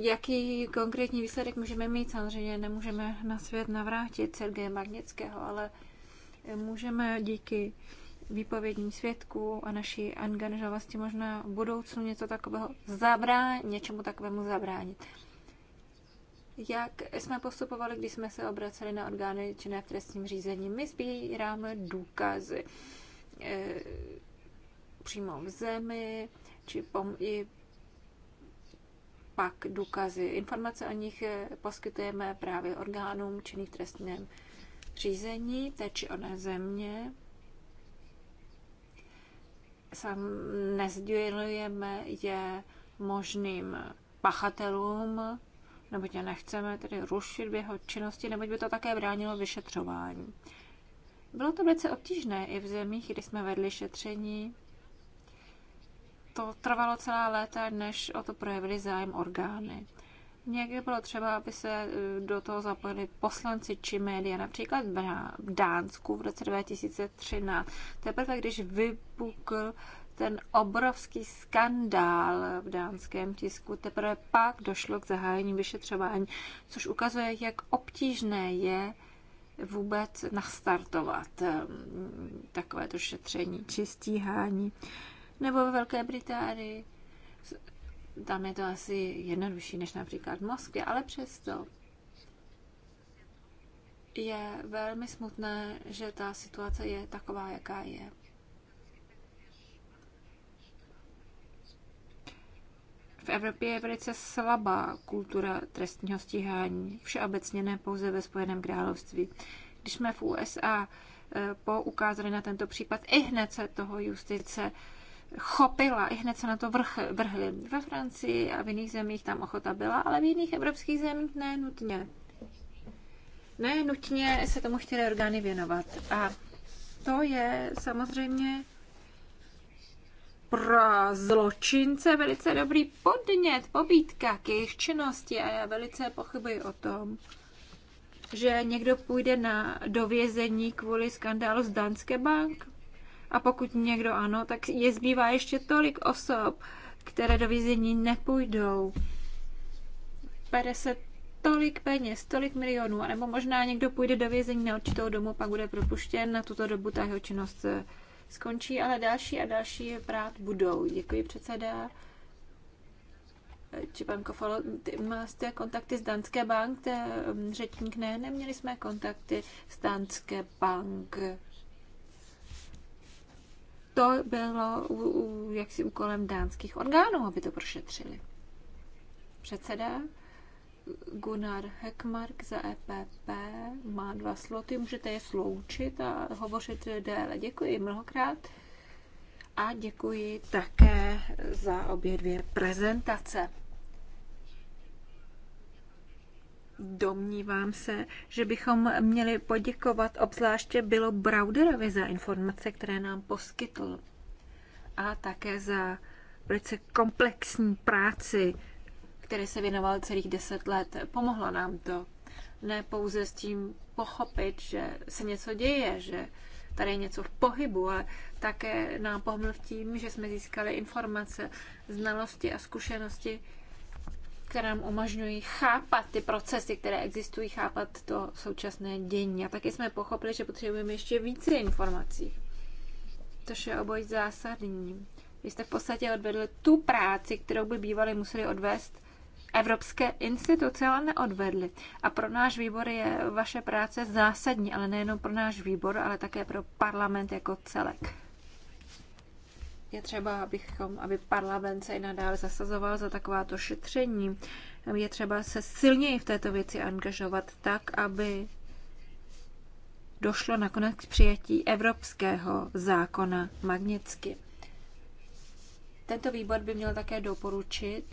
Jaký konkrétní výsledek můžeme mít? Samozřejmě nemůžeme na svět navrátit Sergeje Magnického, ale můžeme díky výpovědním svědků a naší angažovanosti možná v budoucnu něco takového zabránit, něčemu takovému zabránit. Jak jsme postupovali, když jsme se obraceli na orgány činné v trestním řízení? My sbíráme důkazy e, přímo v zemi, či pom, i pak důkazy. Informace o nich eh, poskytujeme právě orgánům činných trestním řízení té či oné země. Sam nezdělujeme je možným pachatelům, neboť je nechceme tedy rušit v jeho činnosti, neboť by to také bránilo vyšetřování. Bylo to velice obtížné i v zemích, kdy jsme vedli šetření. To trvalo celá léta, než o to projevili zájem orgány. Někdy bylo třeba, aby se e, do toho zapojili poslanci či média, například v Dánsku v roce 2013. Teprve když vypukl ten obrovský skandál v dánském tisku, teprve pak došlo k zahájení vyšetřování, což ukazuje, jak obtížné je vůbec nastartovat e, takovéto šetření či stíhání. Nebo ve Velké Británii tam je to asi jednodušší než například v Moskvě, ale přesto je velmi smutné, že ta situace je taková, jaká je. V Evropě je velice slabá kultura trestního stíhání, všeobecně ne pouze ve Spojeném království. Když jsme v USA eh, poukázali na tento případ, i hned se toho justice chopila i hned se na to vrch, vrhli. Ve Francii a v jiných zemích tam ochota byla, ale v jiných evropských zemích ne nutně. Ne nutně se tomu chtěly orgány věnovat. A to je samozřejmě pro zločince velice dobrý podnět, pobítka k jejich činnosti a já velice pochybuji o tom, že někdo půjde na dovězení kvůli skandálu z Danske Bank. A pokud někdo ano, tak je zbývá ještě tolik osob, které do vězení nepůjdou. Pere se tolik peněz, tolik milionů, anebo možná někdo půjde do vězení na určitou domu, pak bude propuštěn, na tuto dobu ta jeho činnost eh, skončí, ale další a další prát budou. Děkuji předseda. Eh, či pan Kofalo, máte kontakty s Danské bank? Mm, řečník ne, neměli jsme kontakty s Danské bank to bylo u, u, jaksi úkolem dánských orgánů, aby to prošetřili. Předseda Gunnar Heckmark za EPP má dva sloty, můžete je sloučit a hovořit déle. Děkuji mnohokrát a děkuji také za obě dvě prezentace. Domnívám se, že bychom měli poděkovat obzvláště bylo Brauderovi za informace, které nám poskytl a také za velice komplexní práci, které se věnoval celých deset let. Pomohlo nám to ne pouze s tím pochopit, že se něco děje, že tady je něco v pohybu, ale také nám pomohl v tím, že jsme získali informace, znalosti a zkušenosti, které nám umožňují chápat ty procesy, které existují, chápat to současné dění. A taky jsme pochopili, že potřebujeme ještě více informací. to je oboj zásadní. Vy jste v podstatě odvedli tu práci, kterou by bývali museli odvést evropské instituce, ale neodvedli. A pro náš výbor je vaše práce zásadní, ale nejenom pro náš výbor, ale také pro parlament jako celek. Je třeba, abychom, aby parlament se i nadále zasazoval za takováto šetření. Je třeba se silněji v této věci angažovat tak, aby došlo nakonec k přijetí evropského zákona Magnicky. Tento výbor by měl také doporučit,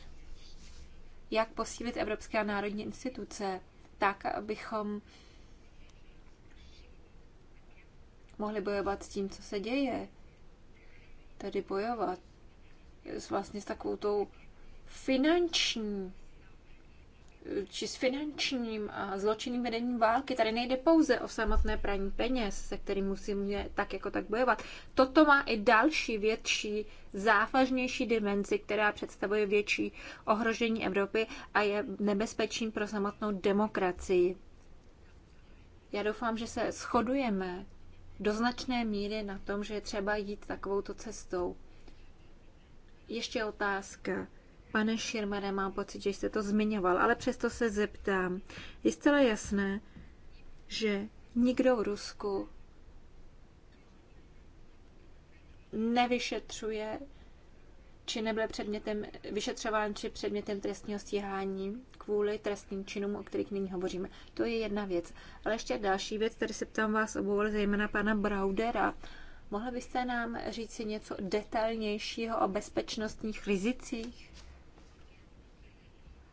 jak posílit evropské a národní instituce, tak, abychom mohli bojovat s tím, co se děje, tedy bojovat s vlastně s takovou tou finanční či s finančním a zločinným vedením války. Tady nejde pouze o samotné praní peněz, se kterým musíme tak jako tak bojovat. Toto má i další větší, závažnější dimenzi, která představuje větší ohrožení Evropy a je nebezpečím pro samotnou demokracii. Já doufám, že se shodujeme do značné míry na tom, že je třeba jít takovouto cestou. Ještě otázka. Pane Širmane, mám pocit, že jste to zmiňoval, ale přesto se zeptám. Je zcela jasné, že nikdo v Rusku nevyšetřuje či nebyl předmětem vyšetřován či předmětem trestního stíhání kvůli trestným činům, o kterých nyní hovoříme. To je jedna věc. Ale ještě další věc, tady se ptám vás obou, ale zejména pana Braudera. Mohla byste nám si něco detailnějšího o bezpečnostních rizicích?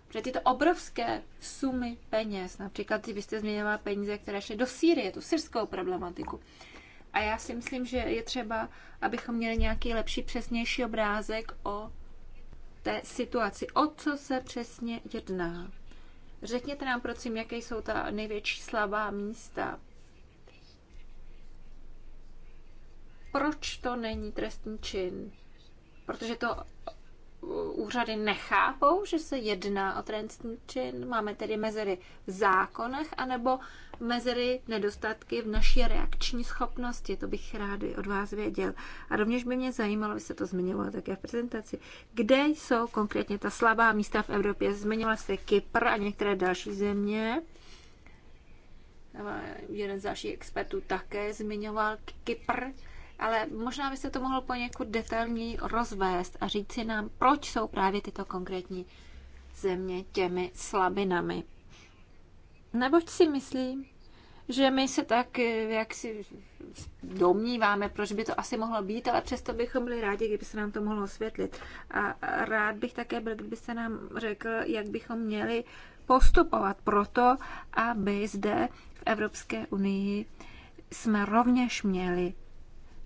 Protože tyto obrovské sumy peněz, například ty byste změnila peníze, které šly do Sýrie, tu syrskou problematiku, a já si myslím, že je třeba, abychom měli nějaký lepší, přesnější obrázek o té situaci, o co se přesně jedná. Řekněte nám, prosím, jaké jsou ta největší slabá místa. Proč to není trestný čin? Protože to úřady nechápou, že se jedná o trestný čin? Máme tedy mezery v zákonech, anebo mezery, nedostatky v naší reakční schopnosti? To bych rád od vás věděl. A rovněž by mě zajímalo, vy se to zmiňovalo také v prezentaci, kde jsou konkrétně ta slabá místa v Evropě? Zmiňovala se Kypr a některé další země. Jeden z dalších expertů také zmiňoval Kypr ale možná byste to mohl poněkud detailně rozvést a říct si nám, proč jsou právě tyto konkrétní země těmi slabinami. Neboť si myslím, že my se tak eh, jak si domníváme, proč by to asi mohlo být, ale přesto bychom byli rádi, kdyby se nám to mohlo osvětlit. A rád bych také byl, kdybyste nám řekl, jak bychom měli postupovat proto, aby zde v Evropské unii jsme rovněž měli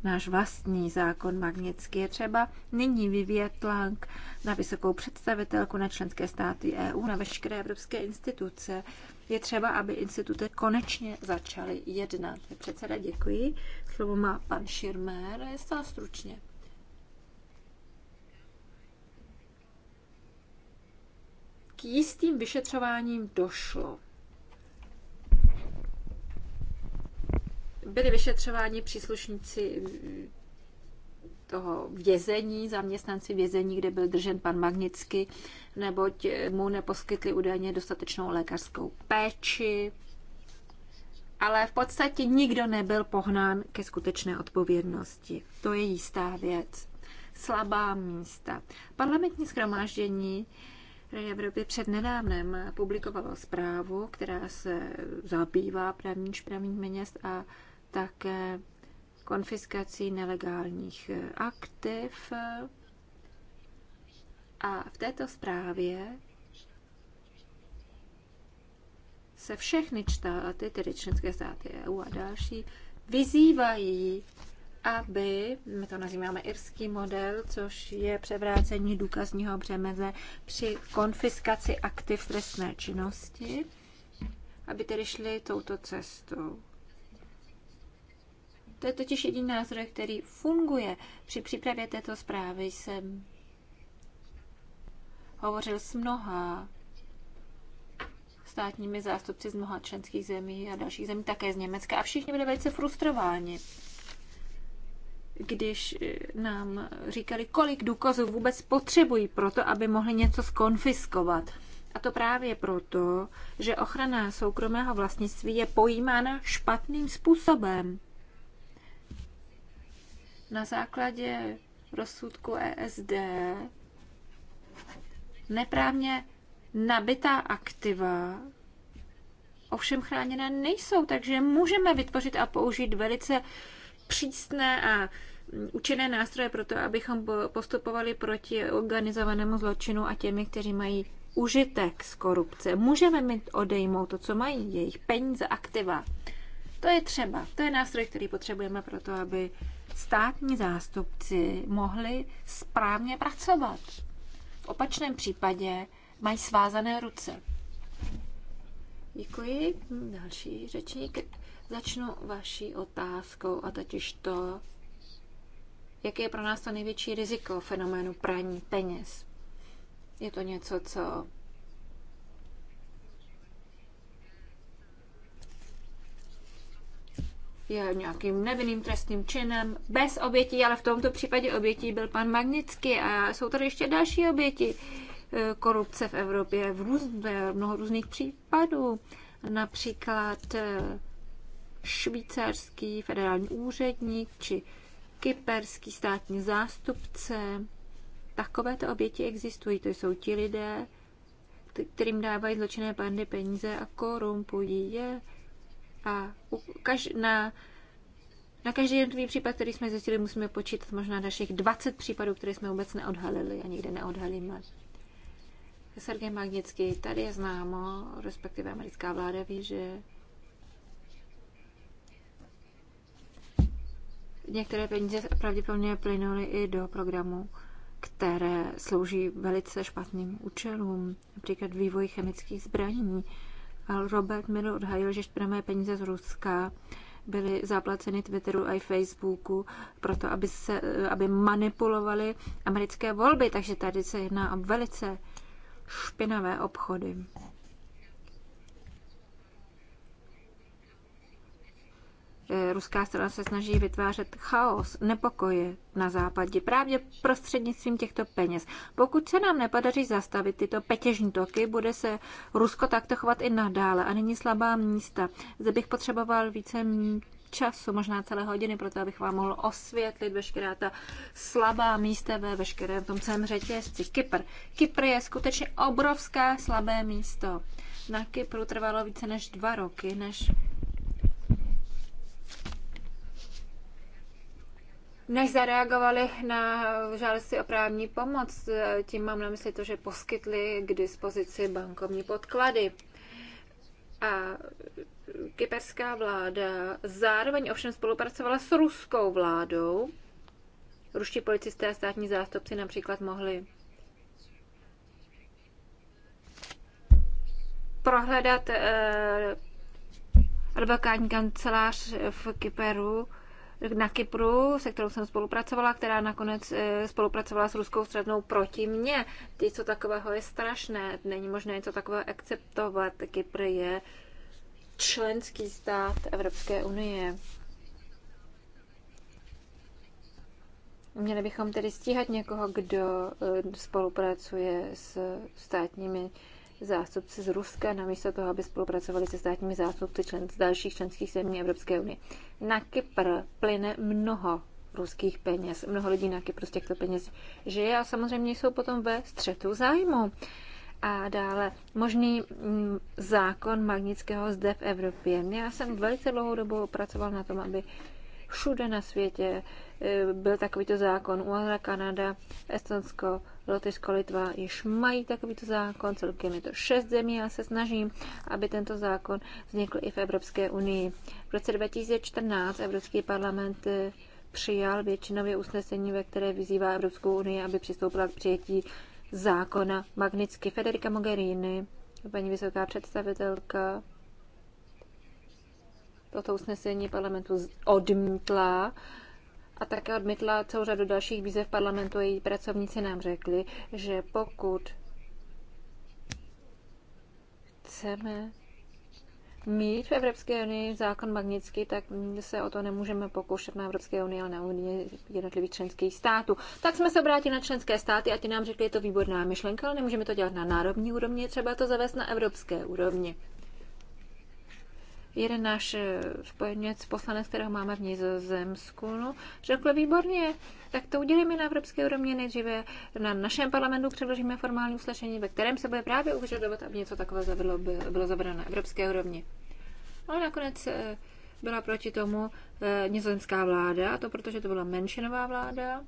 náš vlastní zákon magnický. Je třeba nyní vyvíjet tlak na vysokou představitelku, na členské státy EU, na veškeré evropské instituce. Je třeba, aby instituce konečně začaly jednat. Předseda, děkuji. Slovo má pan Širmer. je stále stručně. K jistým vyšetřováním došlo. byli vyšetřováni příslušníci mm, toho vězení, zaměstnanci vězení, kde byl držen pan Magnicky, neboť mu neposkytli údajně dostatečnou lékařskou péči. Ale v podstatě nikdo nebyl pohnán ke skutečné odpovědnosti. To je jistá věc. Slabá místa. Parlamentní schromáždění Rady Evropy před nedávnem publikovalo zprávu, která se zabývá právním špravní měst a také konfiskací nelegálních eh, aktiv. A v této zprávě se všechny státy, tedy členské státy EU a další, vyzývají, aby, my to nazýváme irský model, což je převrácení důkazního břemene při konfiskaci aktiv trestné činnosti, aby tedy šli touto cestou. To je totiž jediný nástroj, který funguje. Při přípravě této zprávy jsem hovořil s mnoha státními zástupci z mnoha členských zemí a dalších zemí, také z Německa. A všichni byli velice frustrováni, když eh, nám říkali, kolik důkazů vůbec potřebují pro to, aby mohli něco skonfiskovat. A to právě proto, že ochrana soukromého vlastnictví je pojímána špatným způsobem. Na základě rozsudku ESD neprávně nabitá aktiva ovšem chráněné nejsou, takže můžeme vytvořit a použít velice přísné a učené nástroje pro to, abychom postupovali proti organizovanému zločinu a těmi, kteří mají užitek z korupce. Můžeme mít odejmout to, co mají, jejich peníze, aktiva. To je třeba. To je nástroj, který potřebujeme pro to, aby státní zástupci mohli správně pracovat. V opačném případě mají svázané ruce. Děkuji. Další řečník. Začnu vaší otázkou a totiž to, jaké je pro nás to největší riziko fenoménu praní peněz. Je to něco, co je nějakým nevinným trestným činem bez obětí, ale v tomto případě obětí byl pan Magnický a jsou tady ještě další oběti eh, korupce v Evropě v různé, mnoho různých případů. Například eh, švýcarský federální úředník či kyperský státní zástupce. Takovéto oběti existují. To jsou ti lidé, kterým dávají zločinné bandy peníze a korumpují je. A na, na každý jednotlivý případ, který jsme zjistili, musíme počítat možná dalších 20 případů, které jsme vůbec neodhalili a nikde neodhalíme. Sergej Magnický, tady je známo, respektive americká vláda ví, že některé peníze pravděpodobně plynuly i do programu, které slouží velice špatným účelům, například vývoj chemických zbraní. Ale Robert Miller odhajil, že špinavé peníze z Ruska byly zaplaceny Twitteru a i Facebooku proto, aby, se, aby manipulovali americké volby. Takže tady se jedná o velice špinavé obchody. Eh, ruská strana se snaží vytvářet chaos, nepokoje na západě právě prostřednictvím těchto peněz. Pokud se nám nepadaří zastavit tyto petěžní toky, bude se Rusko takto chovat i nadále a není slabá místa. Zde bych potřeboval více času, možná celé hodiny, proto abych vám mohl osvětlit veškerá ta slabá místa ve veškerém tom celém řetězci. Kypr. Kypr je skutečně obrovská slabé místo. Na Kypru trvalo více než dva roky, než než zareagovali na žádosti o právní pomoc. Tím mám na mysli to, že poskytli k dispozici bankovní podklady. A kyperská vláda zároveň ovšem spolupracovala s ruskou vládou. Ruští policisté a státní zástupci například mohli prohledat eh, advokátní kancelář v Kyperu na Kypru, se kterou jsem spolupracovala, která nakonec eh, spolupracovala s ruskou stranou proti mně. Něco takového je strašné, není možné něco takového akceptovat. Kypr je členský stát Evropské unie. Měli bychom tedy stíhat někoho, kdo eh, spolupracuje s státními zástupci z Ruska, namísto toho, aby spolupracovali se státními zástupci člen, z dalších členských zemí Evropské unie. Na Kypr plyne mnoho ruských peněz. Mnoho lidí na Kypr z těchto peněz žije a samozřejmě jsou potom ve střetu zájmu. A dále možný mm, zákon Magnického zde v Evropě. Já jsem velice dlouhou dobu pracoval na tom, aby všude na světě e, byl takovýto zákon. USA, Kanada, Estonsko, Lotyšsko, Litva již mají takovýto zákon, celkem je to šest zemí a se snažím, aby tento zákon vznikl i v Evropské unii. V roce 2014 Evropský parlament eh, přijal většinově usnesení, ve které vyzývá Evropskou unii, aby přistoupila k přijetí zákona Magnitsky. Federica Mogherini, paní vysoká představitelka, toto usnesení parlamentu odmítla a také odmítla celou řadu dalších výzev parlamentu. Její pracovníci nám řekli, že pokud chceme mít v Evropské unii zákon magnický, tak se o to nemůžeme pokoušet na Evropské unii, ale na unii jednotlivých členských států. Tak jsme se obrátili na členské státy a ti nám řekli, je to výborná myšlenka, ale nemůžeme to dělat na národní úrovni, třeba to zavést na evropské úrovni jeden náš eh, spojenec, poslanec, kterého máme v Nizozemsku, no, řekl výborně, tak to udělíme na evropské úrovni nejdříve. Na našem parlamentu předložíme formální uslešení, ve kterém se bude právě uvažovat, aby něco takového zavedlo, bylo zavedeno na evropské úrovni. No nakonec eh, byla proti tomu eh, nizozemská vláda, a to protože to byla menšinová vláda,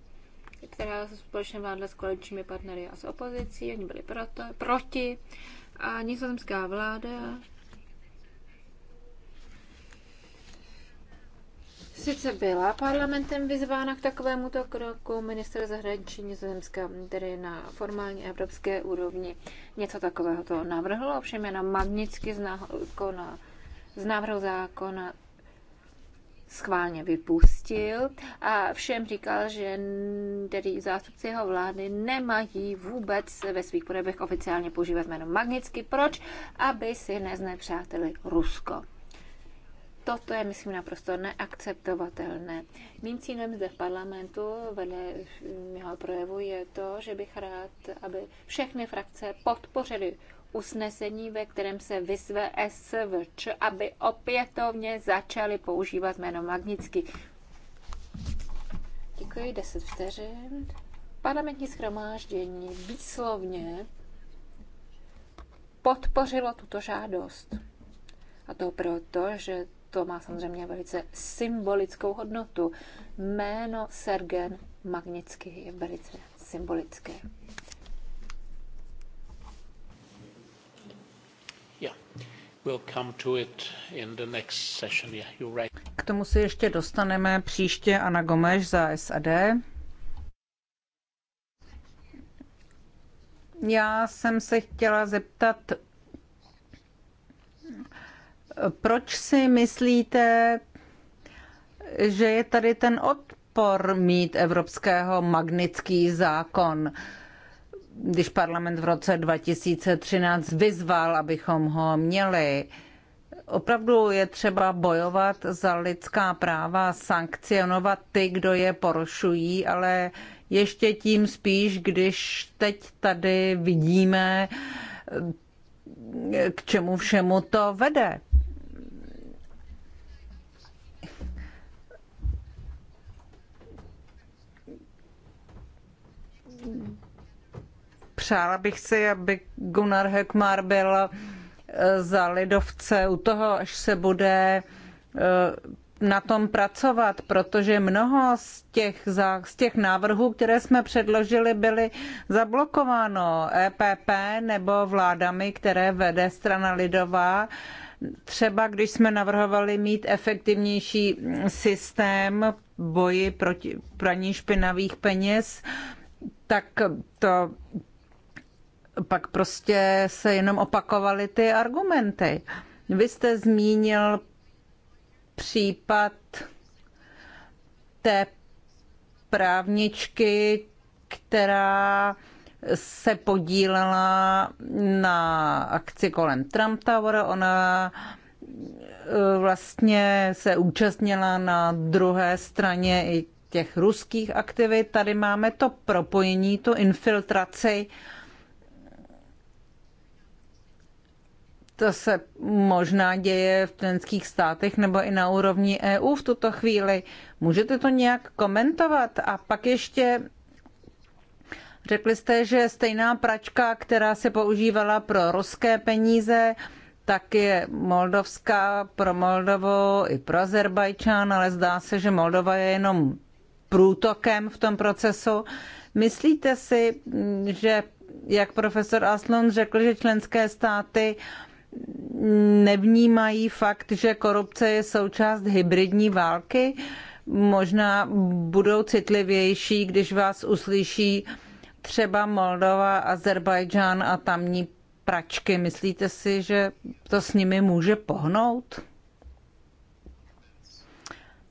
která se společně vládla s koaličními partnery a s opozicí, oni byli proto, proti. A nizozemská vláda sice byla parlamentem vyzvána k takovémuto kroku, minister zahraničí Nizozemska, tedy na formální evropské úrovni, něco takového to navrhl, ovšem je na magnicky na, z návrhu zákona schválně vypustil a všem říkal, že tedy zástupci jeho vlády nemají vůbec ve svých projevech oficiálně používat jméno Magnicky. Proč? Aby si neznepřáteli Rusko. Toto je, myslím, naprosto neakceptovatelné. Mým cílem zde v parlamentu vedle mého projevu je to, že bych rád, aby všechny frakce podpořily usnesení, ve kterém se vyzve SVČ, aby opětovně začali používat jméno Magnický. Děkuji, 10 vteřin. Parlamentní schromáždění výslovně podpořilo tuto žádost. A to proto, že to má samozřejmě velice symbolickou hodnotu. Jméno Sergen Magnický je velice symbolické. Yeah. We'll come to it in the next session. Yeah, you're right. K tomu se ještě dostaneme příště Anna Gomeš za SAD. Já jsem se chtěla zeptat, proč si myslíte, že je tady ten odpor mít evropského magnický zákon, když parlament v roce 2013 vyzval, abychom ho měli? Opravdu je třeba bojovat za lidská práva, sankcionovat ty, kdo je porušují, ale ještě tím spíš, když teď tady vidíme, k čemu všemu to vede. přála bych si, aby Gunnar Hökmar byl eh, za lidovce u toho, až se bude eh, na tom pracovat, protože mnoho z těch, za, z těch návrhů, které jsme předložili, byly zablokováno EPP nebo vládami, které vede strana lidová. Třeba když jsme navrhovali mít efektivnější systém boji proti praní špinavých peněz, tak to pak prostě se jenom opakovaly ty argumenty. Vy jste zmínil případ té právničky, která se podílela na akci kolem Trump Tower. Ona eh, vlastně se účastnila na druhé straně i těch ruských aktivit. Tady máme to propojení, tu infiltraci. To se možná děje v členských státech nebo i na úrovni EU v tuto chvíli. Můžete to nějak komentovat? A pak ještě řekli jste, že stejná pračka, která se používala pro ruské peníze, tak je Moldovská pro Moldovo i pro Azerbajčán, ale zdá se, že Moldova je jenom průtokem v tom procesu. Myslíte si, že, jak profesor Aslan řekl, že členské státy nevnímají fakt, že korupce je součást hybridní války? Možná budou citlivější, když vás uslyší třeba Moldova, Azerbajdžán a tamní pračky. Myslíte si, že to s nimi může pohnout?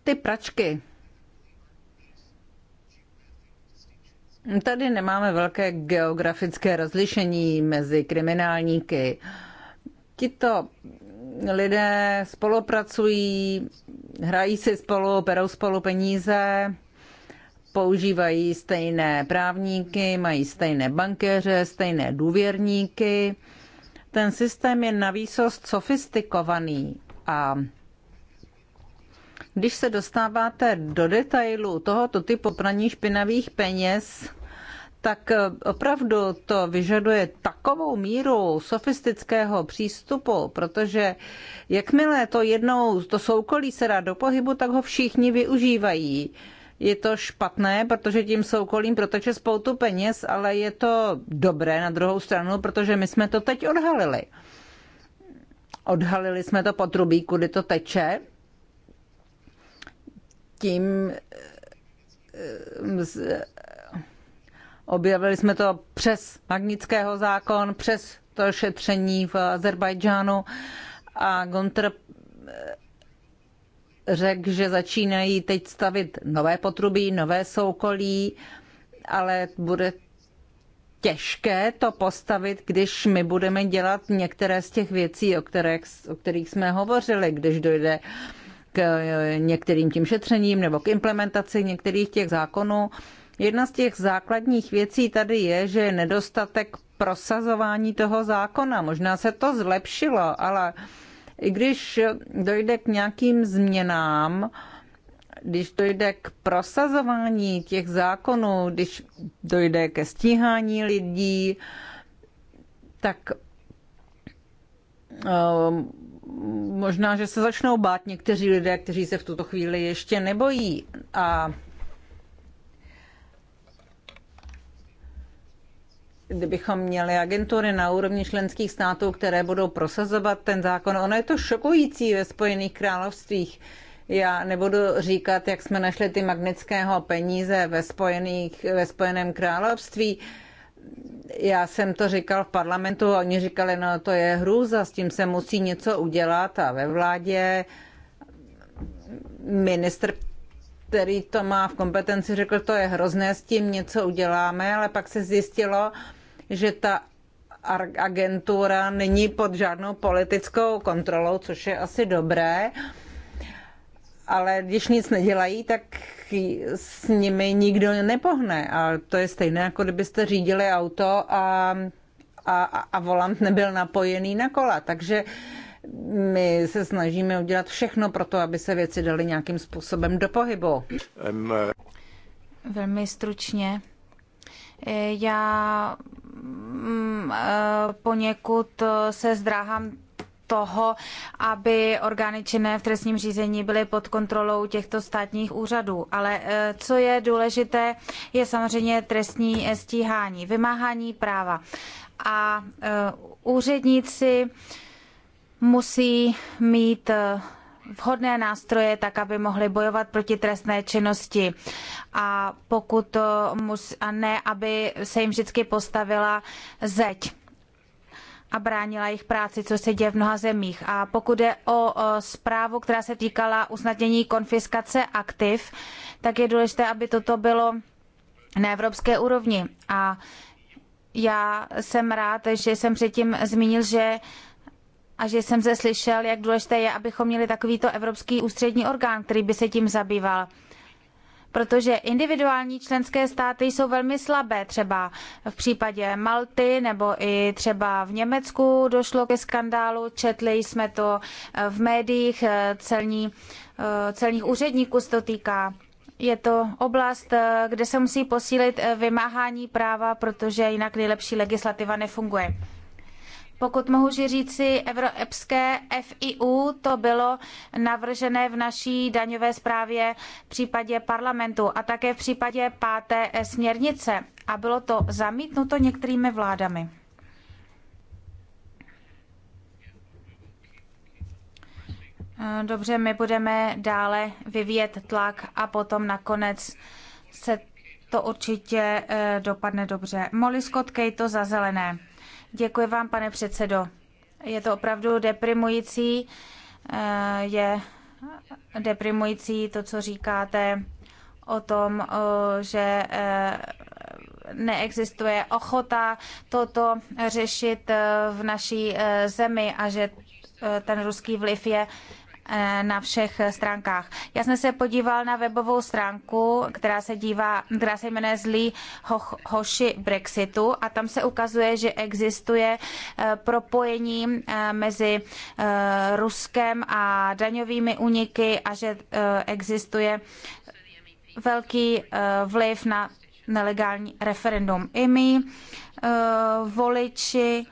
Ty pračky. Tady nemáme velké geografické rozlišení mezi kriminálníky. Tito lidé spolupracují, hrají si spolu, berou spolu peníze, používají stejné právníky, mají stejné bankéře, stejné důvěrníky. Ten systém je navýsost sofistikovaný a když se dostáváte do detailu tohoto typu praní špinavých peněz, tak eh, opravdu to vyžaduje takovou míru sofistického přístupu, protože jakmile to jednou, to soukolí se dá do pohybu, tak ho všichni využívají. Je to špatné, protože tím soukolím proteče spoutu peněz, ale je to dobré na druhou stranu, protože my jsme to teď odhalili. Odhalili jsme to potrubí, kudy to teče tím eh, objevili jsme to přes Magnického zákon, přes to šetření v Azerbajdžánu a Gontr eh, řekl, že začínají teď stavit nové potrubí, nové soukolí, ale bude těžké to postavit, když my budeme dělat některé z těch věcí, o, kterých, o kterých jsme hovořili, když dojde uh, k eh, některým tím šetřením nebo k implementaci některých těch zákonů. Jedna z těch základních věcí tady je, že je nedostatek prosazování toho zákona. Možná se to zlepšilo, ale i když dojde k nějakým změnám, když dojde k prosazování těch zákonů, když dojde ke stíhání lidí, tak eh, možná, že se začnou bát někteří lidé, kteří se v tuto chvíli ještě nebojí. A kdybychom měli agentury na úrovni členských států, které budou prosazovat ten zákon, ono je to šokující ve Spojených královstvích. Já nebudu říkat, jak jsme našli ty magnického peníze ve, spojených, ve Spojeném království. Uh, já jsem to říkal v parlamentu a oni říkali, no to je hrůza, s tím se musí něco udělat a ve vládě ministr, který to má v kompetenci, řekl, to je hrozné, s tím něco uděláme, ale pak se zjistilo, že ta agentura není pod žádnou politickou kontrolou, což je asi dobré ale když nic nedělají, tak s nimi nikdo nepohne. A to je stejné, jako kdybyste řídili auto a, a, a volant nebyl napojený na kola. Takže my se snažíme udělat všechno pro to, aby se věci daly nějakým způsobem do pohybu. Velmi stručně. Já mm, eh, poněkud eh, se zdráhám toho, aby orgány činné v trestním řízení byly pod kontrolou těchto státních úřadů. Ale eh, co je důležité, je samozřejmě trestní stíhání, vymáhání práva. A eh, úředníci musí mít eh, vhodné nástroje, tak aby mohli bojovat proti trestné činnosti a pokud mus, a ne, aby se jim vždycky postavila zeď a bránila jejich práci, co se děje v mnoha zemích. A pokud je o zprávu, která se týkala usnadnění konfiskace aktiv, tak je důležité, aby toto bylo na evropské úrovni. A já jsem rád, že jsem předtím zmínil, že a že jsem se slyšel, jak důležité je, abychom měli takovýto evropský ústřední orgán, který by se tím zabýval protože individuální členské státy jsou velmi slabé. Třeba v případě Malty nebo i třeba v Německu došlo ke skandálu, četli jsme to eh, v médiích, eh, celní, eh, celních úředníků se to týká. Je to oblast, kde se musí posílit vymáhání práva, protože jinak nejlepší legislativa nefunguje. Pokud mohu říci, evropské FIU to bylo navržené v naší daňové zprávě v případě parlamentu a také v případě páté směrnice a bylo to zamítnuto některými vládami. Dobře, my budeme dále vyvíjet tlak a potom nakonec se to určitě eh, dopadne dobře. Molly Scott Kate to za zelené. Děkuji vám, pane předsedo. Je to opravdu deprimující. Eh, je deprimující to, co říkáte o tom, eh, že eh, neexistuje ochota toto řešit v naší zemi a že ten ruský vliv je Eh, na všech stránkách. Já jsem se podíval na webovou stránku, která se, dívá, která se jmenuje Zlý ho, hoši Brexitu a tam se ukazuje, že existuje eh, propojení eh, mezi Ruskem a daňovými uniky a že existuje velký vliv na nelegální referendum. I my, voliči,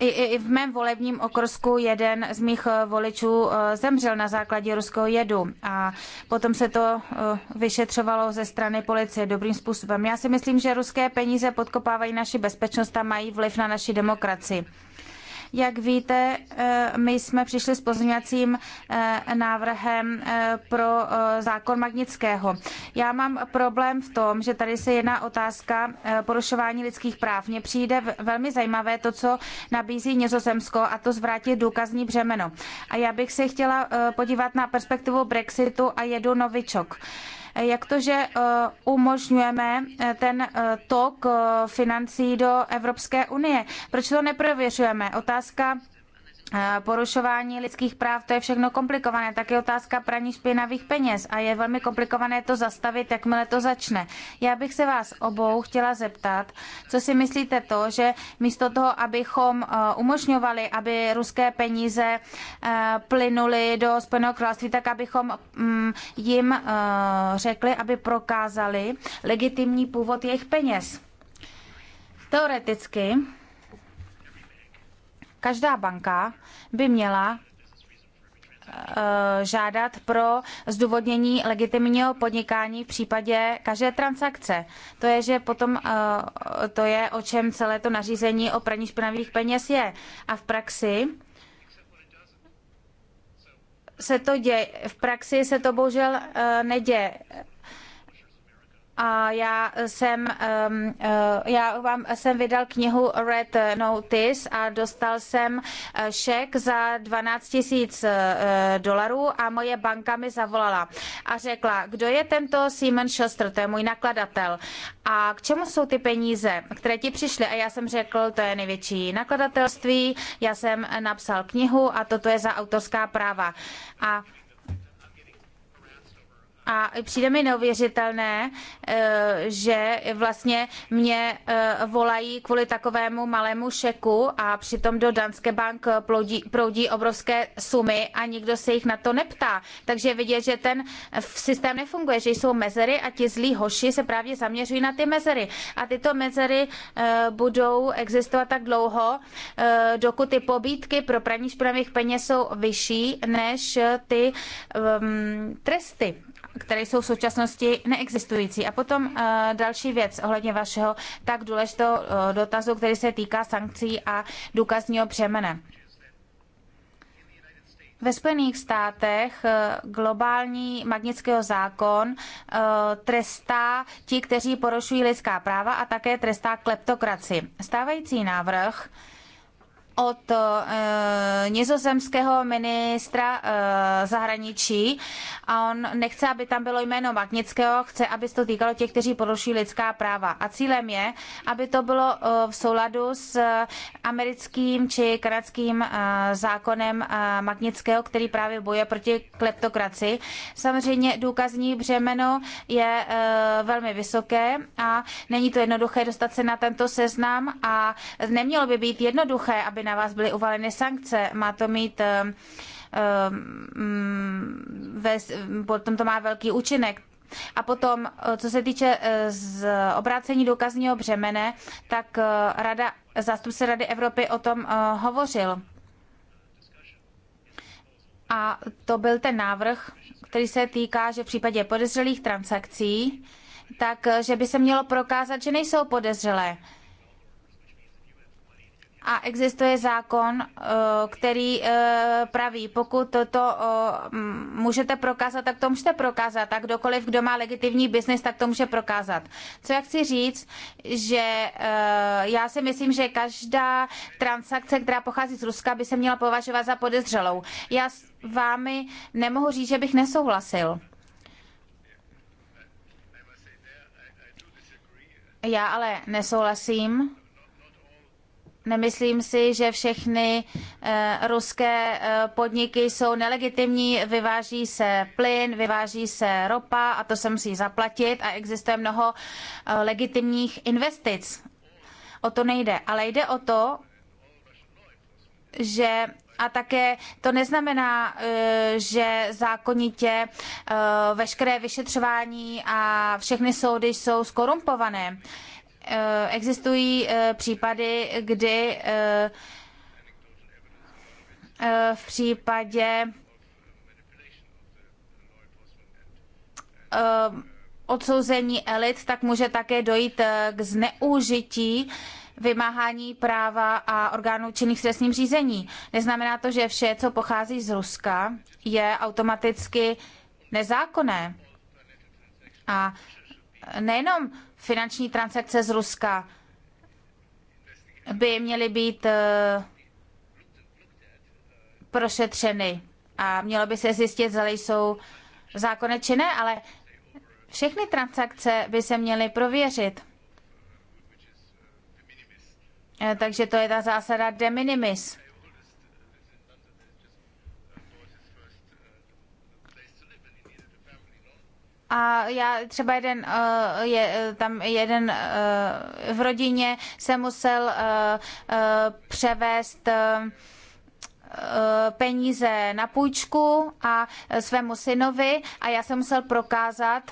i, i v mém volebním okrsku jeden z mých eh, voličů eh, zemřel na základě ruského jedu a potom se to eh, vyšetřovalo ze strany policie dobrým způsobem. Já si myslím, že ruské peníze podkopávají naši bezpečnost a mají vliv na naši demokracii. Jak víte, eh, my jsme přišli s pozměňovacím eh, návrhem eh, pro zákon Magnického. Já mám problém v tom, že tady se jedná otázka porušování lidských práv. Mně přijde velmi zajímavé to, co nabízí Nizozemsko a to zvrátit důkazní břemeno. A já bych se chtěla podívat na perspektivu Brexitu a jedu novičok. Eh, jak to, že eh, umožňujeme eh, ten tok financí do Evropské unie? Proč to neprověřujeme? Otázka Eh, porušování lidských práv, to je všechno komplikované. Tak je otázka praní špinavých peněz a je velmi komplikované to zastavit, jakmile to začne. Já bych se vás obou chtěla zeptat, co si myslíte to, že místo toho, abychom eh, umožňovali, aby ruské peníze eh, plynuly do Spojeného království, tak abychom mm, jim řekli, aby prokázali legitimní původ jejich peněz. Teoreticky Každá banka by měla eh, žádat pro zdůvodnění legitimního podnikání v případě každé transakce. To je, že potom eh, to je, o čem celé to nařízení o praní špinavých peněz je. A v praxi se to děje, v praxi se to bohužel eh, neděje a já jsem, eh, já vám jsem vydal knihu Red Notice a dostal jsem eh, šek za 12 tisíc eh, dolarů a moje banka mi zavolala a řekla, kdo je tento Simon Schuster, to je můj nakladatel. A k čemu jsou ty peníze, které ti přišly? A já jsem řekl, to je největší nakladatelství, já jsem napsal knihu a toto je za autorská práva. A a přijde mi neuvěřitelné, eh, že vlastně mě eh, volají kvůli takovému malému šeku a přitom do Danske Bank proudí, proudí obrovské sumy a nikdo se jich na to neptá. Takže vidět, že ten systém nefunguje, že jsou mezery a ti zlí hoši se právě zaměřují na ty mezery. A tyto mezery eh, budou existovat tak dlouho, dokud ty pobítky pro praní špinavých peněz jsou vyšší než ty um, tresty které jsou v současnosti neexistující. A potom eh, další věc ohledně vašeho tak důležitého eh, dotazu, který se týká sankcí a důkazního přemene. Ve Spojených státech eh, globální magnického zákon trestá ti, kteří porušují lidská práva a také trestá kleptokraci. Stávající návrh od e, nizozemského ministra e, zahraničí a on nechce, aby tam bylo jméno Magnického, chce, aby se to týkalo těch, kteří porušují lidská práva. A cílem je, aby to bylo e, v souladu s e, americkým či kanadským e, zákonem e, Magnického, který právě bojuje proti kleptokraci. Samozřejmě důkazní břemeno je e, velmi vysoké a není to jednoduché dostat se na tento seznam a nemělo by být jednoduché, aby aby na vás byly uvaleny sankce. Má to mít eh, eh, potom to má velký účinek. A potom, eh, co se týče z obrácení důkazního břemene, tak rada, zástupce Rady Evropy o tom hovořil. A to byl ten návrh, který se týká, že v případě podezřelých transakcí, tak že by se mělo prokázat, že nejsou podezřelé a existuje zákon, eh, který eh, praví, pokud to eh, můžete prokázat, tak to můžete prokázat. A kdokoliv, kdo má legitimní biznis, tak to může prokázat. Co já chci říct, že já si myslím, že každá transakce, která pochází z Ruska, by se měla považovat za podezřelou. Já s vámi nemohu říct, že bych nesouhlasil. Já ale nesouhlasím Nemyslím si, že všechny eh, ruské eh, podniky jsou nelegitimní. Vyváží se plyn, vyváží se ropa a to se musí zaplatit a existuje mnoho eh, legitimních investic. O to nejde, ale jde o to, že a také to neznamená, že zákonitě veškeré vyšetřování a všechny soudy jsou skorumpované. Eh, existují eh, případy, kdy eh, v případě odsouzení elit, tak může také dojít k zneužití vymáhání práva a orgánů činných v trestním řízení. Neznamená to, že vše, co pochází z Ruska, je automaticky nezákonné. A nejenom finanční transakce z Ruska by měly být eh, prošetřeny a mělo by se zjistit, zda jsou zákonné či ne, ale všechny transakce by se měly prověřit. Eh, takže to je ta zásada de minimis. a já třeba jeden, eh, je, eh, tam jeden eh, v rodině se musel převést peníze na půjčku a svému synovi a já jsem musel prokázat,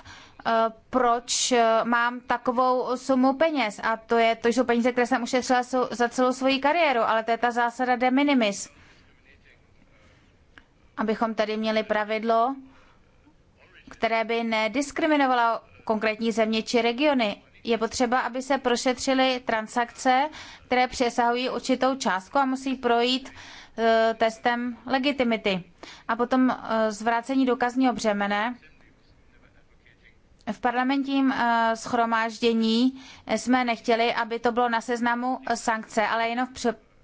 proč mám takovou sumu peněz. A to, je, to jsou peníze, které jsem ušetřila za celou svoji kariéru, ale to je ta zásada de minimis. Abychom tady měli pravidlo, které by nediskriminovalo konkrétní země či regiony. Je potřeba, aby se prošetřily transakce, které přesahují určitou částku a musí projít e, testem legitimity. A potom e, zvrácení důkazního břemene. V parlamentním e, schromáždění jsme nechtěli, aby to bylo na seznamu sankce, ale jenom v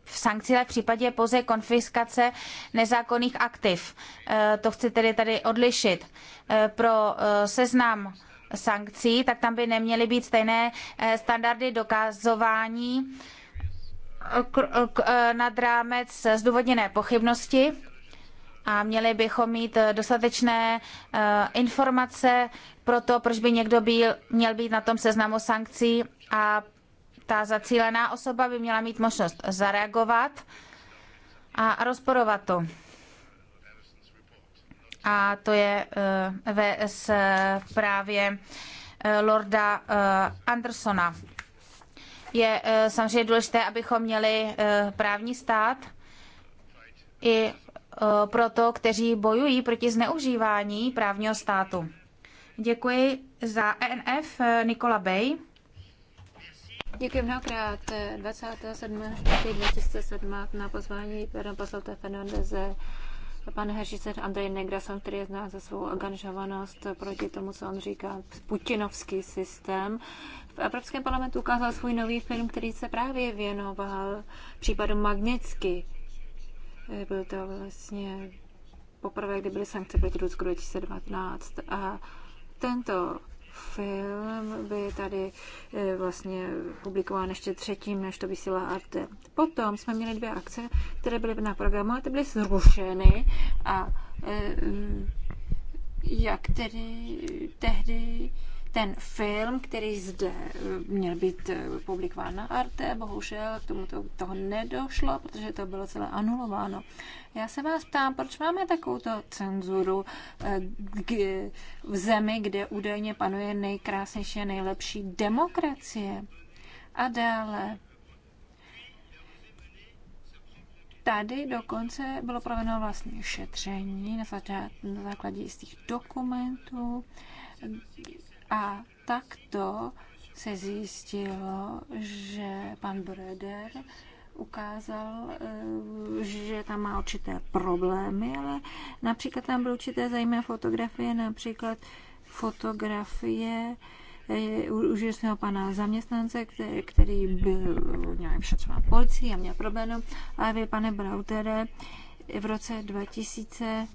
v sankcích ale v případě pouze konfiskace nezákonných aktiv. Eh, to chci tedy tady odlišit. Eh, pro eh, seznam sankcí, tak tam by neměly být stejné standardy dokazování nad rámec zdůvodněné pochybnosti a měli bychom mít dostatečné informace pro to, proč by někdo byl, měl být na tom seznamu sankcí a ta zacílená osoba by měla mít možnost zareagovat a rozporovat to. A to je eh, ve zprávě eh, Lorda eh, Andersona. Je samozřejmě důležité, abychom měli právní stát i pro to, kteří bojují proti zneužívání právního státu. Děkuji za e NF Nikola Bay. Děkuji mnohokrát. 27.4.2017 na pozvání pana poslance Fernandeze pan Heršicer Andrej Negrason, který je znám za svou angažovanost proti tomu, co on říká, putinovský systém. V Evropském parlamentu ukázal svůj nový film, který se právě věnoval případu Magnitsky. Byl to vlastně poprvé, kdy byly sankce proti Rusku 2019. A tento film by tady eh, vlastně publikován ještě třetím, než to vysílá Arte. Potom jsme měli dvě akce, které byly na programu, ale ty byly zrušeny a eh, jak tedy tehdy ten film, který zde eh, měl být eh, publikován na Arte, bohužel k tomu to, toho nedošlo, protože to bylo celé anulováno. Já se vás ptám, proč máme takovou cenzuru eh, v zemi, kde údajně panuje nejkrásnější a nejlepší demokracie? A dále, Tady dokonce bylo provedeno vlastně šetření na základě jistých dokumentů, a takto se zjistilo, že pan Breder ukázal, eh, že tam má určité problémy, ale například tam byly určité zajímavé fotografie, například fotografie úžasného eh, pana zaměstnance, který, který byl nějak šetřován policií a měl problém. Ale vy, pane Brautere, v roce 2000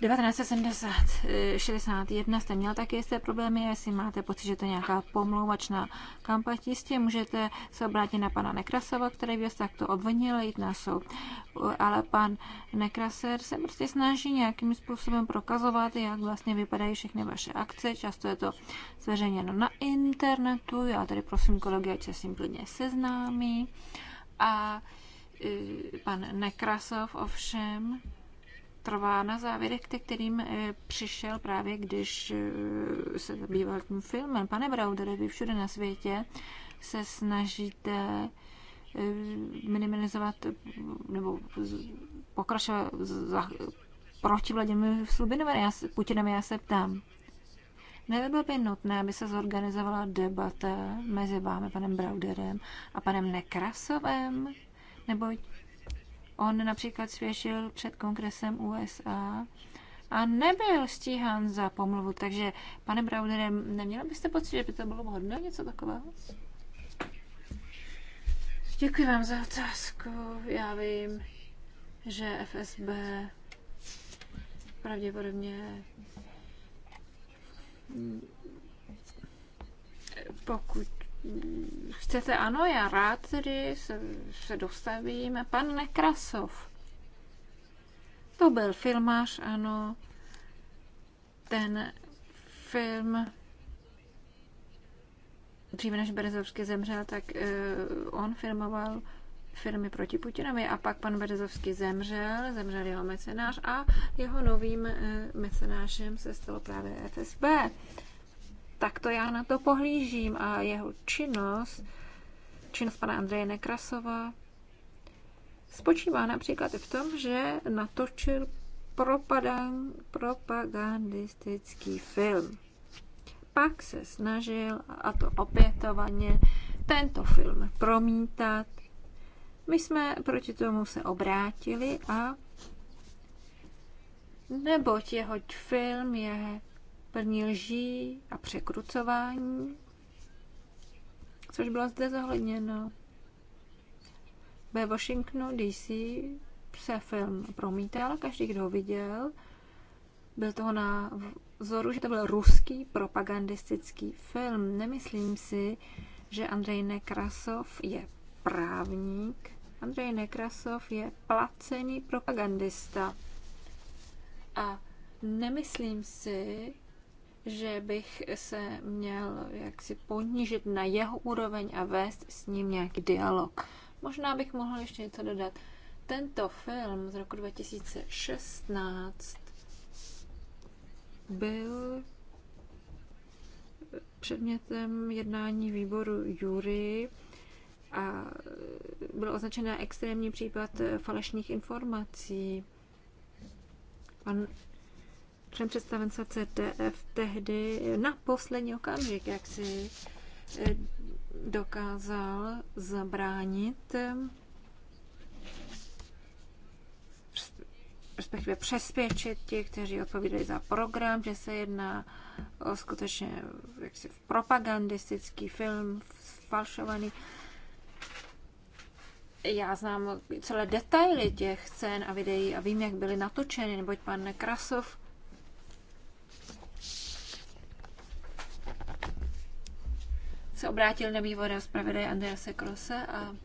1961 eh, jste měl také jisté problémy, jestli máte pocit, že to je nějaká pomlouvačná kampaň, jistě můžete se obrátit na pana Nekrasova, který vás takto obvinil, jít na soud. Ale pan Nekraser se prostě snaží nějakým způsobem prokazovat, jak vlastně vypadají všechny vaše akce. Často je to zveřejněno na internetu. Já tady prosím kolegy, ať se s tím plně seznámí. A eh, pan Nekrasov ovšem trvá na závěrech, ke kterým eh, přišel právě, když eh, se zabýval tím filmem. Pane Braudere, vy všude na světě se snažíte eh, minimalizovat nebo pokračovat za, proti Vladimiru Slubinovi, já, Putinem, já se ptám. Nebylo by nutné, aby se zorganizovala debata mezi vámi, panem Brauderem a panem Nekrasovem? Neboť On například svěšil před kongresem USA a nebyl stíhán za pomluvu. Takže, pane Braunere, neměla byste pocit, že by to bylo vhodné něco takového? Děkuji vám za otázku. Já vím, že FSB pravděpodobně pokud Chcete, ano, já rád tedy se, se dostavím. Pan Nekrasov. To byl filmář, ano. Ten film dříve než Berezovský zemřel, tak uh, on filmoval firmy proti Putinovi a pak pan Berezovský zemřel, zemřel jeho mecenář a jeho novým uh, mecenášem se stalo právě FSB. Tak to já na to pohlížím a jeho činnost, činnost pana Andreje Nekrasova, spočívá například v tom, že natočil propadan, propagandistický film. Pak se snažil, a to opětovaně, tento film promítat. My jsme proti tomu se obrátili a neboť jeho film je plní lží a překrucování, což bylo zde zohledněno. Ve Washingtonu DC se film promítal, každý, kdo ho viděl, byl toho na vzoru, že to byl ruský propagandistický film. Nemyslím si, že Andrej Nekrasov je právník. Andrej Nekrasov je placený propagandista. A nemyslím si, že bych se měl jaksi ponížit na jeho úroveň a vést s ním nějaký dialog. Možná bych mohl ještě něco dodat. Tento film z roku 2016 byl předmětem jednání výboru jury a byl označen extrémní případ falešných informací. Pan člen představence CTF tehdy na poslední okamžik, jak si eh, dokázal zabránit respektive přespěčit ti, kteří odpovídají za program, že se jedná o skutečně jaksi propagandistický film, falšovaný. Já znám celé detaily těch scén a videí a vím, jak byly natočeny, neboť pan Krasov se obrátil na bývalého zpravodaje Andrease Krose a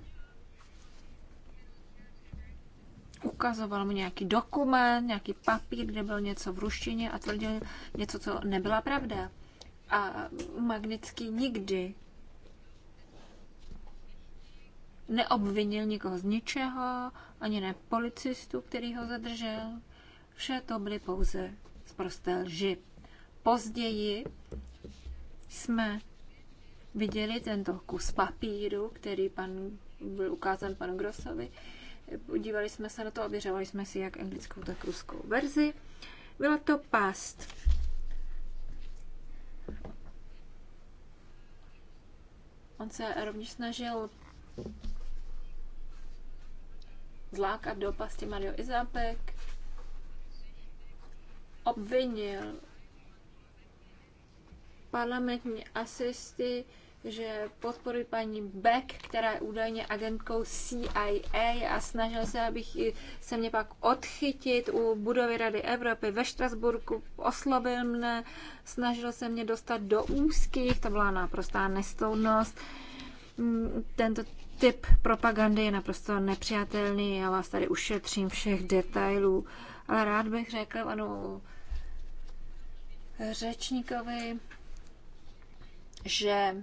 ukazoval mu nějaký dokument, nějaký papír, kde bylo něco v ruštině a tvrdil něco, co nebyla pravda. A Magnický nikdy neobvinil nikoho z ničeho, ani ne policistu, který ho zadržel. Vše to byly pouze zprosté lži. Později jsme viděli tento kus papíru, který pan, byl ukázán panu Grossovi. Podívali jsme se na to, ověřovali jsme si jak anglickou, tak ruskou verzi. Byla to past. On se rovněž snažil zlákat do pasti Mario Izápek, obvinil parlamentní asisty, že podporuji paní Beck, která je údajně agentkou CIA a snažil se, abych se mě pak odchytit u budovy Rady Evropy ve Štrasburku. oslobil mne, snažil se mě dostat do úzkých, to byla naprostá nestoudnost. Tento typ propagandy je naprosto nepřijatelný, já vás tady ušetřím všech detailů, ale rád bych řekl, ano, řečníkovi, že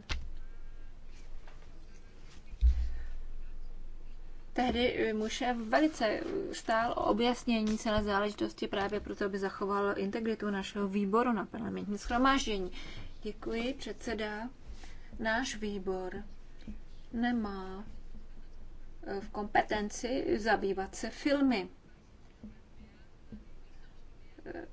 Tehdy eh, muž velice stál o objasnění celé záležitosti právě proto, aby zachoval integritu našeho výboru na parlamentní schromáždění. Děkuji, předseda. Náš výbor nemá eh, v kompetenci zabývat se filmy. Eh,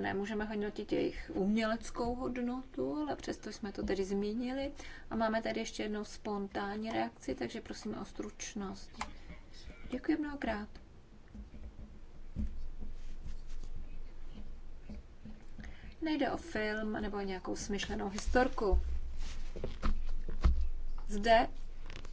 nemůžeme hodnotit jejich uměleckou hodnotu, ale přesto jsme to tedy zmínili. A máme tady ještě jednou spontánní reakci, takže prosím o stručnost. Děkuji mnohokrát. Nejde o film nebo nějakou smyšlenou historku. Zde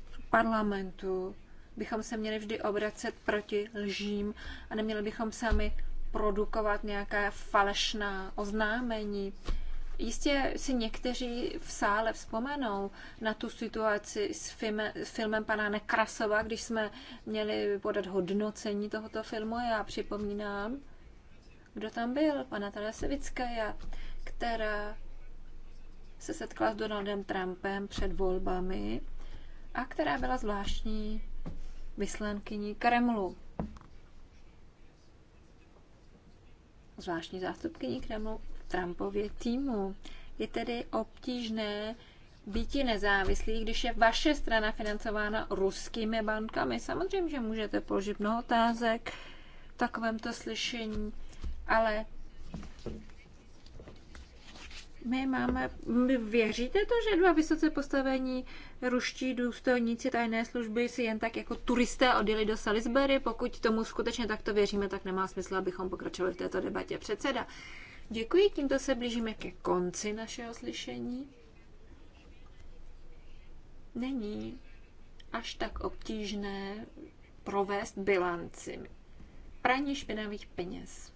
v parlamentu bychom se měli vždy obracet proti lžím a neměli bychom sami produkovat nějaká falešná oznámení. Jistě si někteří v sále vzpomenou na tu situaci s filme, filmem pana Nekrasova, když jsme měli podat hodnocení tohoto filmu. Já připomínám, kdo tam byl, pana Tarasevického, která se setkala s Donaldem Trumpem před volbami a která byla zvláštní vyslankyní Kremlu. zvláštní zástupkyní Kremlu Trumpově týmu. Je tedy obtížné býti nezávislý, když je vaše strana financována ruskými bankami. Samozřejmě, že můžete položit mnoho otázek v takovémto slyšení, ale my máme, my věříte to, že dva vysoce postavení ruští důstojníci tajné služby si jen tak jako turisté odjeli do Salisbury? Pokud tomu skutečně takto věříme, tak nemá smysl, abychom pokračovali v této debatě. Předseda, děkuji, tímto se blížíme ke konci našeho slyšení. Není až tak obtížné provést bilanci. Praní špinavých peněz.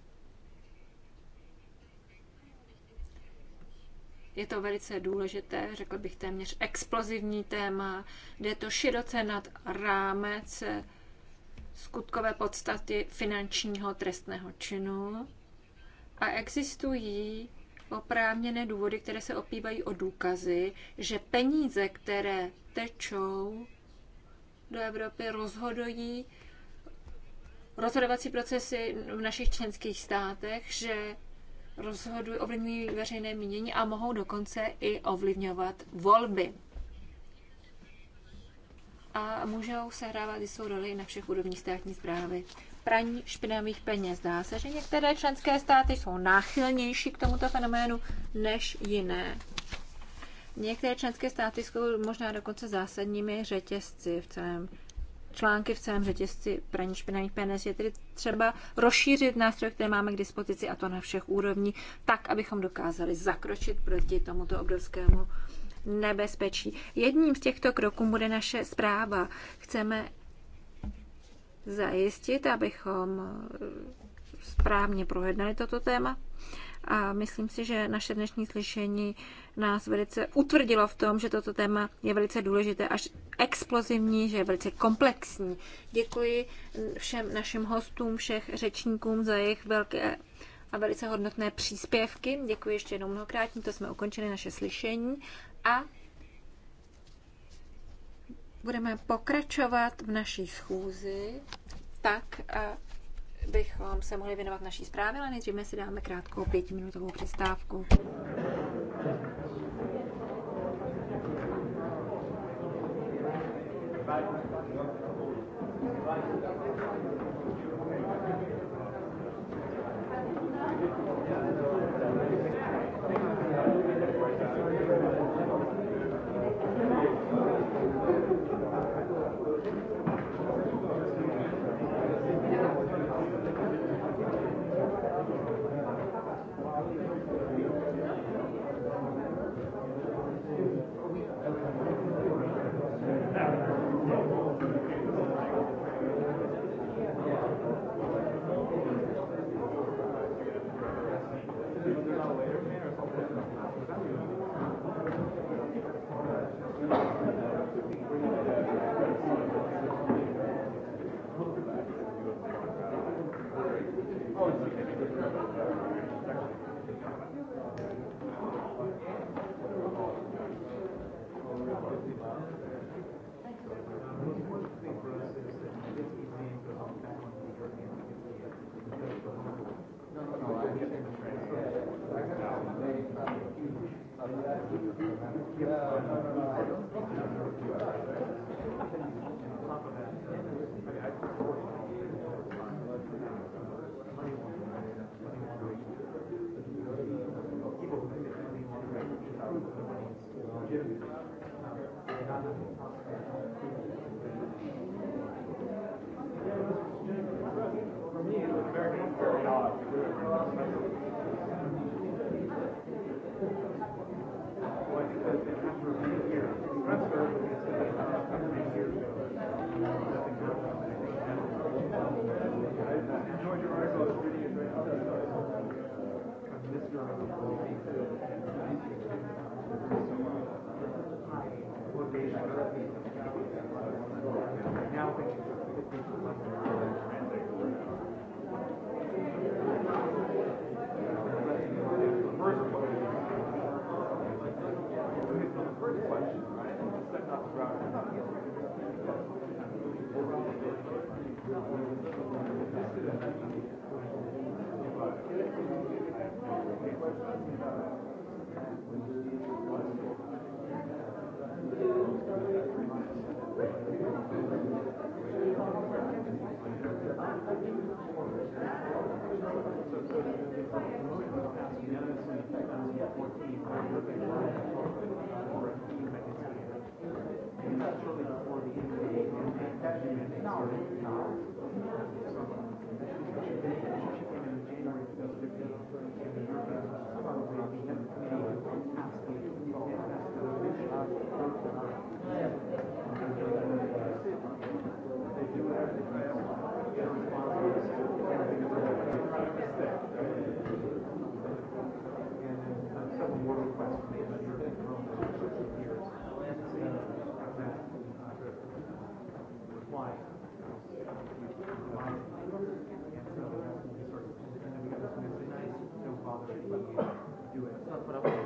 Je to velice důležité, řekl bych téměř explozivní téma. je to široce nad rámec skutkové podstaty finančního trestného činu a existují oprávněné důvody, které se opívají o důkazy, že peníze, které tečou do Evropy, rozhodují rozhodovací procesy v našich členských státech, že rozhodují, ovlivňují veřejné mínění a mohou dokonce i ovlivňovat volby. A můžou sehrávat i svou roli na všech úrovních státní zprávy. Praní špinavých peněz. dá se, že některé členské státy jsou náchylnější k tomuto fenoménu než jiné. Některé členské státy jsou možná dokonce zásadními řetězci v celém články v celém řetězci praní špinavých peněz. Je tedy třeba rozšířit nástroj, které máme k dispozici, a to na všech úrovní, tak, abychom dokázali zakročit proti tomuto obrovskému nebezpečí. Jedním z těchto kroků bude naše zpráva. Chceme zajistit, abychom správně projednali toto téma a myslím si, že naše dnešní slyšení nás velice utvrdilo v tom, že toto téma je velice důležité, až explozivní, že je velice komplexní. Děkuji všem našim hostům, všech řečníkům za jejich velké a velice hodnotné příspěvky. Děkuji ještě jednou mnohokrát, to jsme ukončili naše slyšení a budeme pokračovat v naší schůzi tak, bychom se mohli věnovat naší zprávě, ale nejdříve si dáme krátkou pětiminutovou přestávku. Thank you. Thank you.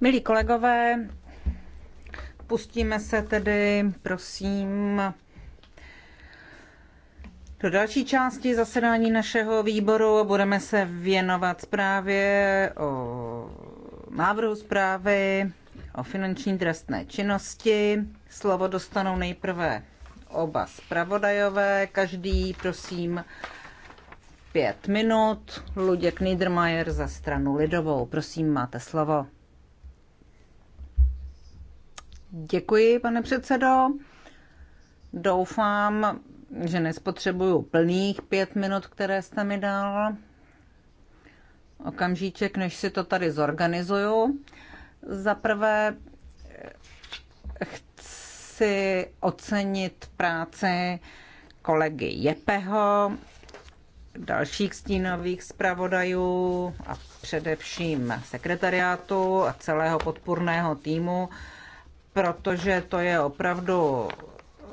Milí kolegové, pustíme se tedy, prosím, do další části zasedání našeho výboru budeme se věnovat zprávě o návrhu zprávy o finanční trestné činnosti. Slovo dostanou nejprve oba zpravodajové, každý, prosím, pět minut. Luděk Niedermayer za stranu Lidovou. Prosím, máte slovo. Děkuji, pane předsedo. Doufám, že nespotřebuju plných pět minut, které jste mi dal. Okamžíček, než si to tady zorganizuju. Za prvé chci ocenit práci kolegy Jepeho dalších stínových zpravodajů a především sekretariátu a celého podpůrného týmu, protože to je opravdu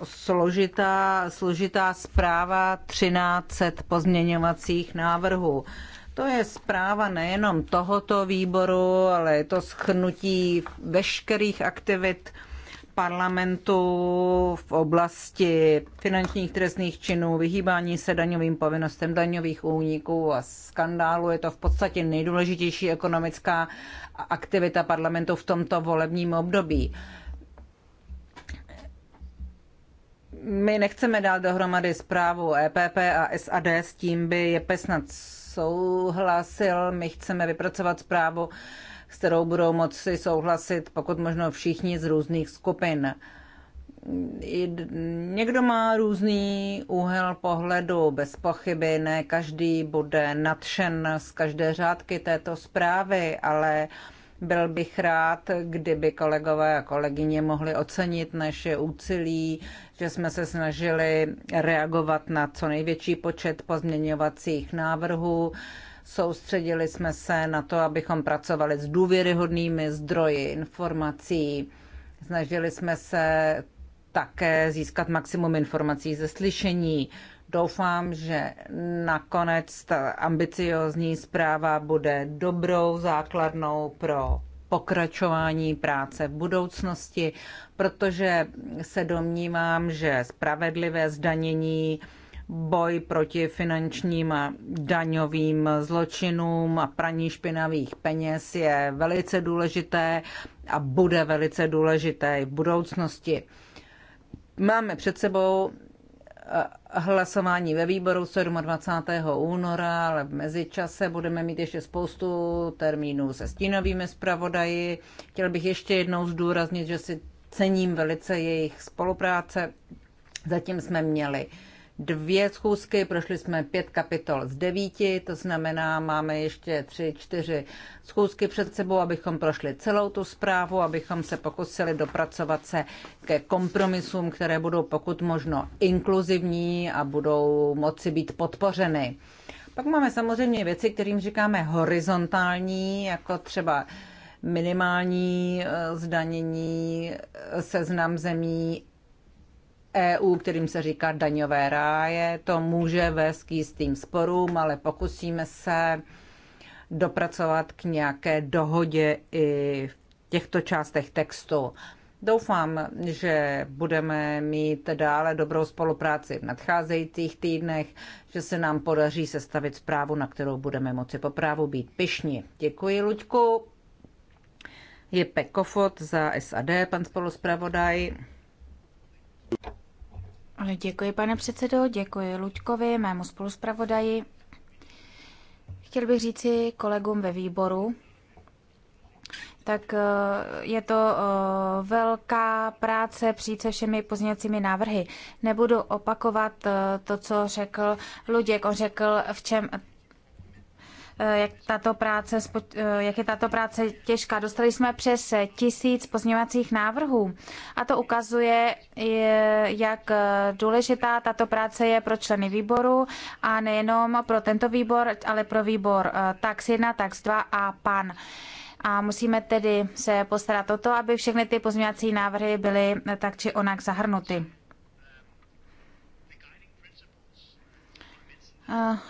složitá, složitá zpráva 1300 pozměňovacích návrhů. To je zpráva nejenom tohoto výboru, ale je to schnutí veškerých aktivit parlamentu v oblasti finančních trestných činů, vyhýbání se daňovým povinnostem daňových úniků a skandálu. Je to v podstatě nejdůležitější ekonomická aktivita parlamentu v tomto volebním období. My nechceme dát dohromady zprávu EPP a SAD, s tím by je pesnat souhlasil. My chceme vypracovat zprávu, s kterou budou moci souhlasit pokud možno všichni z různých skupin. Někdo má různý úhel pohledu, bez pochyby ne každý bude nadšen z každé řádky této zprávy, ale byl bych rád, kdyby kolegové a kolegyně mohli ocenit naše úcilí, že jsme se snažili reagovat na co největší počet pozměňovacích návrhů. Soustředili jsme se na to, abychom pracovali s důvěryhodnými zdroji informací. Snažili jsme se také získat maximum informací ze slyšení. Doufám, že nakonec ta ambiciozní zpráva bude dobrou základnou pro pokračování práce v budoucnosti, protože se domnívám, že spravedlivé zdanění boj proti finančním a daňovým zločinům a praní špinavých peněz je velice důležité a bude velice důležité i v budoucnosti. Máme před sebou eh, hlasování ve výboru 27. února, ale v mezičase budeme mít ještě spoustu termínů se stínovými zpravodaji. Chtěl bych ještě jednou zdůraznit, že si cením velice jejich spolupráce. Zatím jsme měli uh, dvě schůzky, prošli jsme pět kapitol z devíti, to znamená, máme ještě tři, čtyři schůzky před sebou, abychom prošli celou tu zprávu, abychom se pokusili dopracovat se ke kompromisům, které budou pokud možno inkluzivní a budou moci být podpořeny. Pak máme samozřejmě věci, kterým říkáme horizontální, jako třeba minimální eh, zdanění, eh, seznam zemí, EU, kterým se říká daňové ráje. To může vést k jistým sporům, ale pokusíme se dopracovat k nějaké dohodě i v těchto částech textu. Doufám, že budeme mít dále dobrou spolupráci v nadcházejících týdnech, že se nám podaří sestavit zprávu, na kterou budeme moci po právu být pišní. Děkuji, Luďku. Je Pekofot za SAD, pan spoluzpravodaj. Děkuji, pane předsedo, děkuji Luďkovi, mému spoluspravodaji. Chtěl bych říci kolegům ve výboru, tak eh, je to eh, velká práce přijít se všemi pozněcími návrhy. Nebudu opakovat eh, to, co řekl Luděk. On řekl, v čem Eh, jak, tato práce, eh, jak je tato práce těžká. Dostali jsme přes tisíc pozměňovacích návrhů a to ukazuje, jak eh, důležitá tato práce je pro členy výboru a nejenom pro tento výbor, ale pro výbor tax 1, tax 2 a pan. A musíme tedy se postarat o to, aby všechny ty pozměňovací návrhy byly tak či onak zahrnuty.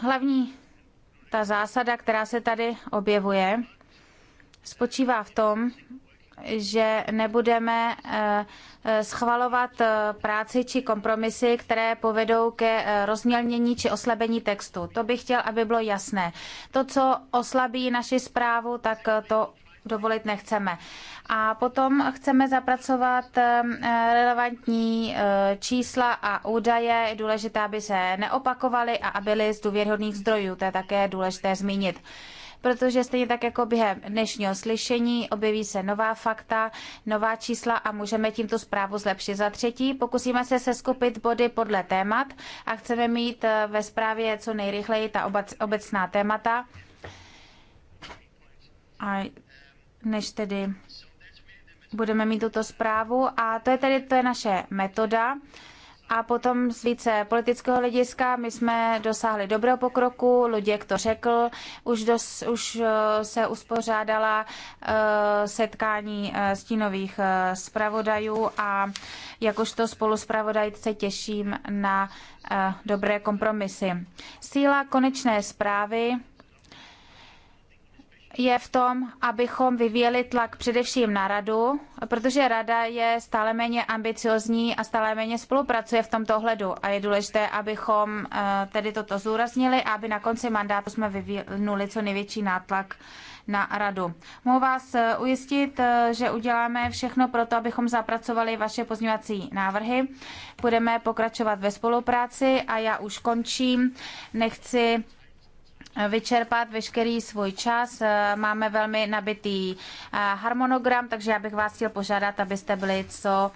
Hlavní ta zásada, která se tady objevuje, spočívá v tom, že nebudeme eh, eh, schvalovat eh, práci či kompromisy, které povedou ke rozmělnění či oslabení textu. To bych chtěl, aby bylo jasné. To, co oslabí naši zprávu, tak to dovolit nechceme. A potom chceme zapracovat eh, relevantní eh, čísla a údaje. Je důležité, aby se neopakovaly a aby byly z důvěrhodných zdrojů. To je také důležité zmínit protože stejně tak jako během dnešního slyšení objeví se nová fakta, nová čísla a můžeme tímto zprávu zlepšit. Za třetí, pokusíme se seskupit body podle témat a chceme mít eh, ve zprávě co nejrychleji ta obecná témata. A než tedy budeme mít tuto zprávu. A to je tedy to je naše metoda. A potom z více politického hlediska my jsme dosáhli dobrého pokroku, Luděk to řekl, už, dos, už eh, se uspořádala eh, setkání eh, stínových zpravodajů a jakožto spolu zpravodajce těším na dobré kompromisy. Síla konečné zprávy je v tom, abychom vyvíjeli tlak především na radu, protože rada je stále méně ambiciozní a stále méně spolupracuje v tomto ohledu. A je důležité, abychom eh, tedy toto zúraznili a aby na konci mandátu jsme vyvinuli co největší nátlak na radu. Mohu vás eh, ujistit, eh, že uděláme všechno pro to, abychom zapracovali vaše pozměňovací návrhy. Budeme pokračovat ve spolupráci a já už končím. Nechci vyčerpat veškerý svůj čas. Eh, Máme velmi nabitý eh, harmonogram, takže já bych vás chtěl požádat, abyste byli co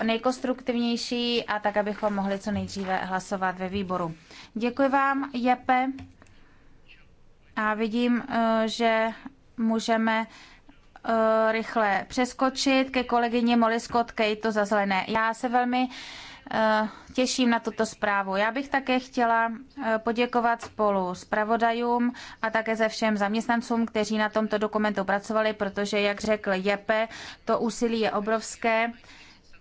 eh, nejkonstruktivnější a tak, abychom mohli co nejdříve hlasovat ve výboru. Děkuji vám, Jepe. A vidím, že můžeme rychle přeskočit ke kolegyně Moli Scott Kate to za zelené. Já se velmi Eh, těším na tuto zprávu. Já bych také chtěla eh, poděkovat spolu s pravodajům a také ze všem zaměstnancům, kteří na tomto dokumentu pracovali, protože, jak řekl Jepe, to úsilí je obrovské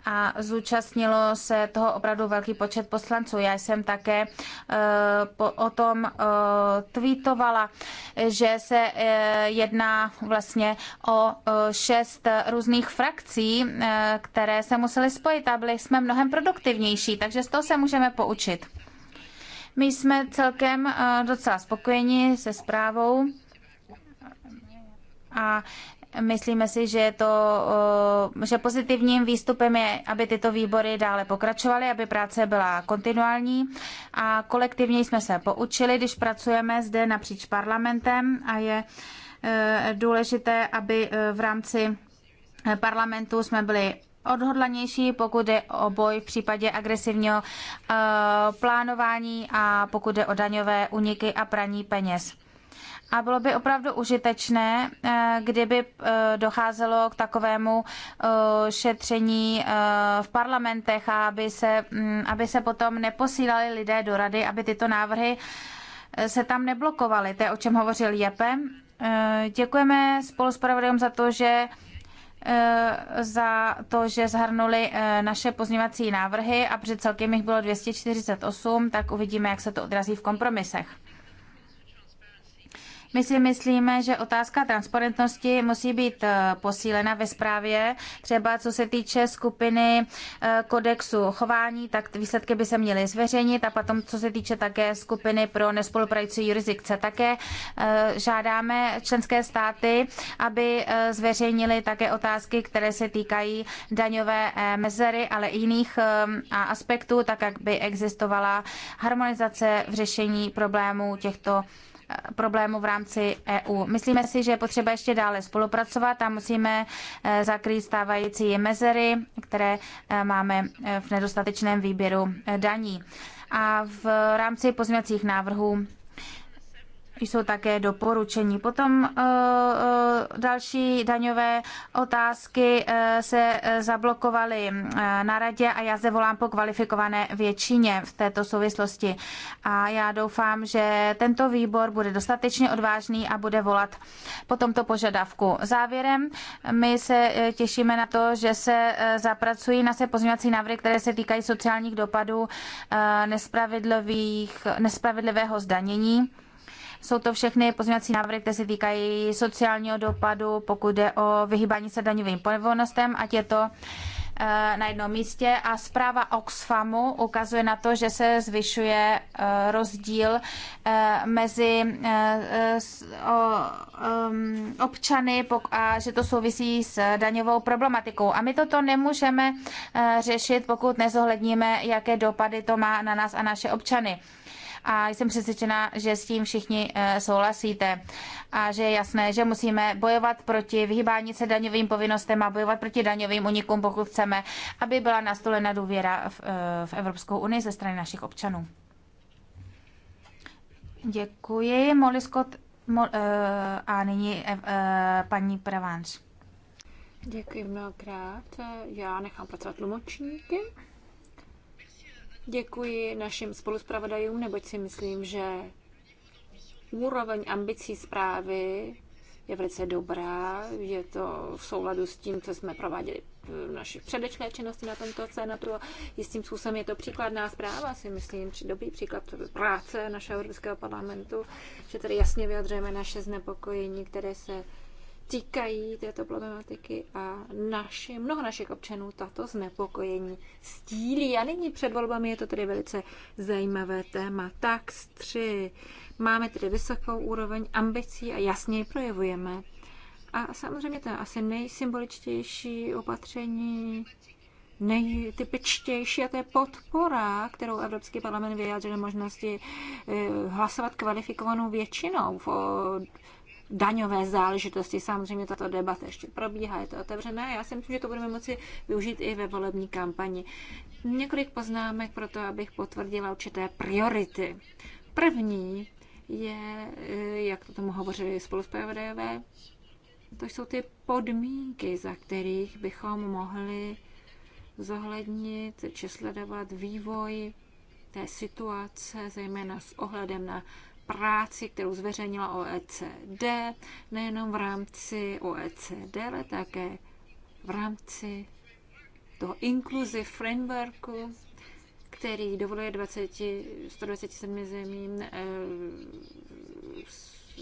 a zúčastnilo se toho opravdu velký počet poslanců. Já jsem také eh, o tom eh, tweetovala, že se eh, jedná vlastně o šest různých frakcí, které se musely spojit a byli jsme mnohem produktivnější, takže z toho se můžeme poučit. My jsme celkem docela spokojeni se zprávou a Myslíme si, že, je to, eh, že pozitivním výstupem je, aby tyto výbory dále pokračovaly, aby práce byla kontinuální a kolektivně jsme se poučili, když pracujeme zde napříč parlamentem a je eh, důležité, aby eh, v rámci parlamentu jsme byli odhodlanější, pokud je o boj v případě agresivního plánování a pokud je o daňové uniky a praní peněz. A bylo by opravdu užitečné, eh, kdyby eh, docházelo k takovému eh, šetření v parlamentech a aby se, mm, aby se potom neposílali lidé do rady, aby tyto návrhy se tam neblokovaly. To je, o čem hovořil Jepe. Děkujeme spoluspravodajům za to, že za to, že zhrnuli naše pozměňovací návrhy a před celkem jich bylo 248, tak uvidíme, jak se to odrazí v kompromisech. My si myslíme, že otázka transparentnosti musí být eh, posílena ve zprávě, třeba co se týče skupiny eh, kodexu chování, tak výsledky by se měly zveřejnit a potom co se týče také skupiny pro nespolupracující jurisdikce, také eh, žádáme členské státy, aby zveřejnili také otázky, které se týkají daňové mezery, ale i jiných aspektů, tak aby existovala harmonizace v řešení problémů těchto Problému v rámci EU. Myslíme si, že je potřeba ještě dále spolupracovat a musíme eh, zakrýt stávající mezery, které eh, máme eh, v nedostatečném výběru daní. A v rámci pozměňovacích návrhů jsou také doporučení. Potom eh, eh, další daňové otázky eh, se zablokovaly na radě a já zde volám po kvalifikované většině v této souvislosti. A já doufám, že tento výbor bude dostatečně odvážný a bude volat po tomto požadavku. Závěrem, my se těšíme na to, že se zapracují na se pozměňovací návrhy, které se týkají sociálních dopadů nespravedlivého zdanění. Jsou to všechny pozměňovací návrhy, které se týkají sociálního dopadu, pokud jde o vyhýbání se daňovým povinnostem, ať je to eh, na jednom místě a zpráva Oxfamu ukazuje na to, že se zvyšuje eh, rozdíl eh, mezi občany a že to souvisí s daňovou problematikou. A my toto nemůžeme řešit, pokud nezohledníme, jaké dopady to má na nás a naše občany a jsem přesvědčena, že s tím všichni eh, souhlasíte a že je jasné, že musíme bojovat proti vyhýbání se daňovým povinnostem a bojovat proti daňovým unikům, pokud chceme, aby byla nastolena důvěra v, eh, v Evropskou unii ze strany našich občanů. Děkuji, Molly Scott mo, eh, a nyní paní Prevanč. Děkuji mnohokrát. Já nechám pracovat tlumočníky. Děkuji našim spoluspravodajům, neboť si myslím, že úroveň ambicí zprávy je velice dobrá, je to v souladu s tím, co jsme prováděli v našich předečné činnosti na tomto scénatu. Jistým způsobem je to příkladná zpráva, si myslím, dobrý příklad práce našeho Evropského parlamentu, že tady jasně vyjadřujeme naše znepokojení, které se týkají této problematiky a naši, mnoho našich občanů tato znepokojení stílí. A nyní před volbami je to tedy velice zajímavé téma. Tak tři Máme tedy vysokou úroveň ambicí a jasně ji projevujeme. A samozřejmě to je asi nejsymboličtější opatření, nejtypičtější a to je podpora, kterou Evropský parlament vyjádřil možnosti eh, hlasovat kvalifikovanou většinou v daňové záležitosti. Samozřejmě tato debata ještě probíhá, je to otevřené. Já si myslím, že to budeme moci využít i ve volební kampani. Několik poznámek pro to, abych potvrdila určité priority. První je, eh, jak to tomu hovořili spoluspravodajové, to jsou ty podmínky, za kterých bychom mohli zohlednit či sledovat vývoj té situace, zejména s ohledem na práci, kterou zveřejnila OECD, nejenom v rámci OECD, ale také v rámci toho inclusive frameworku, který dovoluje 20, 127 zemím eh,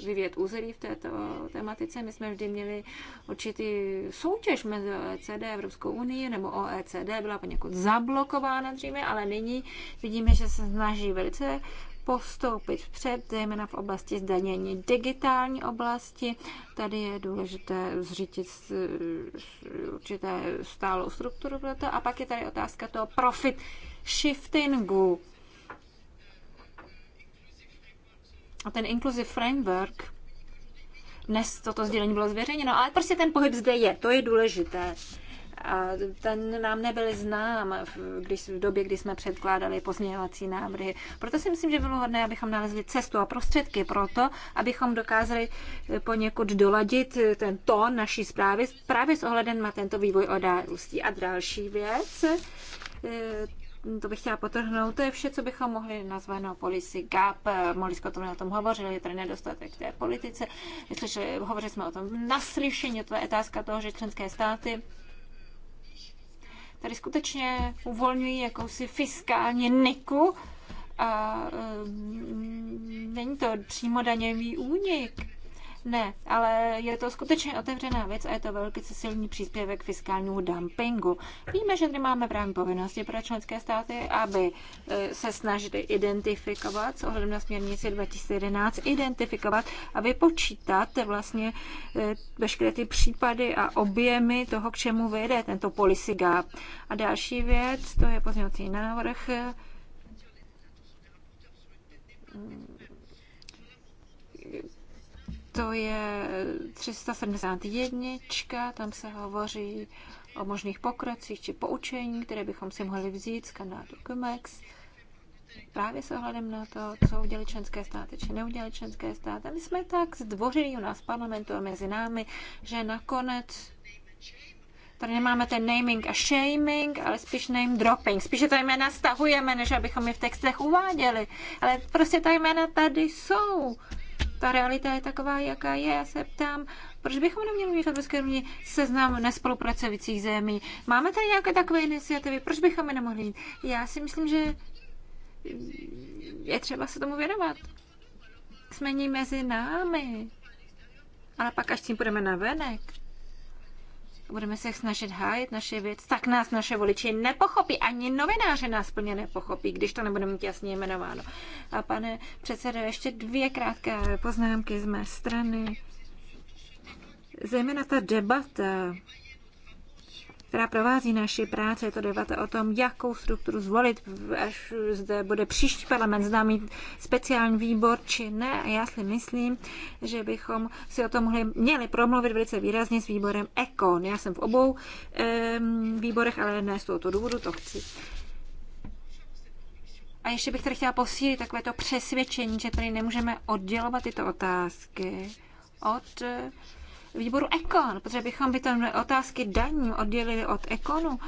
vyvíjet území v této tematice. My jsme vždy měli určitý soutěž mezi OECD a Evropskou unii, nebo OECD byla poněkud zablokována dříve, ale nyní vidíme, že se snaží velice postoupit vpřed, zejména v oblasti zdanění digitální oblasti. Tady je důležité zřítit určité stálou strukturu pro to. A pak je tady otázka toho profit shiftingu. A ten inclusive framework, dnes toto sdělení bylo zveřejněno, ale prostě ten pohyb zde je, to je důležité a ten nám nebyl znám když, v době, kdy jsme předkládali pozměňovací návrhy. Proto si myslím, že bylo hodné, abychom nalezli cestu a prostředky pro to, abychom dokázali poněkud doladit eh, ten tón naší zprávy právě s ohledem na tento vývoj odárůstí. A další věc, eh, to bych chtěla potrhnout, to je vše, co bychom mohli nazvat na no, policy gap. Mohli jsme o tom, o tom hovořili, je tady nedostatek té politice. Jestliže hovořili jsme o tom naslyšení, to je otázka toho, že členské státy tady skutečně uvolňují jakousi fiskálně niku a mm, není to přímo daňový únik. Ne, ale je to skutečně otevřená věc a je to velký silný příspěvek fiskálnímu dumpingu. Víme, že tady máme právě povinnosti pro členské státy, aby e, se snažili identifikovat s ohledem na směrnici 2011, identifikovat a vypočítat vlastně e, veškeré ty případy a objemy toho, k čemu vede tento policy gap. A další věc, to je pozměňovací návrh to je 371, tam se hovoří o možných pokrocích či poučení, které bychom si mohli vzít z kanálu Kumex. Právě s ohledem na to, co udělali členské státy, či neudělali členské státy. My jsme tak zdvořili u nás parlamentu a mezi námi, že nakonec tady nemáme ten naming a shaming, ale spíš name dropping. Spíše ta jména stahujeme, než abychom je v textech uváděli. Ale prostě ta jména tady jsou. Ta realita je taková, jaká je. Já se ptám, proč bychom neměli mít Evropské unii seznam nespolupracujících zemí? Máme tady nějaké takové iniciativy? Proč bychom je nemohli mít? Já si myslím, že je třeba se tomu věnovat. Jsme ní mezi námi. Ale pak, až tím půjdeme na venek, budeme se snažit hájit naše věc, tak nás naše voliči nepochopí. Ani novináři nás plně nepochopí, když to nebude mít jasně jmenováno. A pane předsedo, ještě dvě krátké poznámky z mé strany. Zejména ta debata která provází naši práci. Je to debata o tom, jakou strukturu zvolit, až zde bude příští parlament, známý speciální výbor či ne. A já si myslím, že bychom si o tom mohli, měli promluvit velice výrazně s výborem ekon. Já jsem v obou um, výborech, ale ne z tohoto důvodu to chci. A ještě bych tady chtěla posílit takové to přesvědčení, že tady nemůžeme oddělovat tyto otázky od uh, výboru Ekon, protože bychom by tam otázky daní oddělili od Ekonu,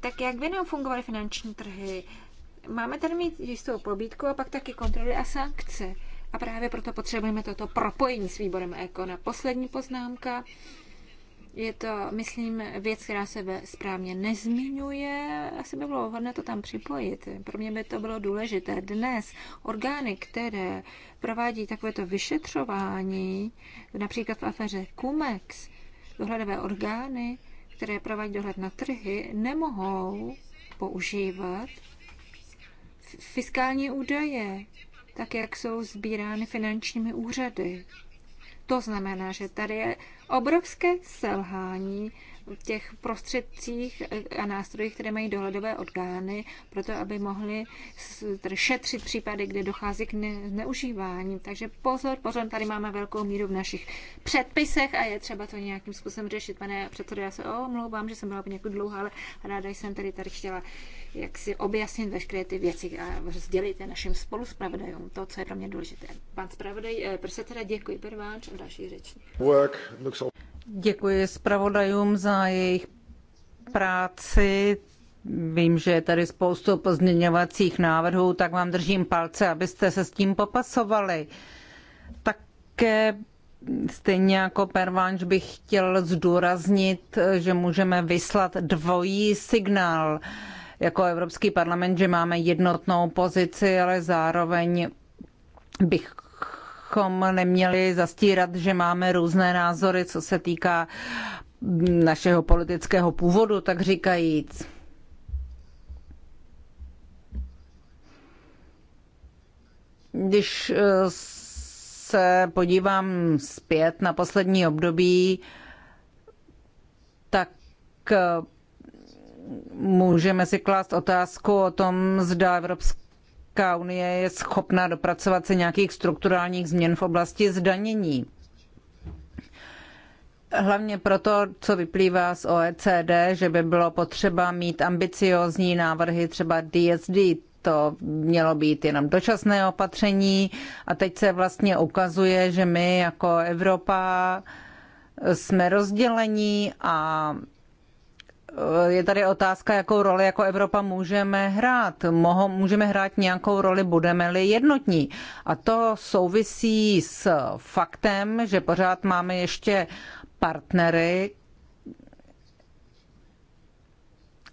tak jak by nám fungovaly finanční trhy? Máme tady mít jistou pobídku a pak taky kontroly a sankce. A právě proto potřebujeme toto propojení s výborem Ekon. A poslední poznámka je to, myslím, věc, která se správně nezmiňuje. Asi by bylo vhodné to tam připojit. Pro mě by to bylo důležité. Dnes orgány, které provádí takovéto vyšetřování, například v aféře Cumex, dohledové orgány, které provádí dohled na trhy, nemohou používat fiskální údaje, tak jak jsou sbírány finančními úřady. To znamená, že tady je obrovské selhání v těch prostředcích a nástrojích, které mají dohledové orgány, proto aby mohli šetřit případy, kde dochází k neužívání. Takže pozor, pozor, tady máme velkou míru v našich předpisech a je třeba to nějakým způsobem řešit. Pane předsedo, já se omlouvám, že jsem byla poněkud dlouhá, ale ráda jsem tady tady chtěla jak si objasnit veškeré ty věci a sdělit našim spoluspravodajům to, co je pro mě důležité. Pan spravodaj, eh, prostě teda děkuji prváč a další řeči. Děkuji zpravodajům za jejich práci. Vím, že je tady spoustu pozměňovacích návrhů, tak vám držím palce, abyste se s tím popasovali. Také Stejně jako Pervanč bych chtěl zdůraznit, že můžeme vyslat dvojí signál. Uh, jako Evropský parlament, že máme jednotnou pozici, ale zároveň bychom neměli zastírat, že máme různé názory, co se týká našeho politického původu, tak říkajíc. Když eh, se podívám zpět na poslední období, tak eh, můžeme si klást otázku o tom, zda Evropská unie je schopna dopracovat se nějakých strukturálních změn v oblasti zdanění. Hlavně proto, co vyplývá z OECD, že by bylo potřeba mít ambiciózní návrhy třeba DSD, to mělo být jenom dočasné opatření a teď se vlastně ukazuje, že my jako Evropa jsme rozdělení a je tady otázka, jakou roli jako Evropa můžeme hrát. Moho, můžeme hrát nějakou roli, budeme-li jednotní. A to souvisí s faktem, že pořád máme ještě partnery,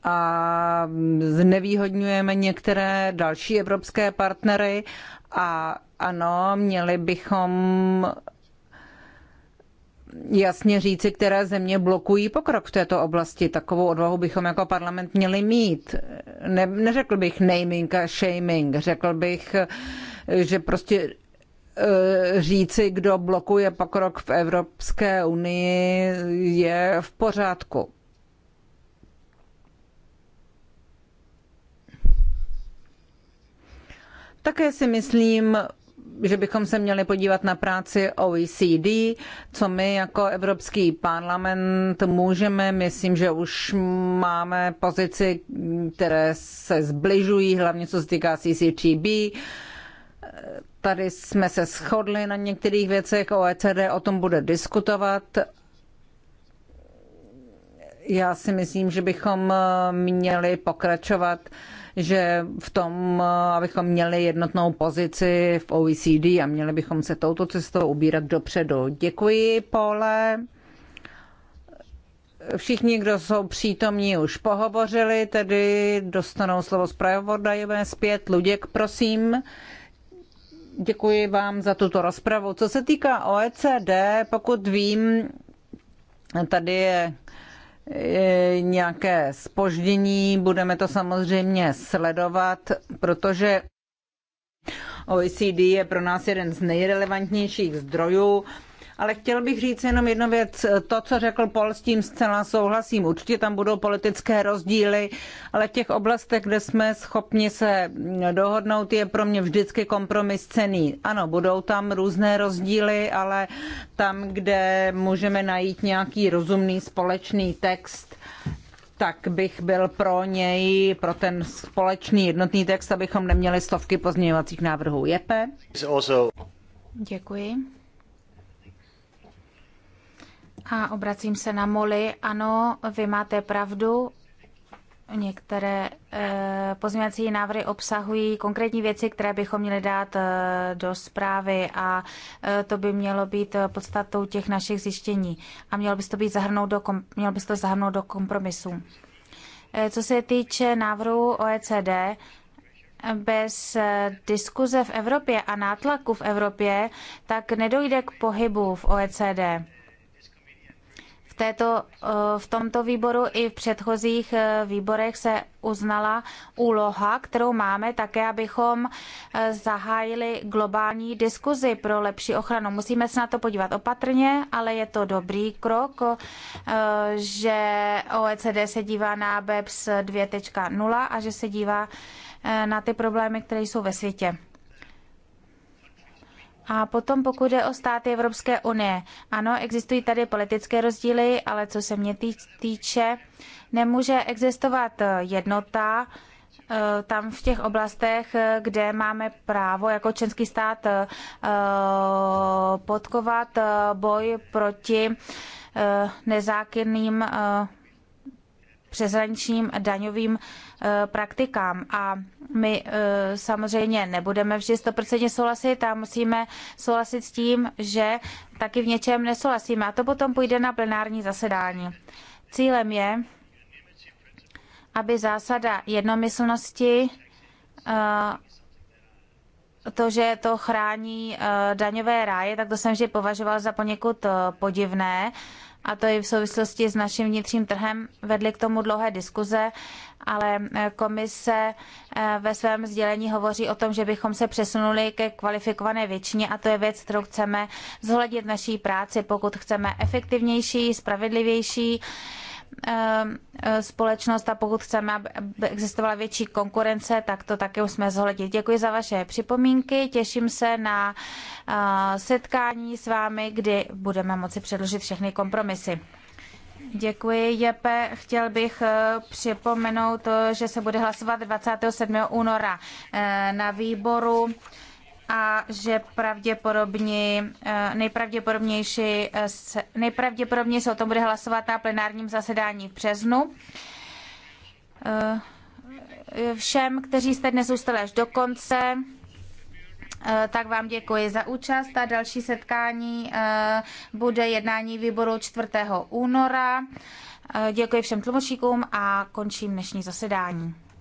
a znevýhodňujeme některé další evropské partnery a ano, měli bychom jasně říci, které země blokují pokrok v této oblasti. Takovou odvahu bychom jako parlament měli mít. Ne, neřekl bych naming a shaming, řekl bych, že prostě eh, říci, kdo blokuje pokrok v Evropské unii, je v pořádku. Také si myslím, že bychom se měli podívat na práci OECD, co my jako Evropský parlament můžeme. Myslím, že už máme pozici, které se zbližují, hlavně co se týká CCTB. Tady jsme se shodli na některých věcech, OECD o tom bude diskutovat. Já si myslím, že bychom měli pokračovat uh, že v tom, eh, abychom měli jednotnou pozici v OECD a měli bychom se touto cestou ubírat dopředu. Děkuji, Pole. Všichni, kdo jsou přítomní, už pohovořili, tedy dostanou slovo Prajovodajové zpět. Luděk, prosím. Děkuji vám za tuto rozpravu. Co se týká OECD, pokud vím, tady je nějaké spoždění, budeme to samozřejmě sledovat, protože OECD je pro nás jeden z nejrelevantnějších zdrojů ale chtěl bych říct jenom jednu věc. To, co řekl Pol, s tím zcela souhlasím. Určitě tam budou politické rozdíly, ale v těch oblastech, kde jsme schopni se dohodnout, je pro mě vždycky kompromis cený. Ano, budou tam různé rozdíly, ale tam, kde můžeme najít nějaký rozumný společný text, tak bych byl pro něj, pro ten společný jednotný text, abychom neměli stovky pozměňovacích návrhů. Jepe? Děkuji. A obracím se na Moli. Ano, vy máte pravdu. Některé eh, pozměňovací návrhy obsahují konkrétní věci, které bychom měli dát eh, do zprávy a eh, to by mělo být podstatou těch našich zjištění a mělo by se to, být zahrnout do, mělo by se to zahrnout do kompromisu. Eh, co se týče návrhu OECD, bez diskuze v Evropě a nátlaku v Evropě, tak nedojde k pohybu v OECD v, této, eh, v tomto výboru i v předchozích eh, výborech se uznala úloha, kterou máme také, abychom eh, zahájili globální diskuzi pro lepší ochranu. Musíme se na to podívat opatrně, ale je to dobrý krok, že OECD se dívá na BEPS 2.0 a že se dívá na ty problémy, které jsou ve světě. A potom pokud jde o státy Evropské unie, ano, existují tady politické rozdíly, ale co se mě týče, nemůže existovat eh, jednota eh, tam v těch oblastech, eh, kde máme právo jako členský stát podkovat boj proti nezákonným přeshraničním daňovým eh, praktikám. A my eh, samozřejmě nebudeme vždy 100% souhlasit a musíme souhlasit s tím, že taky v něčem nesouhlasíme. A to potom půjde na plenární zasedání. Cílem je, aby zásada jednomyslnosti eh, to, že to chrání daňové ráje, tak to jsem vždy považoval za poněkud podivné a to i v souvislosti s naším vnitřním trhem, vedly k tomu dlouhé diskuze, ale eh, komise eh, ve svém sdělení hovoří o tom, že bychom se přesunuli ke kvalifikované většině a to je věc, kterou chceme zohlednit naší práci, pokud chceme efektivnější, spravedlivější Eh, společnost a pokud chceme, aby existovala větší konkurence, tak to také musíme zohlednit. Děkuji za vaše připomínky, těším se na eh, setkání s vámi, kdy budeme moci předložit všechny kompromisy. Děkuji, Jepe. Chtěl bych eh, připomenout, že se bude hlasovat 27. února na výboru a že pravděpodobně, eh, nejpravděpodobnější, eh, nejpravděpodobně se o tom bude hlasovat na plenárním zasedání v březnu. Eh, všem, kteří jste dnes zůstali až do konce, tak vám děkuji za účast a další setkání bude jednání výboru 4. února. Děkuji všem tlumočníkům a končím dnešní zasedání.